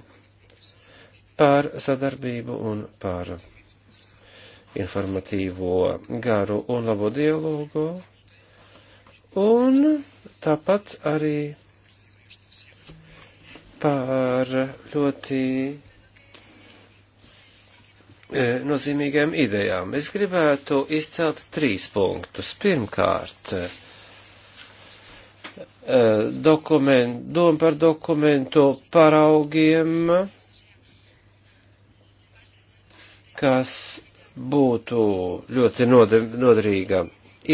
par sadarbību un par informatīvo garu un labo dialogu. Un tāpat arī par ļoti E, nozīmīgām idejām. Es gribētu izcelt trīs punktus. Pirmkārt, e, dokument, doma par dokumentu paraugiem, kas būtu ļoti noderīga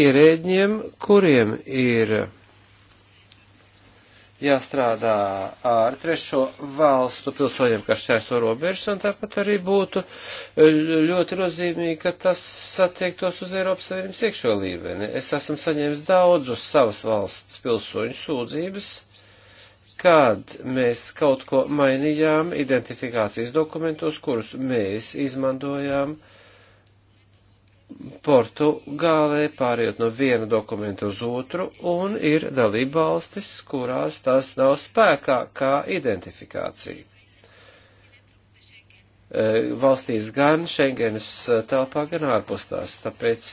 ierēģiem, kuriem ir jāstrādā ar trešo valstu pilsoņiem, kas šķērso robežas, un tāpat arī būtu e, ļoti nozīmīgi, ka tas attiektos uz Eiropas Savienības iekšo līmeni. Es esmu saņēmis daudzus savas valsts pilsoņu sūdzības, kad mēs kaut ko mainījām identifikācijas dokumentos, kurus mēs izmantojām uh, Portugālē pāriet no viena dokumenta uz otru, un ir dalībvalstis, kurās tas nav spēkā kā identifikācija. E, valstīs gan Schengenas telpā, gan ārpus tās. Tāpēc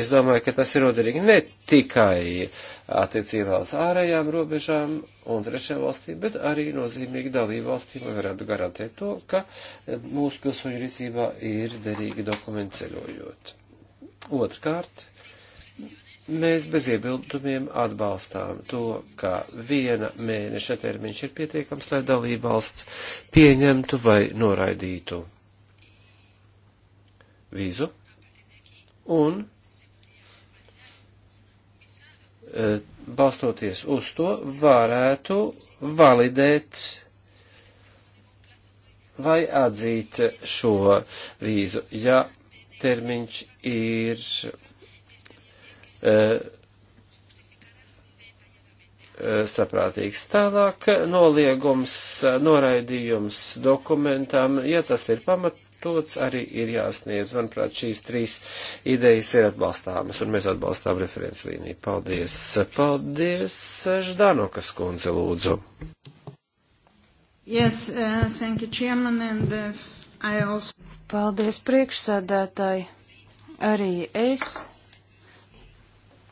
es domāju, ka tas ir noderīgi ne tikai attiecībā uz ārējām robežām un trešajām valstīm, bet arī nozīmīgi dalību valstīm, lai varētu garantēt to, ka e, mūsu pilsoņu rīcībā ir derīgi dokumenti ceļojot. Otrkārt, mēs bez iebildumiem atbalstām to, ka viena mēneša termiņš ir pietiekams, lai dalībvalsts pieņemtu vai noraidītu vīzu. Un e, balstoties uz to, varētu validēt vai atzīt šo vīzu, ja termiņš ir eh, eh, saprātīgs. Tālāk noliegums, noraidījums dokumentam, ja tas ir pamatots, arī ir jāsniedz. Manuprāt, šīs trīs idejas ir atbalstāmas, un mēs atbalstām referents līniju. Paldies! Paldies, Ždanokas kundze, lūdzu! Yes, uh, thank you, Chairman, and uh, I also... Paldies priekšsēdētāji. Arī es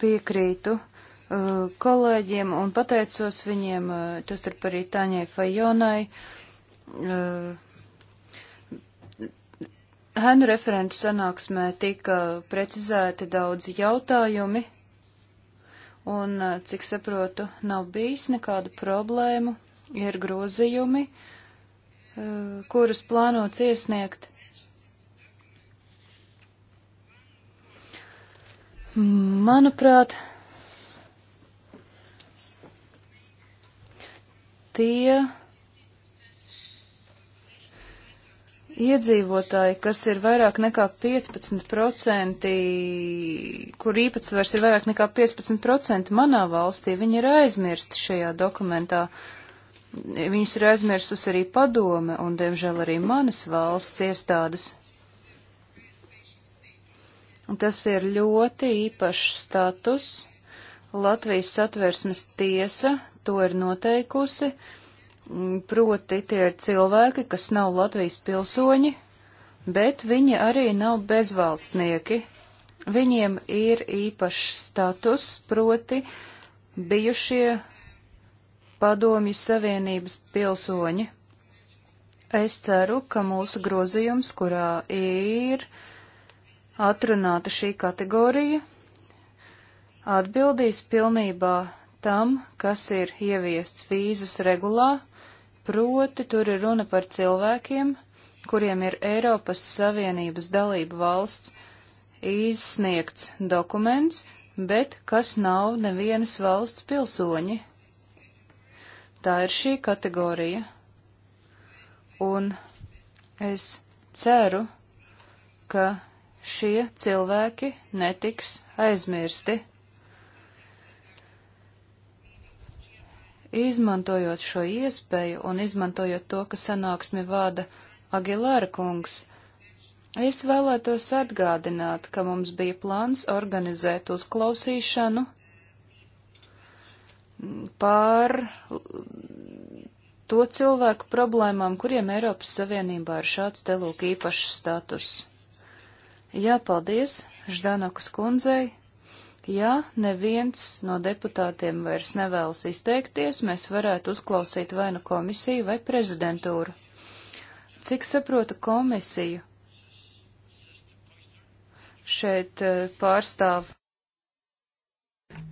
piekrītu uh, kolēģiem un pateicos viņiem, uh, tostarp arī Tāņai Fajonai. Uh, Hēnu referentu sanāksmē tika precizēti daudzi jautājumi, un, uh, cik saprotu, nav bijis nekādu problēmu, ir grozījumi, uh, kurus plānots iesniegt. Manuprāt, tie iedzīvotāji, kas ir vairāk nekā 15%, kur īpatsvars ir vairāk nekā 15% manā valstī, viņi ir aizmirsti šajā dokumentā. Viņus ir aizmirstusi arī padome un, diemžēl, arī manas valsts iestādes. Tas ir ļoti īpašs status. Latvijas satversmes tiesa to ir noteikusi, mm, proti tie ir cilvēki, kas nav Latvijas pilsoņi, bet viņi arī nav bezvalstnieki. Viņiem ir īpašs status, proti bijušie padomju savienības pilsoņi. Es ceru, ka mūsu grozījums, kurā ir uh, atrunāta šī kategorija atbildīs pilnībā tam, kas ir ieviests vīzas regulā, proti tur ir runa par cilvēkiem, kuriem ir Eiropas Savienības dalība valsts izsniegts dokuments, bet kas nav nevienas valsts pilsoņi. Tā ir šī kategorija. Un es ceru, ka šie cilvēki netiks aizmirsti. Izmantojot šo iespēju un izmantojot to, ka sanāksmi vada Agilāra kungs, es vēlētos atgādināt, ka mums bija plāns organizēt uzklausīšanu par to cilvēku problēmām, kuriem Eiropas Savienībā ir šāds te lūk īpašs status. Jā, paldies Ždanokas kundzei. Ja neviens no deputātiem vairs nevēlas izteikties, mēs varētu uzklausīt vai nu komisiju vai prezidentūru. Cik saprotu komisiju? Šeit eh, pārstāv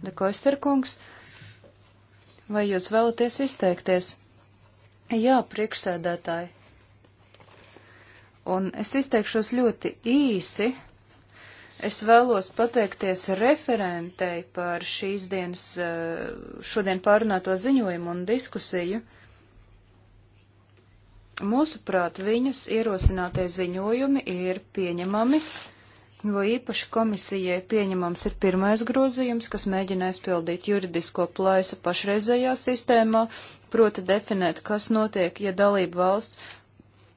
Dekoisterkungs. Vai jūs vēlaties izteikties? Jā, priekšsēdētāji un es izteikšos ļoti īsi. Es vēlos pateikties referentei par šīs dienas eh, šodien pārunāto ziņojumu un diskusiju. Mūsuprāt, viņas ierosinātie ziņojumi ir pieņemami, jo īpaši komisijai pieņemams ir pirmais grozījums, kas mēģina aizpildīt juridisko plaisu pašreizējā sistēmā, proti definēt, kas notiek, ja dalība valsts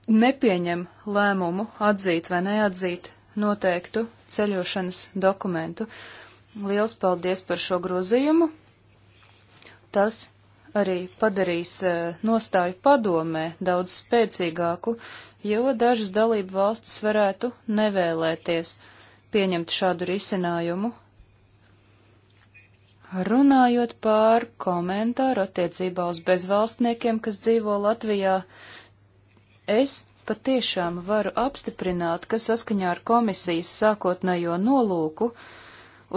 nepieņem lēmumu atzīt vai neatzīt noteiktu ceļošanas dokumentu. Liels paldies par šo grozījumu. Tas arī padarīs e, nostāju padomē daudz spēcīgāku, jo dažas dalību valstis varētu nevēlēties pieņemt šādu risinājumu. Runājot pār komentāru attiecībā uz bezvalstniekiem, kas dzīvo Latvijā, uh, Es patiešām varu apstiprināt, ka saskaņā ar komisijas sākotnējo nolūku,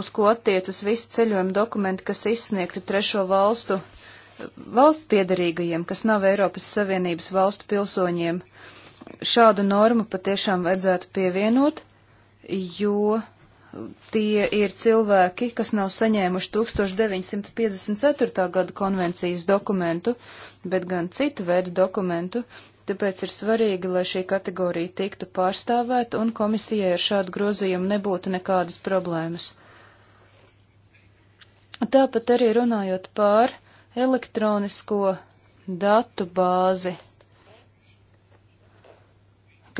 uz ko attiecas visi ceļojuma dokumenti, kas izsniegti trešo valstu valsts piedarīgajiem, kas nav Eiropas Savienības valstu pilsoņiem, šādu normu patiešām vajadzētu pievienot, jo tie ir cilvēki, kas nav saņēmuši 1954. gada konvencijas dokumentu, bet gan citu veidu dokumentu, Tāpēc ir svarīgi, lai šī kategorija tiktu pārstāvēta un komisijai ar šādu grozījumu nebūtu nekādas problēmas. Tāpat arī runājot pār elektronisko datu bāzi.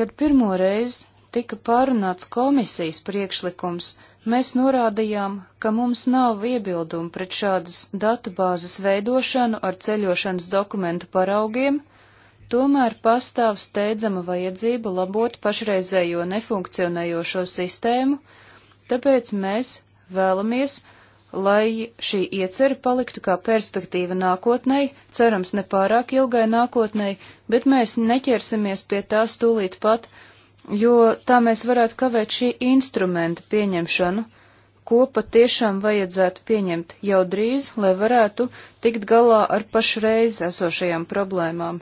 Kad pirmo reizi tika pārunāts komisijas priekšlikums, mēs norādījām, ka mums nav iebildumu pret šādas datubāzes veidošanu ar ceļošanas dokumentu paraugiem, Tomēr pastāv steidzama vajadzība labot pašreizējo nefunkcionējošo sistēmu, tāpēc mēs vēlamies, lai šī ieceri paliktu kā perspektīva nākotnei, cerams nepārāk ilgai nākotnei, bet mēs neķersimies pie tā stūlīt pat, jo tā mēs varētu kavēt šī instrumenta pieņemšanu, ko patiešām vajadzētu pieņemt jau drīz, lai varētu tikt galā ar pašreiz esošajām problēmām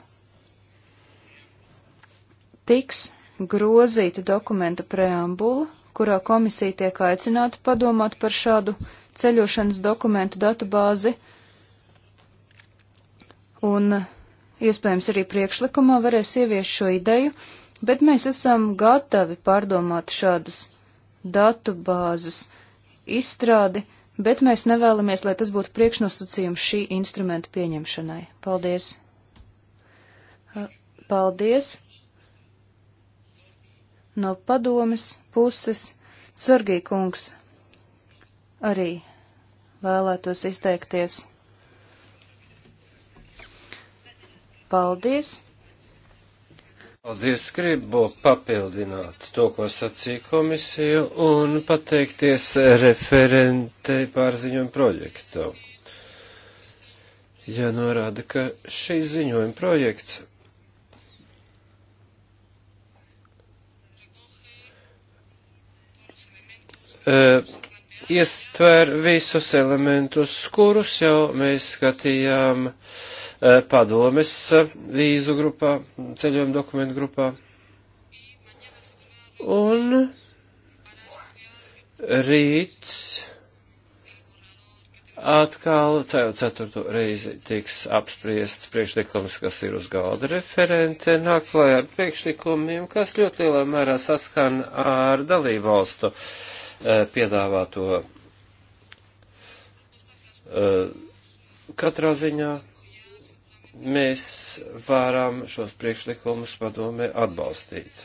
tiks grozīta dokumenta preambula, kurā komisija tiek aicināta padomāt par šādu ceļošanas dokumentu datubāzi, un iespējams arī priekšlikumā varēs ieviest šo ideju, bet mēs esam gatavi pārdomāt šādas datubāzes izstrādi, bet mēs nevēlamies, lai tas būtu priekšnosacījums šī instrumenta pieņemšanai. Paldies! Paldies! no padomes puses Sorgīkungs arī vēlētos izteikties. Paldies! Paldies, gribu papildināt to, ko sacīja komisija, un pateikties referentei pārziņojumu projektu. Ja norāda, ka šis ziņojuma projekts E, iestver visus elementus, kurus jau mēs skatījām e, padomes vīzu grupā, ceļojuma dokumentu grupā. Un rīts atkal ceturto reizi tiks apspriests priekšlikums, kas ir uz galda referente, nāk klājā ar priekšlikumiem, kas ļoti lielā mērā saskan ar dalību valstu uh, Eh, piedāvāto. Eh, katrā ziņā mēs varam šos priekšlikumus padomē atbalstīt.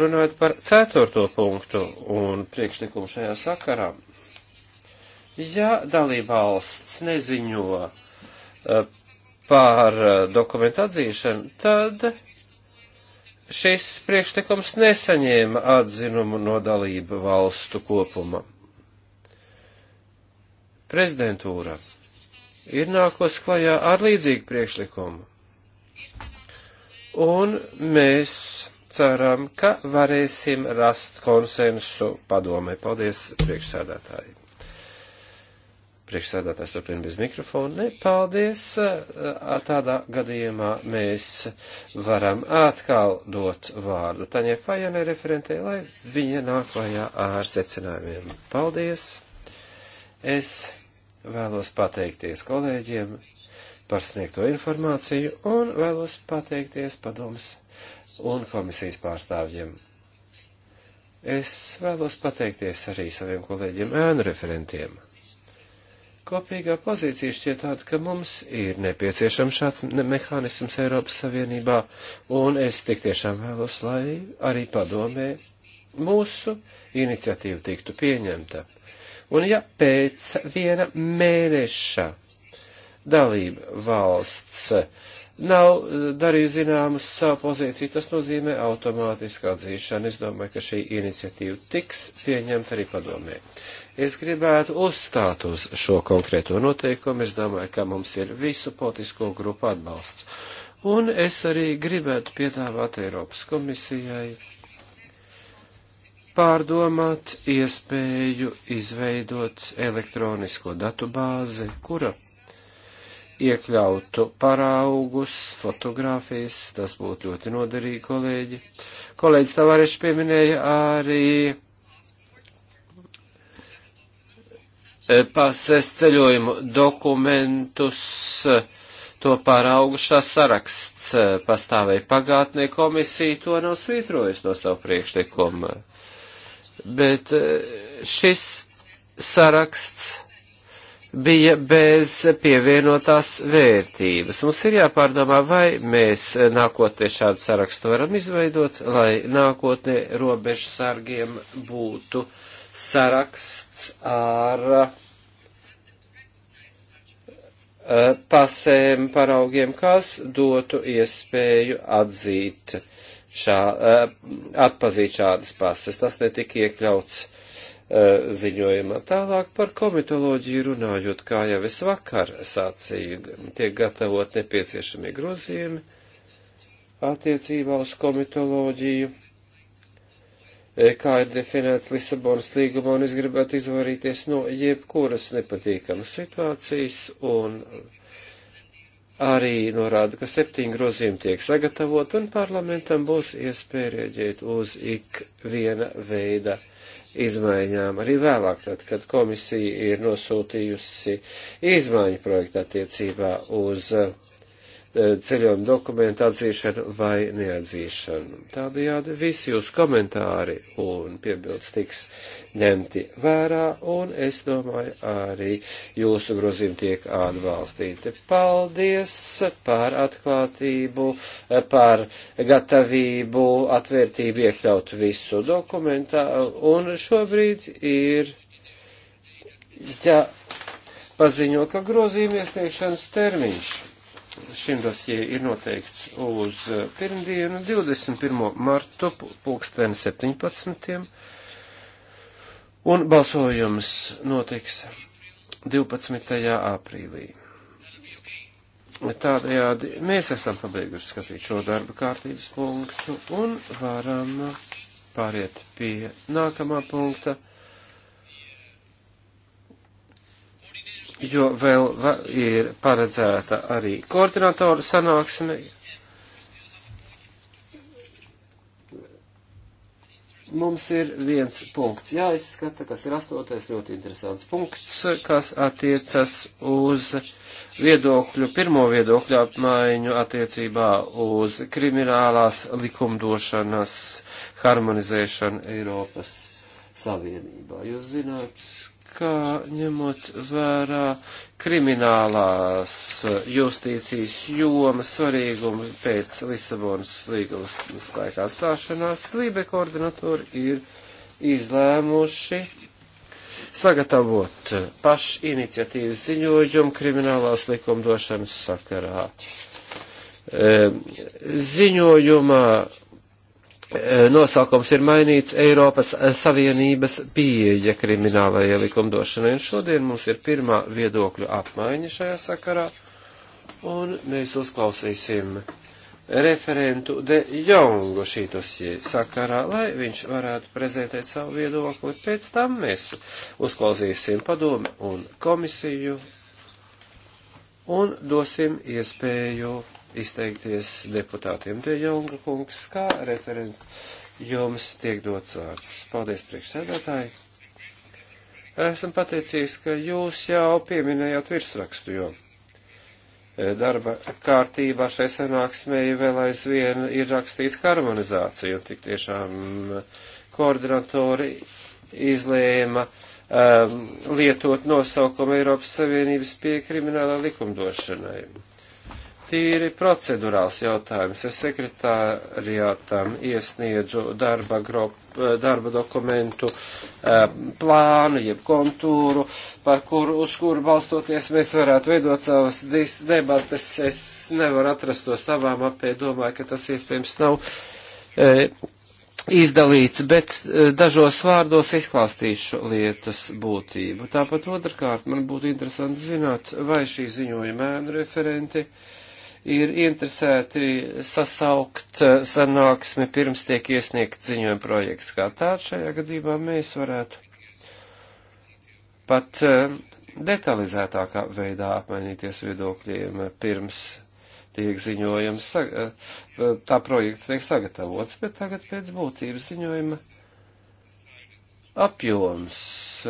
Runājot par ceturto punktu un priekšlikumu šajā sakarā, ja dalībvalsts neziņo eh, par dokumentu atzīšanu, tad šis priekšlikums nesaņēma atzinumu no dalību valstu kopuma. Prezidentūra ir nākos klajā ar līdzīgu priekšlikumu. Un mēs ceram, ka varēsim rast konsensu padomē. Paldies, priekšsēdētāji! Priekšsēdētājs turpina bez mikrofona. Ne, paldies. Tādā gadījumā mēs varam atkal dot vārdu Taņai Fajanai referentē, lai viņa nāk vajā ar secinājumiem. Paldies. Es vēlos pateikties kolēģiem par sniegto informāciju un vēlos pateikties padoms un komisijas pārstāvjiem. Es vēlos pateikties arī saviem kolēģiem ēnu referentiem kopīgā pozīcija šķiet tāda, ka mums ir nepieciešams šāds mehānisms Eiropas Savienībā, un es tik tiešām vēlos, lai arī padomē mūsu iniciatīva tiktu pieņemta. Un ja pēc viena mēneša dalība valsts uh, nav eh, darījis zināmas savu pozīciju, tas nozīmē automātisku atzīšanu. Es domāju, ka šī iniciatīva tiks pieņemta arī padomē. Es gribētu uzstāt uz šo konkrēto noteikumu. Es domāju, ka mums ir visu politisko grupu atbalsts. Un es arī gribētu piedāvāt Eiropas komisijai pārdomāt iespēju izveidot elektronisko datu bāzi, kura iekļautu paraugus, fotogrāfijas, tas būtu ļoti noderīgi, kolēģi. Kolēģis Tavareši pieminēja arī e, pases ceļojumu dokumentus, e, to pāraugušā saraksts e, pastāvēja pagātnē, komisija to nav svītrojusi no savu priekšlikumu. Bet šis saraksts bija bez pievienotās vērtības. Mums ir jāpārdomā, vai mēs nākotnē šādu sarakstu varam izveidot, lai nākotnē robežu sargiem būtu saraksts ar eh, pasēm paraugiem, kas dotu iespēju atzīt šā, eh, atpazīt šādas pases. Tas netika iekļauts E, ziņojumā. Tālāk par komitoloģiju runājot, kā jau es vakar sācīju, tiek gatavot nepieciešamie grozījumi attiecībā uz komitoloģiju, e, kā ir definēts Lisabonas līgumā, un es gribētu izvairīties no jebkuras nepatīkamas situācijas, un arī norāda, ka septiņi grozījumi tiek sagatavot, un parlamentam būs iespēja rieģēt uz ik viena veida izmaiņām arī vēlāk, tad, kad komisija ir nosūtījusi izmaiņu projektu attiecībā uz uh, E, ceļojuma dokumentu atzīšanu vai neatzīšanu. Tādējādi visi jūsu komentāri un piebildes tiks ņemti vērā, un es domāju, arī jūsu grozījumi tiek atbalstīti. Paldies par atklātību, e, par gatavību, atvērtību iekļaut visu dokumentā, un šobrīd ir. Ja paziņo, ka grozījuma iesniegšanas termiņš šim dosie ir noteikts uz eh, pirmdienu, 21. martu, pulksten 17. Un balsojums notiks 12. aprīlī. Tādējādi mēs esam pabeiguši skatīt šo darba kārtības punktu un varam pāriet pie nākamā punkta. jo vēl ir paredzēta arī koordinatoru sanāksme. Mums ir viens punkts jāizskata, kas ir astotais ļoti interesants punkts, kas attiecas uz viedokļu, pirmo viedokļu apmaiņu attiecībā uz kriminālās likumdošanas harmonizēšanu Eiropas Savienībā. Jūs zināt, ka ņemot vērā kriminālās justīcijas joma svarīgumu pēc Lisabonas līgumas spēkā stāšanās, Lībe koordinatori ir izlēmuši sagatavot pašiniciatīvas ziņojumu kriminālās likumdošanas sakarā. Ehm, ziņojumā Eh, nosaukums ir mainīts Eiropas Savienības pieeja kriminālajai likumdošanai. Un šodien mums ir pirmā viedokļu apmaiņa šajā sakarā, un mēs uzklausīsim referentu De Jongu šī dosie sakarā, lai viņš varētu prezentēt savu viedokli. Pēc tam mēs uzklausīsim padomi un komisiju un dosim iespēju izteikties deputātiem. De Jonga kungs, kā referents, jums tiek dots vārds. Paldies, priekšsēdētāji. Esmu pateicīgs, ka jūs jau pieminējāt virsrakstu, jo e, darba kārtībā šai sanāksmē vēl aizvien ir rakstīts harmonizācija, un tik tiešām e, koordinatori izlēma um, lietot nosaukumu Eiropas Savienības pie kriminālā likumdošanai tīri procedurāls jautājums. Es sekretārijātam iesniedzu darba, grop, eh, darba dokumentu eh, plānu, jeb kontūru, par kuru, uz kuru balstoties mēs varētu veidot savas debates. Es nevaru atrast to savām apē, domāju, ka tas iespējams nav e, izdalīts, bet dažos vārdos izklāstīšu lietas būtību. Tāpat otrkārt man būtu interesanti zināt, vai šī ziņojuma ēnu referenti. E, ir interesēti sasaukt eh, sanāksmi pirms tiek iesniegt ziņojuma projekts kā tāds. Šajā gadījumā mēs varētu pat eh, detalizētākā veidā apmainīties viedokļiem eh, pirms tiek ziņojums, tā projekts tiek sagatavots, bet tagad pēc būtības ziņojuma apjoms,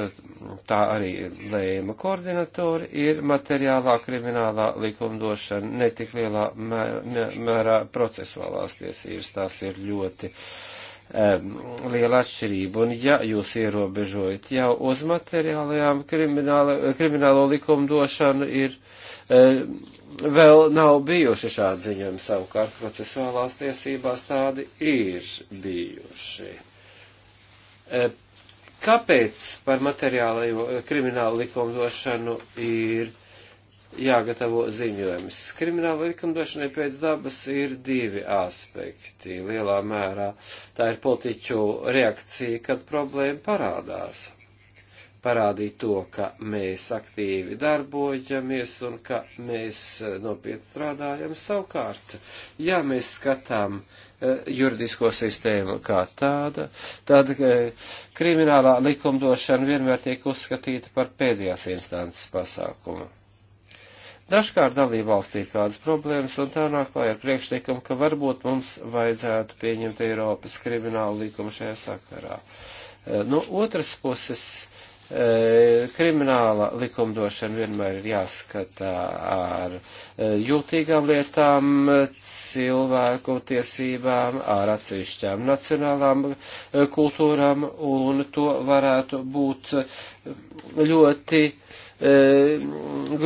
tā arī lēma koordinatori, ir materiālā kriminālā likumdošana netik lielā mērā, mērā procesuālās tiesības. Tās ir ļoti um, liela atšķirība. Un ja jūs ierobežojat jau uz materiālajām kriminālo likumdošanu, ir um, vēl nav bijuši šādi ziņojumi, savukārt procesuālās tiesībās tādi ir bijuši. Um, Kāpēc par materiālo kriminālu likumdošanu ir jāgatavo ziņojums? Krimināla likumdošanai pēc dabas ir divi aspekti. Lielā mērā tā ir politiķu reakcija, kad problēma parādās parādīt to, ka mēs aktīvi darbojamies un ka mēs eh, nopietni strādājam savukārt. Ja mēs skatām eh, juridisko sistēmu kā tāda, tad eh, kriminālā likumdošana vienmēr tiek uzskatīta par pēdējās instances pasākumu. Dažkārt dalībvalstī ir kādas problēmas, un tā nāk klājā priekšlikumu, ka varbūt mums vajadzētu pieņemt Eiropas kriminālu likumu šajā sakarā. No otras puses, uh, E, krimināla likumdošana vienmēr ir jāskatā ar e, jūtīgām lietām, cilvēku tiesībām, ar atsevišķām nacionālām e, kultūrām, un to varētu būt ļoti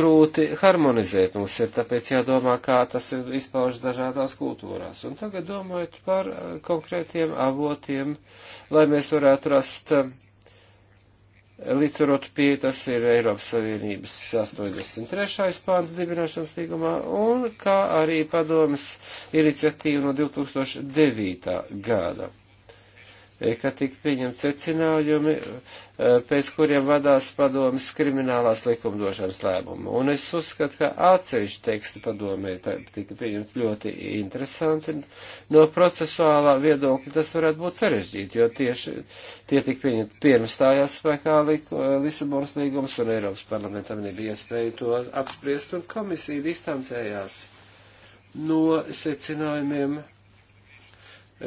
grūti harmonizēt. Mums ir tāpēc jādomā, kā tas izpaužas dažādās kultūrās. Un tagad domājot par konkrētiem avotiem, lai mēs varētu rast uh, Līdzsvarot pie tas ir Eiropas Savienības 83. pāns dibināšanas līgumā un kā arī padomas iniciatīva no 2009. gada ka tika pieņemti secinājumi, e, pēc kuriem vadās padomas kriminālās likumdošanas lēmumu. Un es uzskatu, ka atsevišķi teksti padomē tika pieņemti ļoti interesanti. No procesuālā viedokļa tas varētu būt sarežģīti, jo tieši tie tika pieņemti pirms stājās spēkā e, Lisabonas līgums un Eiropas parlamentam nebija iespēja to apspriest un komisija distancējās no secinājumiem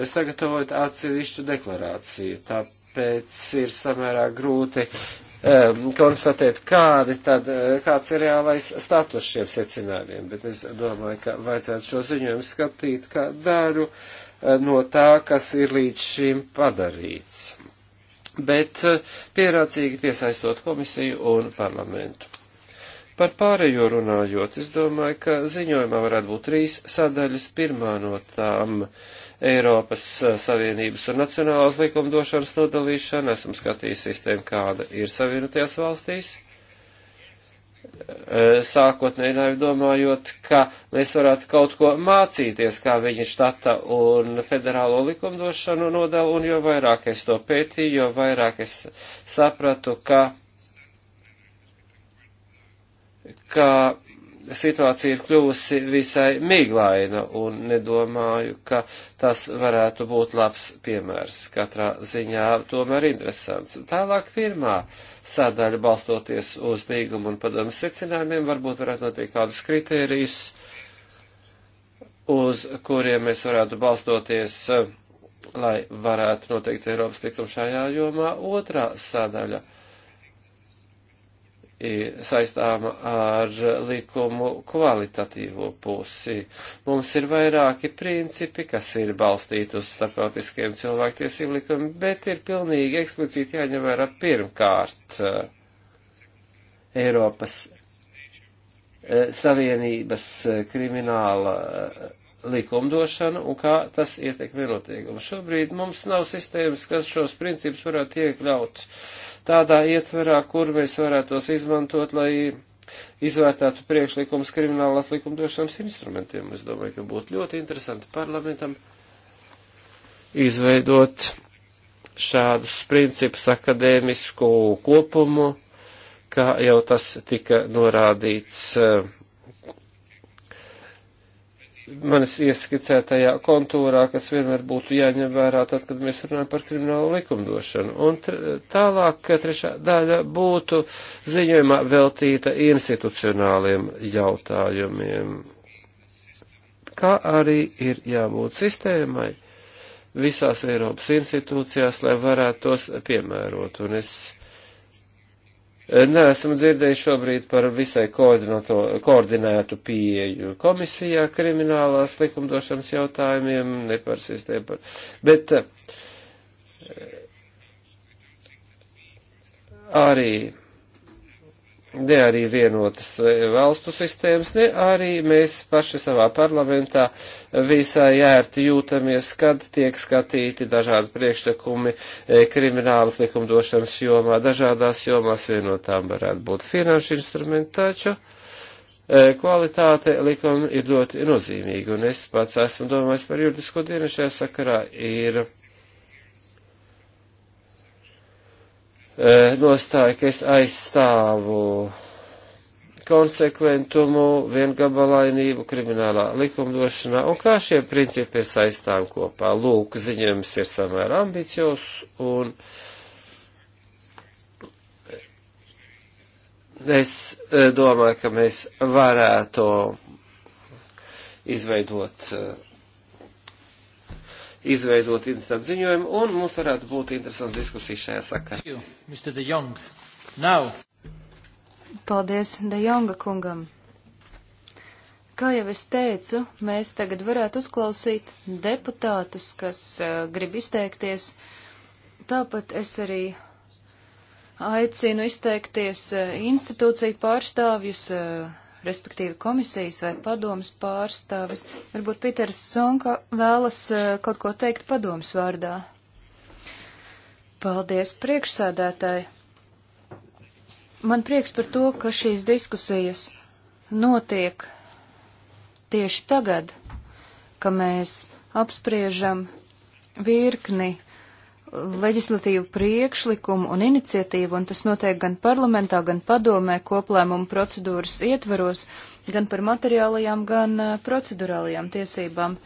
sagatavot atsevišķu deklarāciju. Tāpēc ir samērā grūti um, konstatēt, kādi tad, e, kāds ir reālais status šiem secinājumiem. Bet es domāju, ka vajadzētu šo ziņojumu skatīt kā daļu e, no tā, kas ir līdz šim padarīts. Bet e, pierācīgi piesaistot komisiju un parlamentu. Par pārējo runājot, es domāju, ka ziņojumā varētu būt trīs sadaļas. Pirmā no tām uh, Eiropas eh, Savienības un nacionālās likumdošanas nodalīšana. Esam skatījis sistēmu, kāda ir Savienotajās valstīs. Eh, sākotnēji naivi domājot, ka mēs varētu kaut ko mācīties, kā viņi štata un federālo likumdošanu nodala, un jo vairāk es to pētīju, jo vairāk es sapratu, ka, ka situācija ir kļuvusi visai miglaina un nedomāju, ka tas varētu būt labs piemērs. Katrā ziņā tomēr interesants. Tālāk pirmā sadaļa balstoties uz līguma un padomu secinājumiem varbūt varētu noteikt kādus kritērijus, uz kuriem mēs varētu balstoties, lai varētu noteikt Eiropas likumu šajā jomā. Otrā sadaļa saistāma ar likumu kvalitatīvo pusi. Mums ir vairāki principi, kas ir balstīti uz starptautiskiem cilvēktiesību likumiem, bet ir pilnīgi eksplicīti jāņem vērā pirmkārt eh, Eiropas eh, Savienības eh, krimināla likumdošanu un kā tas ietekmē noteikumu. Šobrīd mums nav sistēmas, kas šos principus varētu iekļaut tādā ietverā, kur mēs varētu tos izmantot, lai izvērtētu priekšlikumus kriminālās likumdošanas instrumentiem. Es domāju, ka būtu ļoti interesanti parlamentam izveidot šādus principus akadēmisku kopumu, kā jau tas tika norādīts. Uh, manis ieskicētajā kontūrā, kas vienmēr būtu jāņem vērā tad, kad mēs runājam par kriminālu likumdošanu. Un tālāk trešā daļa būtu ziņojumā veltīta institucionāliem jautājumiem, kā arī ir jābūt sistēmai visās Eiropas institūcijās, lai varētu tos piemērot. Un es Neesam dzirdējuši šobrīd par visai koordinētu pieeju komisijā kriminālās likumdošanas jautājumiem, ne par sistēmu, par... bet arī ne arī vienotas e, valstu sistēmas, ne arī mēs paši savā parlamentā visai ērti jūtamies, kad tiek skatīti dažādi priekšlikumi e, kriminālas likumdošanas jomā, dažādās jomās vienotām varētu būt finanšu instrumenti, taču e, kvalitāte likuma ir ļoti nozīmīga, un es pats esmu domājis par juridisko dienu šajā sakarā ir Eh, nostāja, ka es aizstāvu konsekventumu, viengabalainību kriminālā likumdošanā un kā šie principi ir saistām kopā. Lūk, ziņojums ir samērā ambicios un es eh, domāju, ka mēs varētu izveidot eh, izveidot interesantu ziņojumu, un mums varētu būt interesants diskusijas šajā sakarā. Paldies De Jonga kungam. Kā jau es teicu, mēs tagad varētu uzklausīt deputātus, kas uh, grib izteikties. Tāpat es arī aicinu izteikties uh, institūciju pārstāvjus. Uh, respektīvi komisijas vai padomas pārstāvis. Varbūt Pīters Zonka vēlas eh, kaut ko teikt padomas vārdā. Paldies priekšsēdētāji. Man prieks par to, ka šīs diskusijas notiek tieši tagad, ka mēs apspriežam virkni leģislatīvu priekšlikumu un iniciatīvu, un tas notiek gan parlamentā, gan padomē koplēmumu procedūras ietveros, gan par materiālajām, gan eh, procedurālajām tiesībām.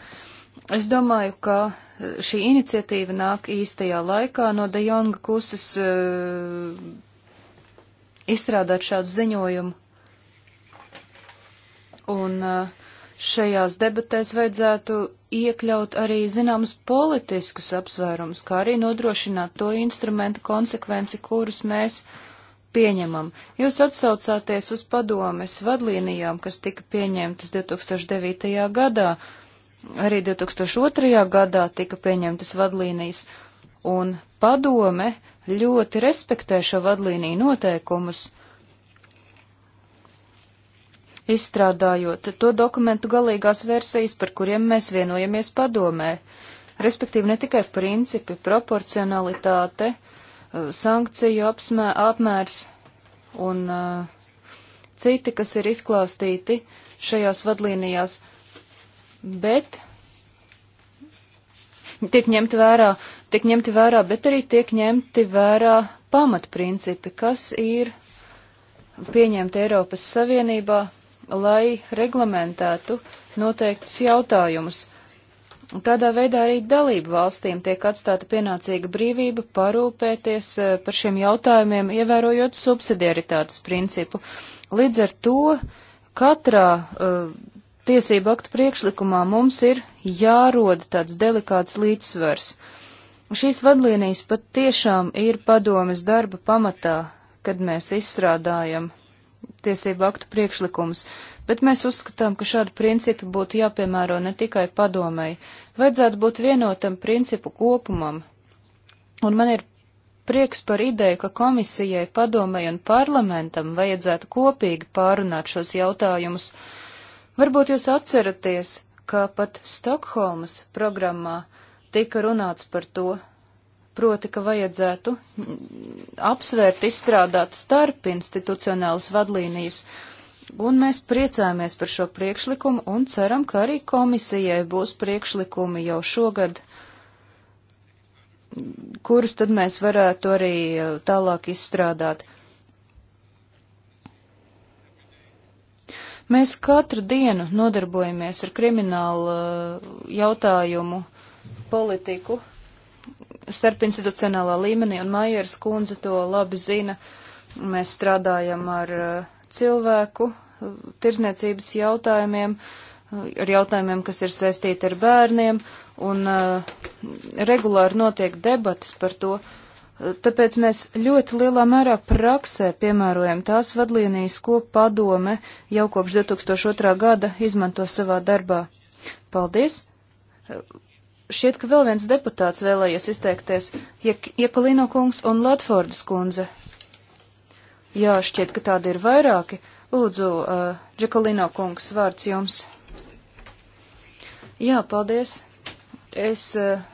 Es domāju, ka eh, šī iniciatīva nāk īstajā laikā no De Jonga puses uh, izstrādāt šādu ziņojumu. Un uh, šajās debatēs vajadzētu iekļaut arī zināmas politiskus apsvērumus, kā arī nodrošināt to instrumentu konsekvenci, kurus mēs pieņemam. Jūs atsaucāties uz padomes vadlīnijām, kas tika pieņemtas 2009. gadā, arī 2002. gadā tika pieņemtas vadlīnijas, un padome ļoti respektē šo vadlīniju noteikumus izstrādājot to dokumentu galīgās versijas, par kuriem mēs vienojamies padomē, respektīvi ne tikai principi, proporcionalitāte, eh, sankciju apsmē, apmērs un uh, citi, kas ir izklāstīti šajās vadlīnijās, bet tiek ņemti vērā, tiek ņemti vērā, bet arī tiek ņemti vērā pamatprincipi, kas ir pieņemti Eiropas Savienībā lai reglamentētu noteiktus jautājumus. Tādā veidā arī dalību valstīm tiek atstāta pienācīga brīvība parūpēties eh, par šiem jautājumiem, ievērojot subsidiaritātes principu. Līdz ar to katrā uh, tiesību aktu priekšlikumā mums ir jāroda tāds delikāts līdzsvars. Šīs vadlīnijas pat tiešām ir padomes darba pamatā, kad mēs izstrādājam tiesību aktu priekšlikumus, bet mēs uzskatām, ka šādi principi būtu jāpiemēro ne tikai padomai. Vajadzētu būt vienotam principu kopumam. Un man ir prieks par ideju, ka komisijai, padomai un parlamentam vajadzētu kopīgi pārunāt šos jautājumus. Varbūt jūs atceraties, ka pat Stokholmas programmā tika runāts par to, proti, ka vajadzētu apsvērt, izstrādāt starp institucionālas vadlīnijas. Un mēs priecājamies par šo priekšlikumu un ceram, ka arī komisijai būs priekšlikumi jau šogad, kurus tad mēs varētu arī uh, tālāk izstrādāt. Mēs katru dienu nodarbojamies ar kriminālu uh, jautājumu politiku starp institucionālā līmenī, un Maieras kundze to labi zina. Mēs strādājam ar eh, cilvēku eh, tirzniecības jautājumiem, eh, ar jautājumiem, kas ir saistīti ar bērniem, un regulāri notiek debatas par to. Tāpēc mēs ļoti lielā mērā praksē piemērojam tās vadlīnijas, ko padome jau kopš 2002. gada izmanto savā darbā. Paldies! Šķiet, ka vēl viens deputāts vēlējies izteikties - Jekolino kungs un Latfordas kundze. Jā, šķiet, ka tādi ir vairāki. Lūdzu, uh, Džekolino kungs, vārds jums. Jā, paldies. Es uh,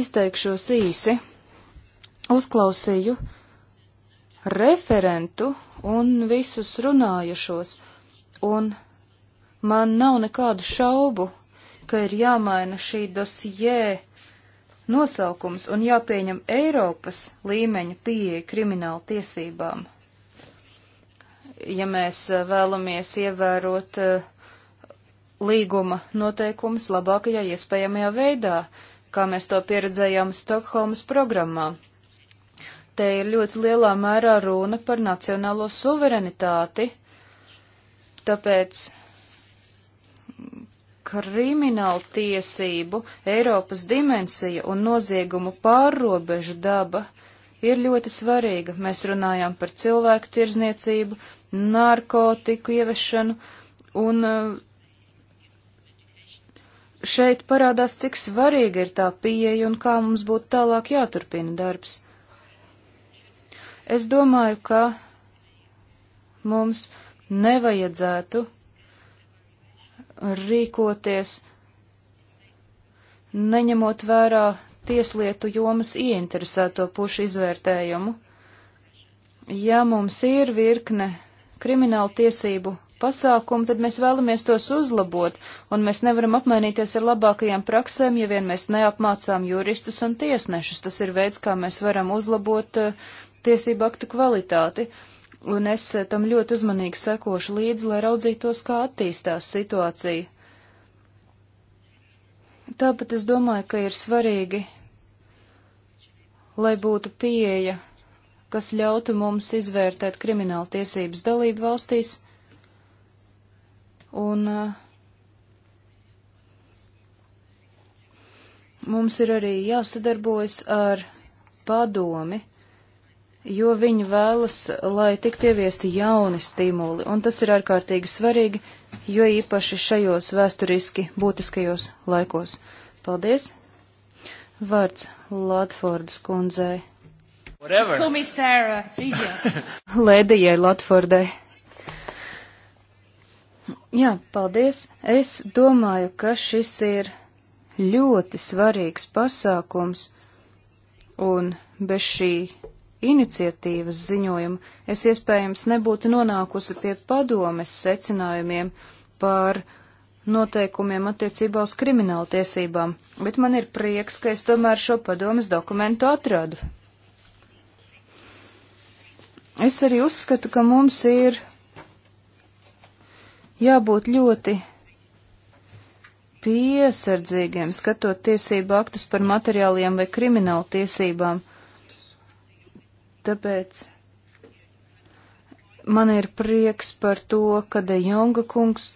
izteikšos īsi. Uzklausīju referentu un visus runājušos, un man nav nekādu šaubu, ka ir jāmaina šī dosijē nosaukums un jāpieņem Eiropas līmeņa pieeja krimināla tiesībām. Ja mēs eh, vēlamies ievērot eh, līguma noteikumus labākajā iespējamajā veidā, kā mēs to pieredzējām Stokholmas programmā. Te ir ļoti lielā mērā runa par nacionālo suverenitāti, tāpēc krimināltiesību Eiropas dimensija un noziegumu pārrobežu daba ir ļoti svarīga. Mēs runājām par cilvēku tirzniecību, narkotiku ievešanu un eh, šeit parādās, cik svarīga ir tā pieeja un kā mums būtu tālāk jāturpina darbs. Es domāju, ka mums nevajadzētu rīkoties, neņemot vērā tieslietu jomas ieinteresēto pušu izvērtējumu. Ja mums ir virkne kriminālu tiesību pasākumu, tad mēs vēlamies tos uzlabot, un mēs nevaram apmainīties ar labākajām praksēm, ja vien mēs neapmācām juristus un tiesnešus. Tas ir veids, kā mēs varam uzlabot eh, tiesību aktu kvalitāti. Uh, un es tam ļoti uzmanīgi sekošu līdzi, lai raudzītos, kā attīstās situācija. Tāpat es domāju, ka ir svarīgi, lai būtu pieeja, kas ļautu mums izvērtēt kriminālu tiesības dalību valstīs, un uh, mums ir arī jāsadarbojas ar padomi jo viņi vēlas, lai tiktu ieviesti jauni stimuli, un tas ir ārkārtīgi svarīgi, jo īpaši šajos vēsturiski būtiskajos laikos. Paldies! Vārds Latfordas kundzei. Lēdijai Latfordai. Jā, paldies. Es domāju, ka šis ir ļoti svarīgs pasākums, un bez šī iniciatīvas ziņojumu, es iespējams nebūtu nonākusi pie padomes secinājumiem par noteikumiem attiecībā uz kriminālu tiesībām, bet man ir prieks, ka es tomēr šo padomes dokumentu atradu. Es arī uzskatu, ka mums ir jābūt ļoti piesardzīgiem, skatot tiesību aktus par materiāliem vai kriminālu tiesībām. Tāpēc man ir prieks par to, ka De Jonga kungs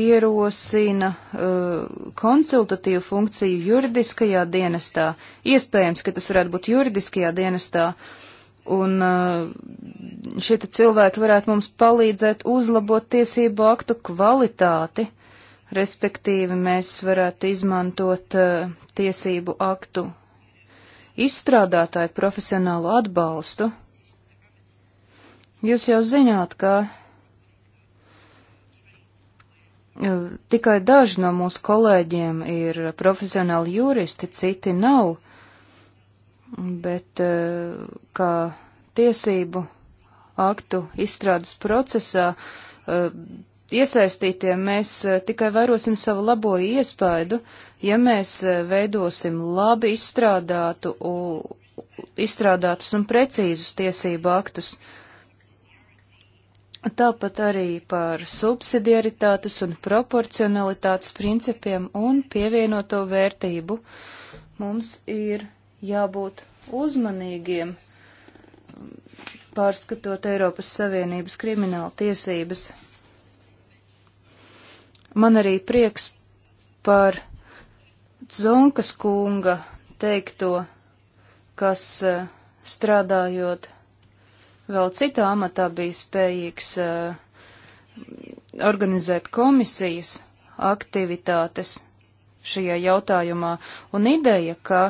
ierosina uh, konsultatīvu funkciju juridiskajā dienestā. Iespējams, ka tas varētu būt juridiskajā dienestā, un uh, šie cilvēki varētu mums palīdzēt uzlabot tiesību aktu kvalitāti, respektīvi mēs varētu izmantot uh, tiesību aktu izstrādātāju profesionālo atbalstu. Jūs jau zināt, ka e, tikai daži no mūsu kolēģiem ir profesionāli juristi, citi nav, bet e, kā tiesību aktu izstrādes procesā e, iesaistītie mēs tikai vērosim savu labo iespaidu, Ja mēs e, veidosim labi izstrādātu, izstrādātus un precīzus tiesību aktus, tāpat arī par subsidiaritātes un proporcionalitātes principiem un pievienoto vērtību, mums ir jābūt uzmanīgiem pārskatot Eiropas Savienības krimināla tiesības. Man arī prieks par Dzonkas kunga teikto, kas eh, strādājot vēl citā amatā bija spējīgs eh, organizēt komisijas aktivitātes šajā jautājumā, un ideja, ka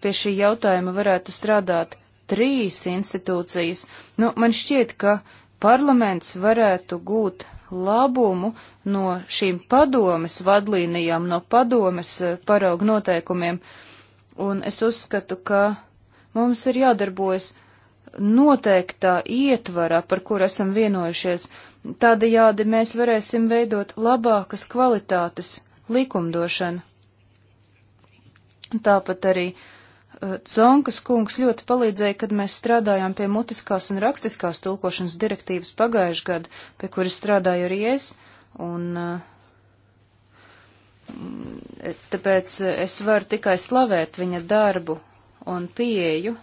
pie šī jautājuma varētu strādāt trīs institūcijas, nu, man šķiet, ka parlaments varētu gūt labumu no šīm padomes vadlīnijām, no padomes eh, parauga noteikumiem, un es uzskatu, ka mums ir jādarbojas noteiktā ietvarā, par kur esam vienojušies. Tādējādi mēs varēsim veidot labākas kvalitātes likumdošanu. Tāpat arī uh, Zonkas kungs ļoti palīdzēja, kad mēs strādājām pie mutiskās un rakstiskās tulkošanas direktīvas pagājušajā gadā, pie kuras strādāju arī es, un eh, mm, tāpēc eh, es varu tikai slavēt viņa darbu un pieeju.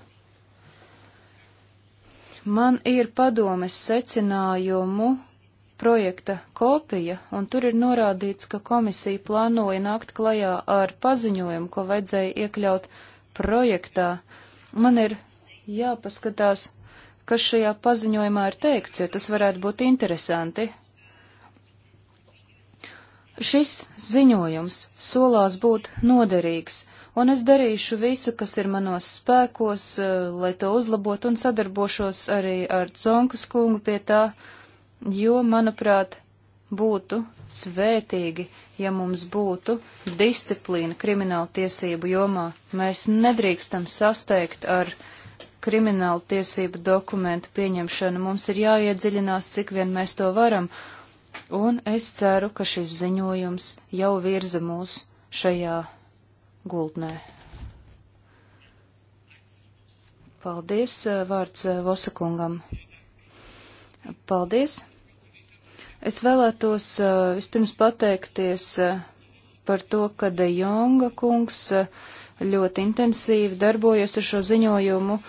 Man ir padomes secinājumu projekta kopija, un tur ir norādīts, ka komisija plānoja nākt klajā ar paziņojumu, ko vajadzēja iekļaut projektā, man ir jāpaskatās, kas šajā paziņojumā ir teikts, jo tas varētu būt interesanti. Šis ziņojums solās būt noderīgs, un es darīšu visu, kas ir manos spēkos, eh, lai to uzlabotu un sadarbošos arī ar Dzonkas kungu pie tā, jo, manuprāt, būtu svētīgi, ja mums būtu disciplīna krimināla tiesību jomā. Mēs nedrīkstam sasteigt ar krimināla tiesību dokumentu pieņemšanu. Mums ir jāiedziļinās, cik vien mēs to varam, un es ceru, ka šis ziņojums jau virza mūs šajā gultnē. Paldies, eh, vārds eh, Vosakungam. Paldies! Es vēlētos eh, vispirms pateikties eh, par to, ka De Jonga kungs eh, ļoti intensīvi darbojas ar šo ziņojumu.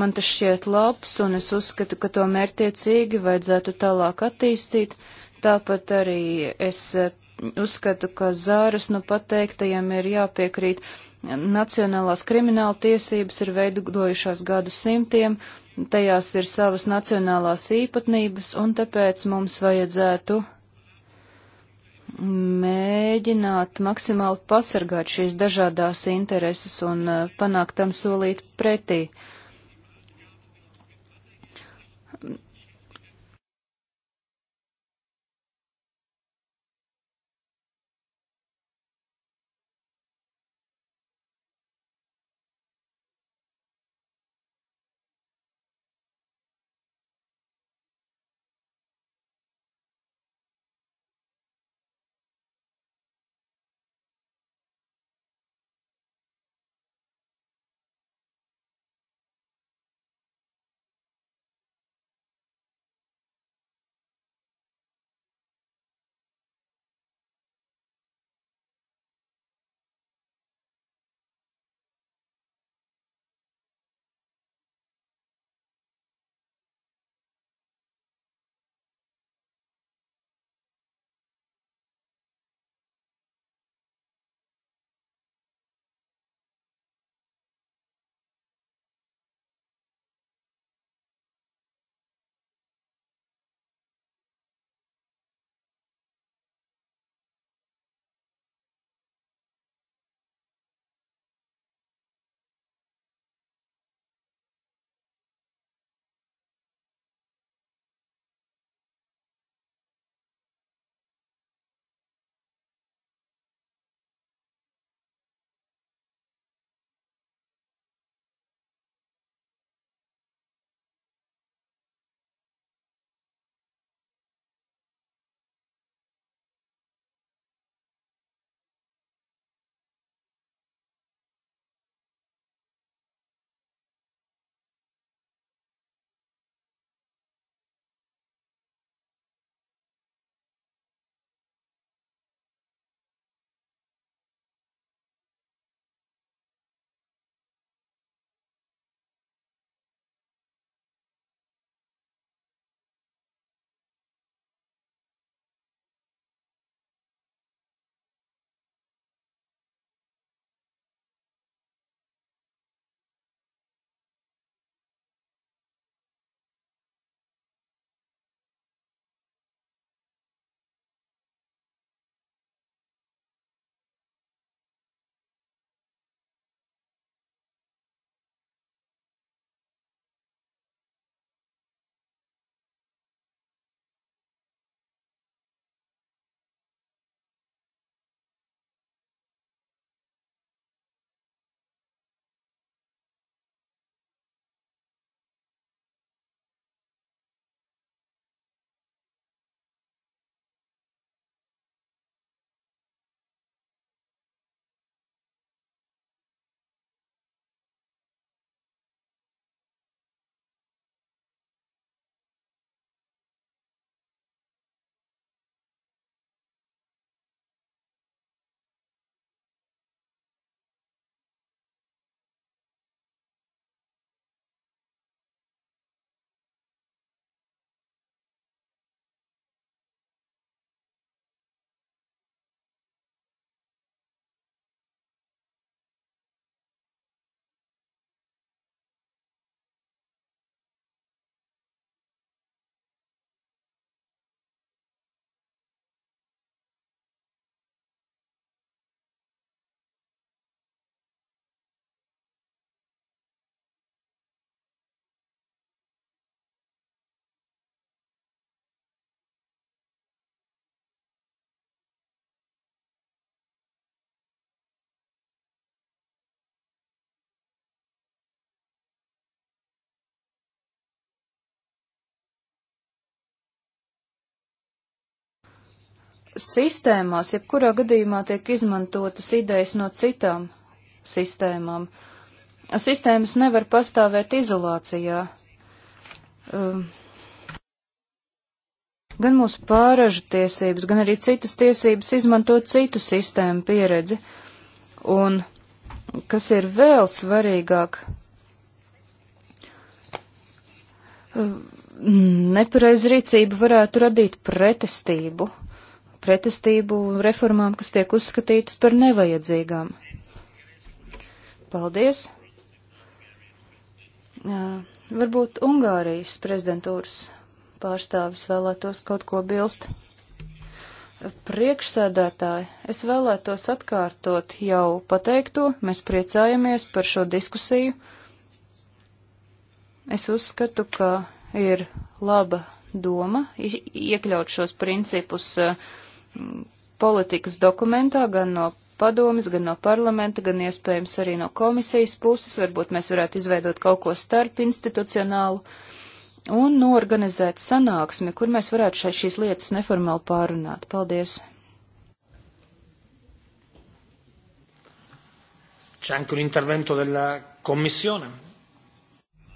Man tas šķiet labs, un es uzskatu, ka to mērtiecīgi vajadzētu tālāk attīstīt. Tāpat arī es uzskatu, ka zāras nu pateiktajiem ir jāpiekrīt. Nacionālās krimināla tiesības ir veidojušās gadu simtiem, tajās ir savas nacionālās īpatnības, un tāpēc mums vajadzētu mēģināt maksimāli pasargāt šīs dažādās intereses un eh, panākt tam solīt pretī. Uh, sistēmās, jebkurā gadījumā tiek izmantotas idejas no citām sistēmām. Sistēmas nevar pastāvēt izolācijā. Um, gan mūsu pāražu tiesības, gan arī citas tiesības izmantot citu sistēmu pieredzi. Un kas ir vēl svarīgāk, um, nepareiz rīcība varētu radīt pretestību pretestību reformām, kas tiek uzskatītas par nevajadzīgām. Paldies! Jā, varbūt Ungārijas prezidentūras pārstāvis vēlētos kaut ko bilst. Priekšsēdētāji, es vēlētos atkārtot jau pateikto, mēs priecājamies par šo diskusiju. Es uzskatu, ka ir laba doma iekļaut šos principus uh, politikas dokumentā, gan no padomis, gan no parlamenta, gan iespējams arī no komisijas puses. Varbūt mēs varētu izveidot kaut ko starp institucionālu un norganizēt sanāksmi, kur mēs varētu šai šīs lietas neformāli pārunāt. Paldies! C'è anche un intervento della Commissione.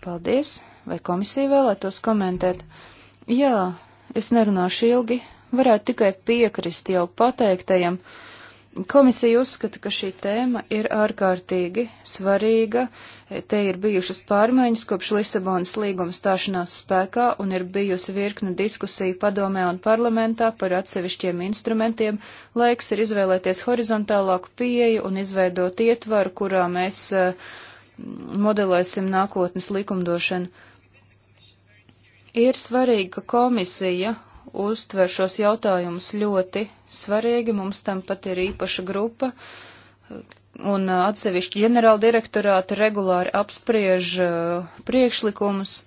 Paldies. Vai komisija vēlētos komentēt? Jā, es nerunāšu ilgi varētu tikai piekrist jau pateiktajam. Komisija uzskata, ka šī tēma ir ārkārtīgi svarīga. Te ir bijušas pārmaiņas kopš Lisabonas līguma stāšanās spēkā un ir bijusi virkne diskusija padomē un parlamentā par atsevišķiem instrumentiem. Laiks ir izvēlēties horizontālāku pieeju un izveidot ietvaru, kurā mēs eh, modelēsim nākotnes likumdošanu. Ir svarīgi, ka komisija uztver šos jautājumus ļoti svarīgi. Mums tam pat ir īpaša grupa, un uh, atsevišķi ģenerāldirektorāti regulāri apspriež uh, priekšlikumus.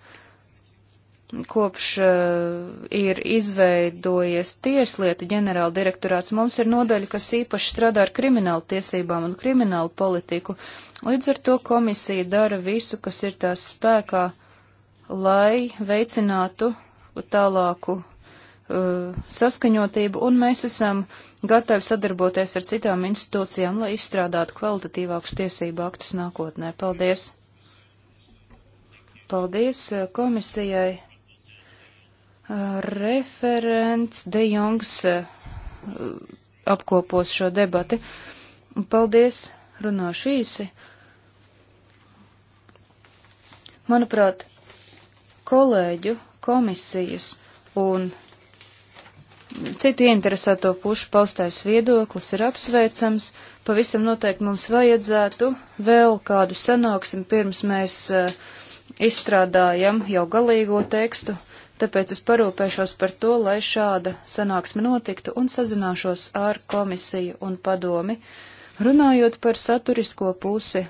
Kopš uh, ir izveidojies tieslietu ģenerāldirektorāts, mums ir nodaļa, kas īpaši strādā ar kriminālu tiesībām un kriminālu politiku. Līdz ar to komisija dara visu, kas ir tās spēkā, lai veicinātu tālāku Uh, saskaņotību, un mēs esam gatavi sadarboties ar citām institūcijām, lai izstrādātu kvalitatīvākus tiesību aktus nākotnē. Paldies! Paldies uh, komisijai! Uh, referents De Jongs apkopos šo debati. Paldies! Runāšu īsi. Manuprāt, kolēģu komisijas un citu ieinteresēto pušu paustais viedoklis ir apsveicams. Pavisam noteikti mums vajadzētu vēl kādu sanāksim, pirms mēs uh, izstrādājam jau galīgo tekstu, tāpēc es parūpēšos par to, lai šāda sanāksme notiktu un sazināšos ar komisiju un padomi. Runājot par saturisko pusi,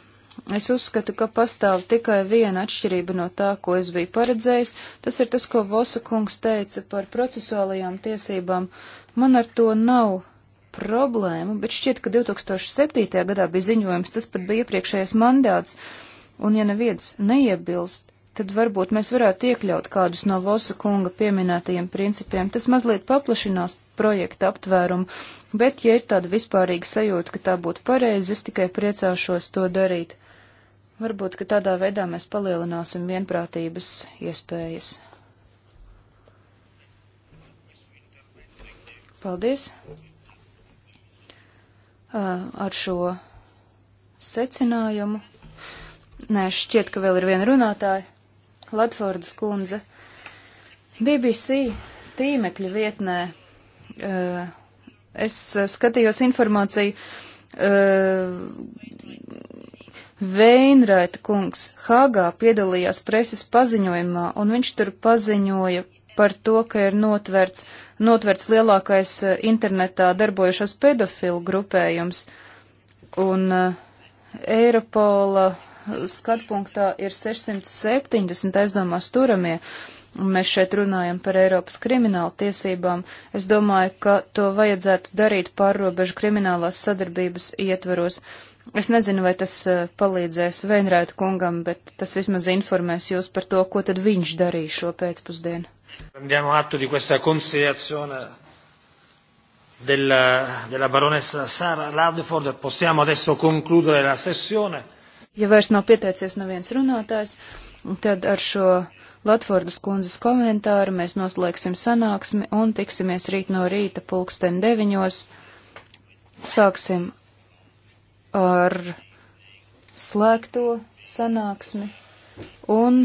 Es uzskatu, ka pastāv tikai viena atšķirība no tā, ko es biju paredzējis. Tas ir tas, ko Vosa kungs teica par procesuālajām tiesībām. Man ar to nav problēmu, bet šķiet, ka 2007. gadā bija ziņojums, tas pat bija iepriekšējais mandāts, un ja neviens neiebilst, tad varbūt mēs varētu iekļaut kādus no Vosa kunga pieminētajiem principiem. Tas mazliet paplašinās projekta aptvērumu, bet, ja ir tāda vispārīga sajūta, ka tā būtu pareizi, es tikai priecāšos to darīt. Varbūt, ka tādā veidā mēs palielināsim vienprātības iespējas. Paldies! Ar šo secinājumu. Nē, šķiet, ka vēl ir viena runātāja. Latvordas kundze. BBC tīmekļa vietnē es skatījos informāciju Veinraita kungs Hāgā piedalījās preses paziņojumā, un viņš tur paziņoja par to, ka ir notverts, notverts lielākais eh, internetā darbojušās pedofilu grupējums, un uh, Eiropola eh, skatpunktā ir 670 aizdomās turamie, un mēs šeit runājam par Eiropas kriminālu tiesībām. Es domāju, ka to vajadzētu darīt pārrobežu kriminālās sadarbības ietveros. Uh, Es nezinu, vai tas eh, palīdzēs Veinrēta kungam, bet tas vismaz informēs jūs par to, ko tad viņš darīja šo pēcpusdienu. Prendiamo atto di questa considerazione della, della baronessa Sara Ladford. Possiamo adesso concludere la sessione. Ja vairs nav pieteicies neviens runātājs, tad ar šo Latvordas kundzes komentāru mēs noslēgsim sanāksmi un tiksimies rīt no rīta pulksten deviņos. Sāksim ar slēgto sanāksmi un,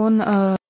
un uh,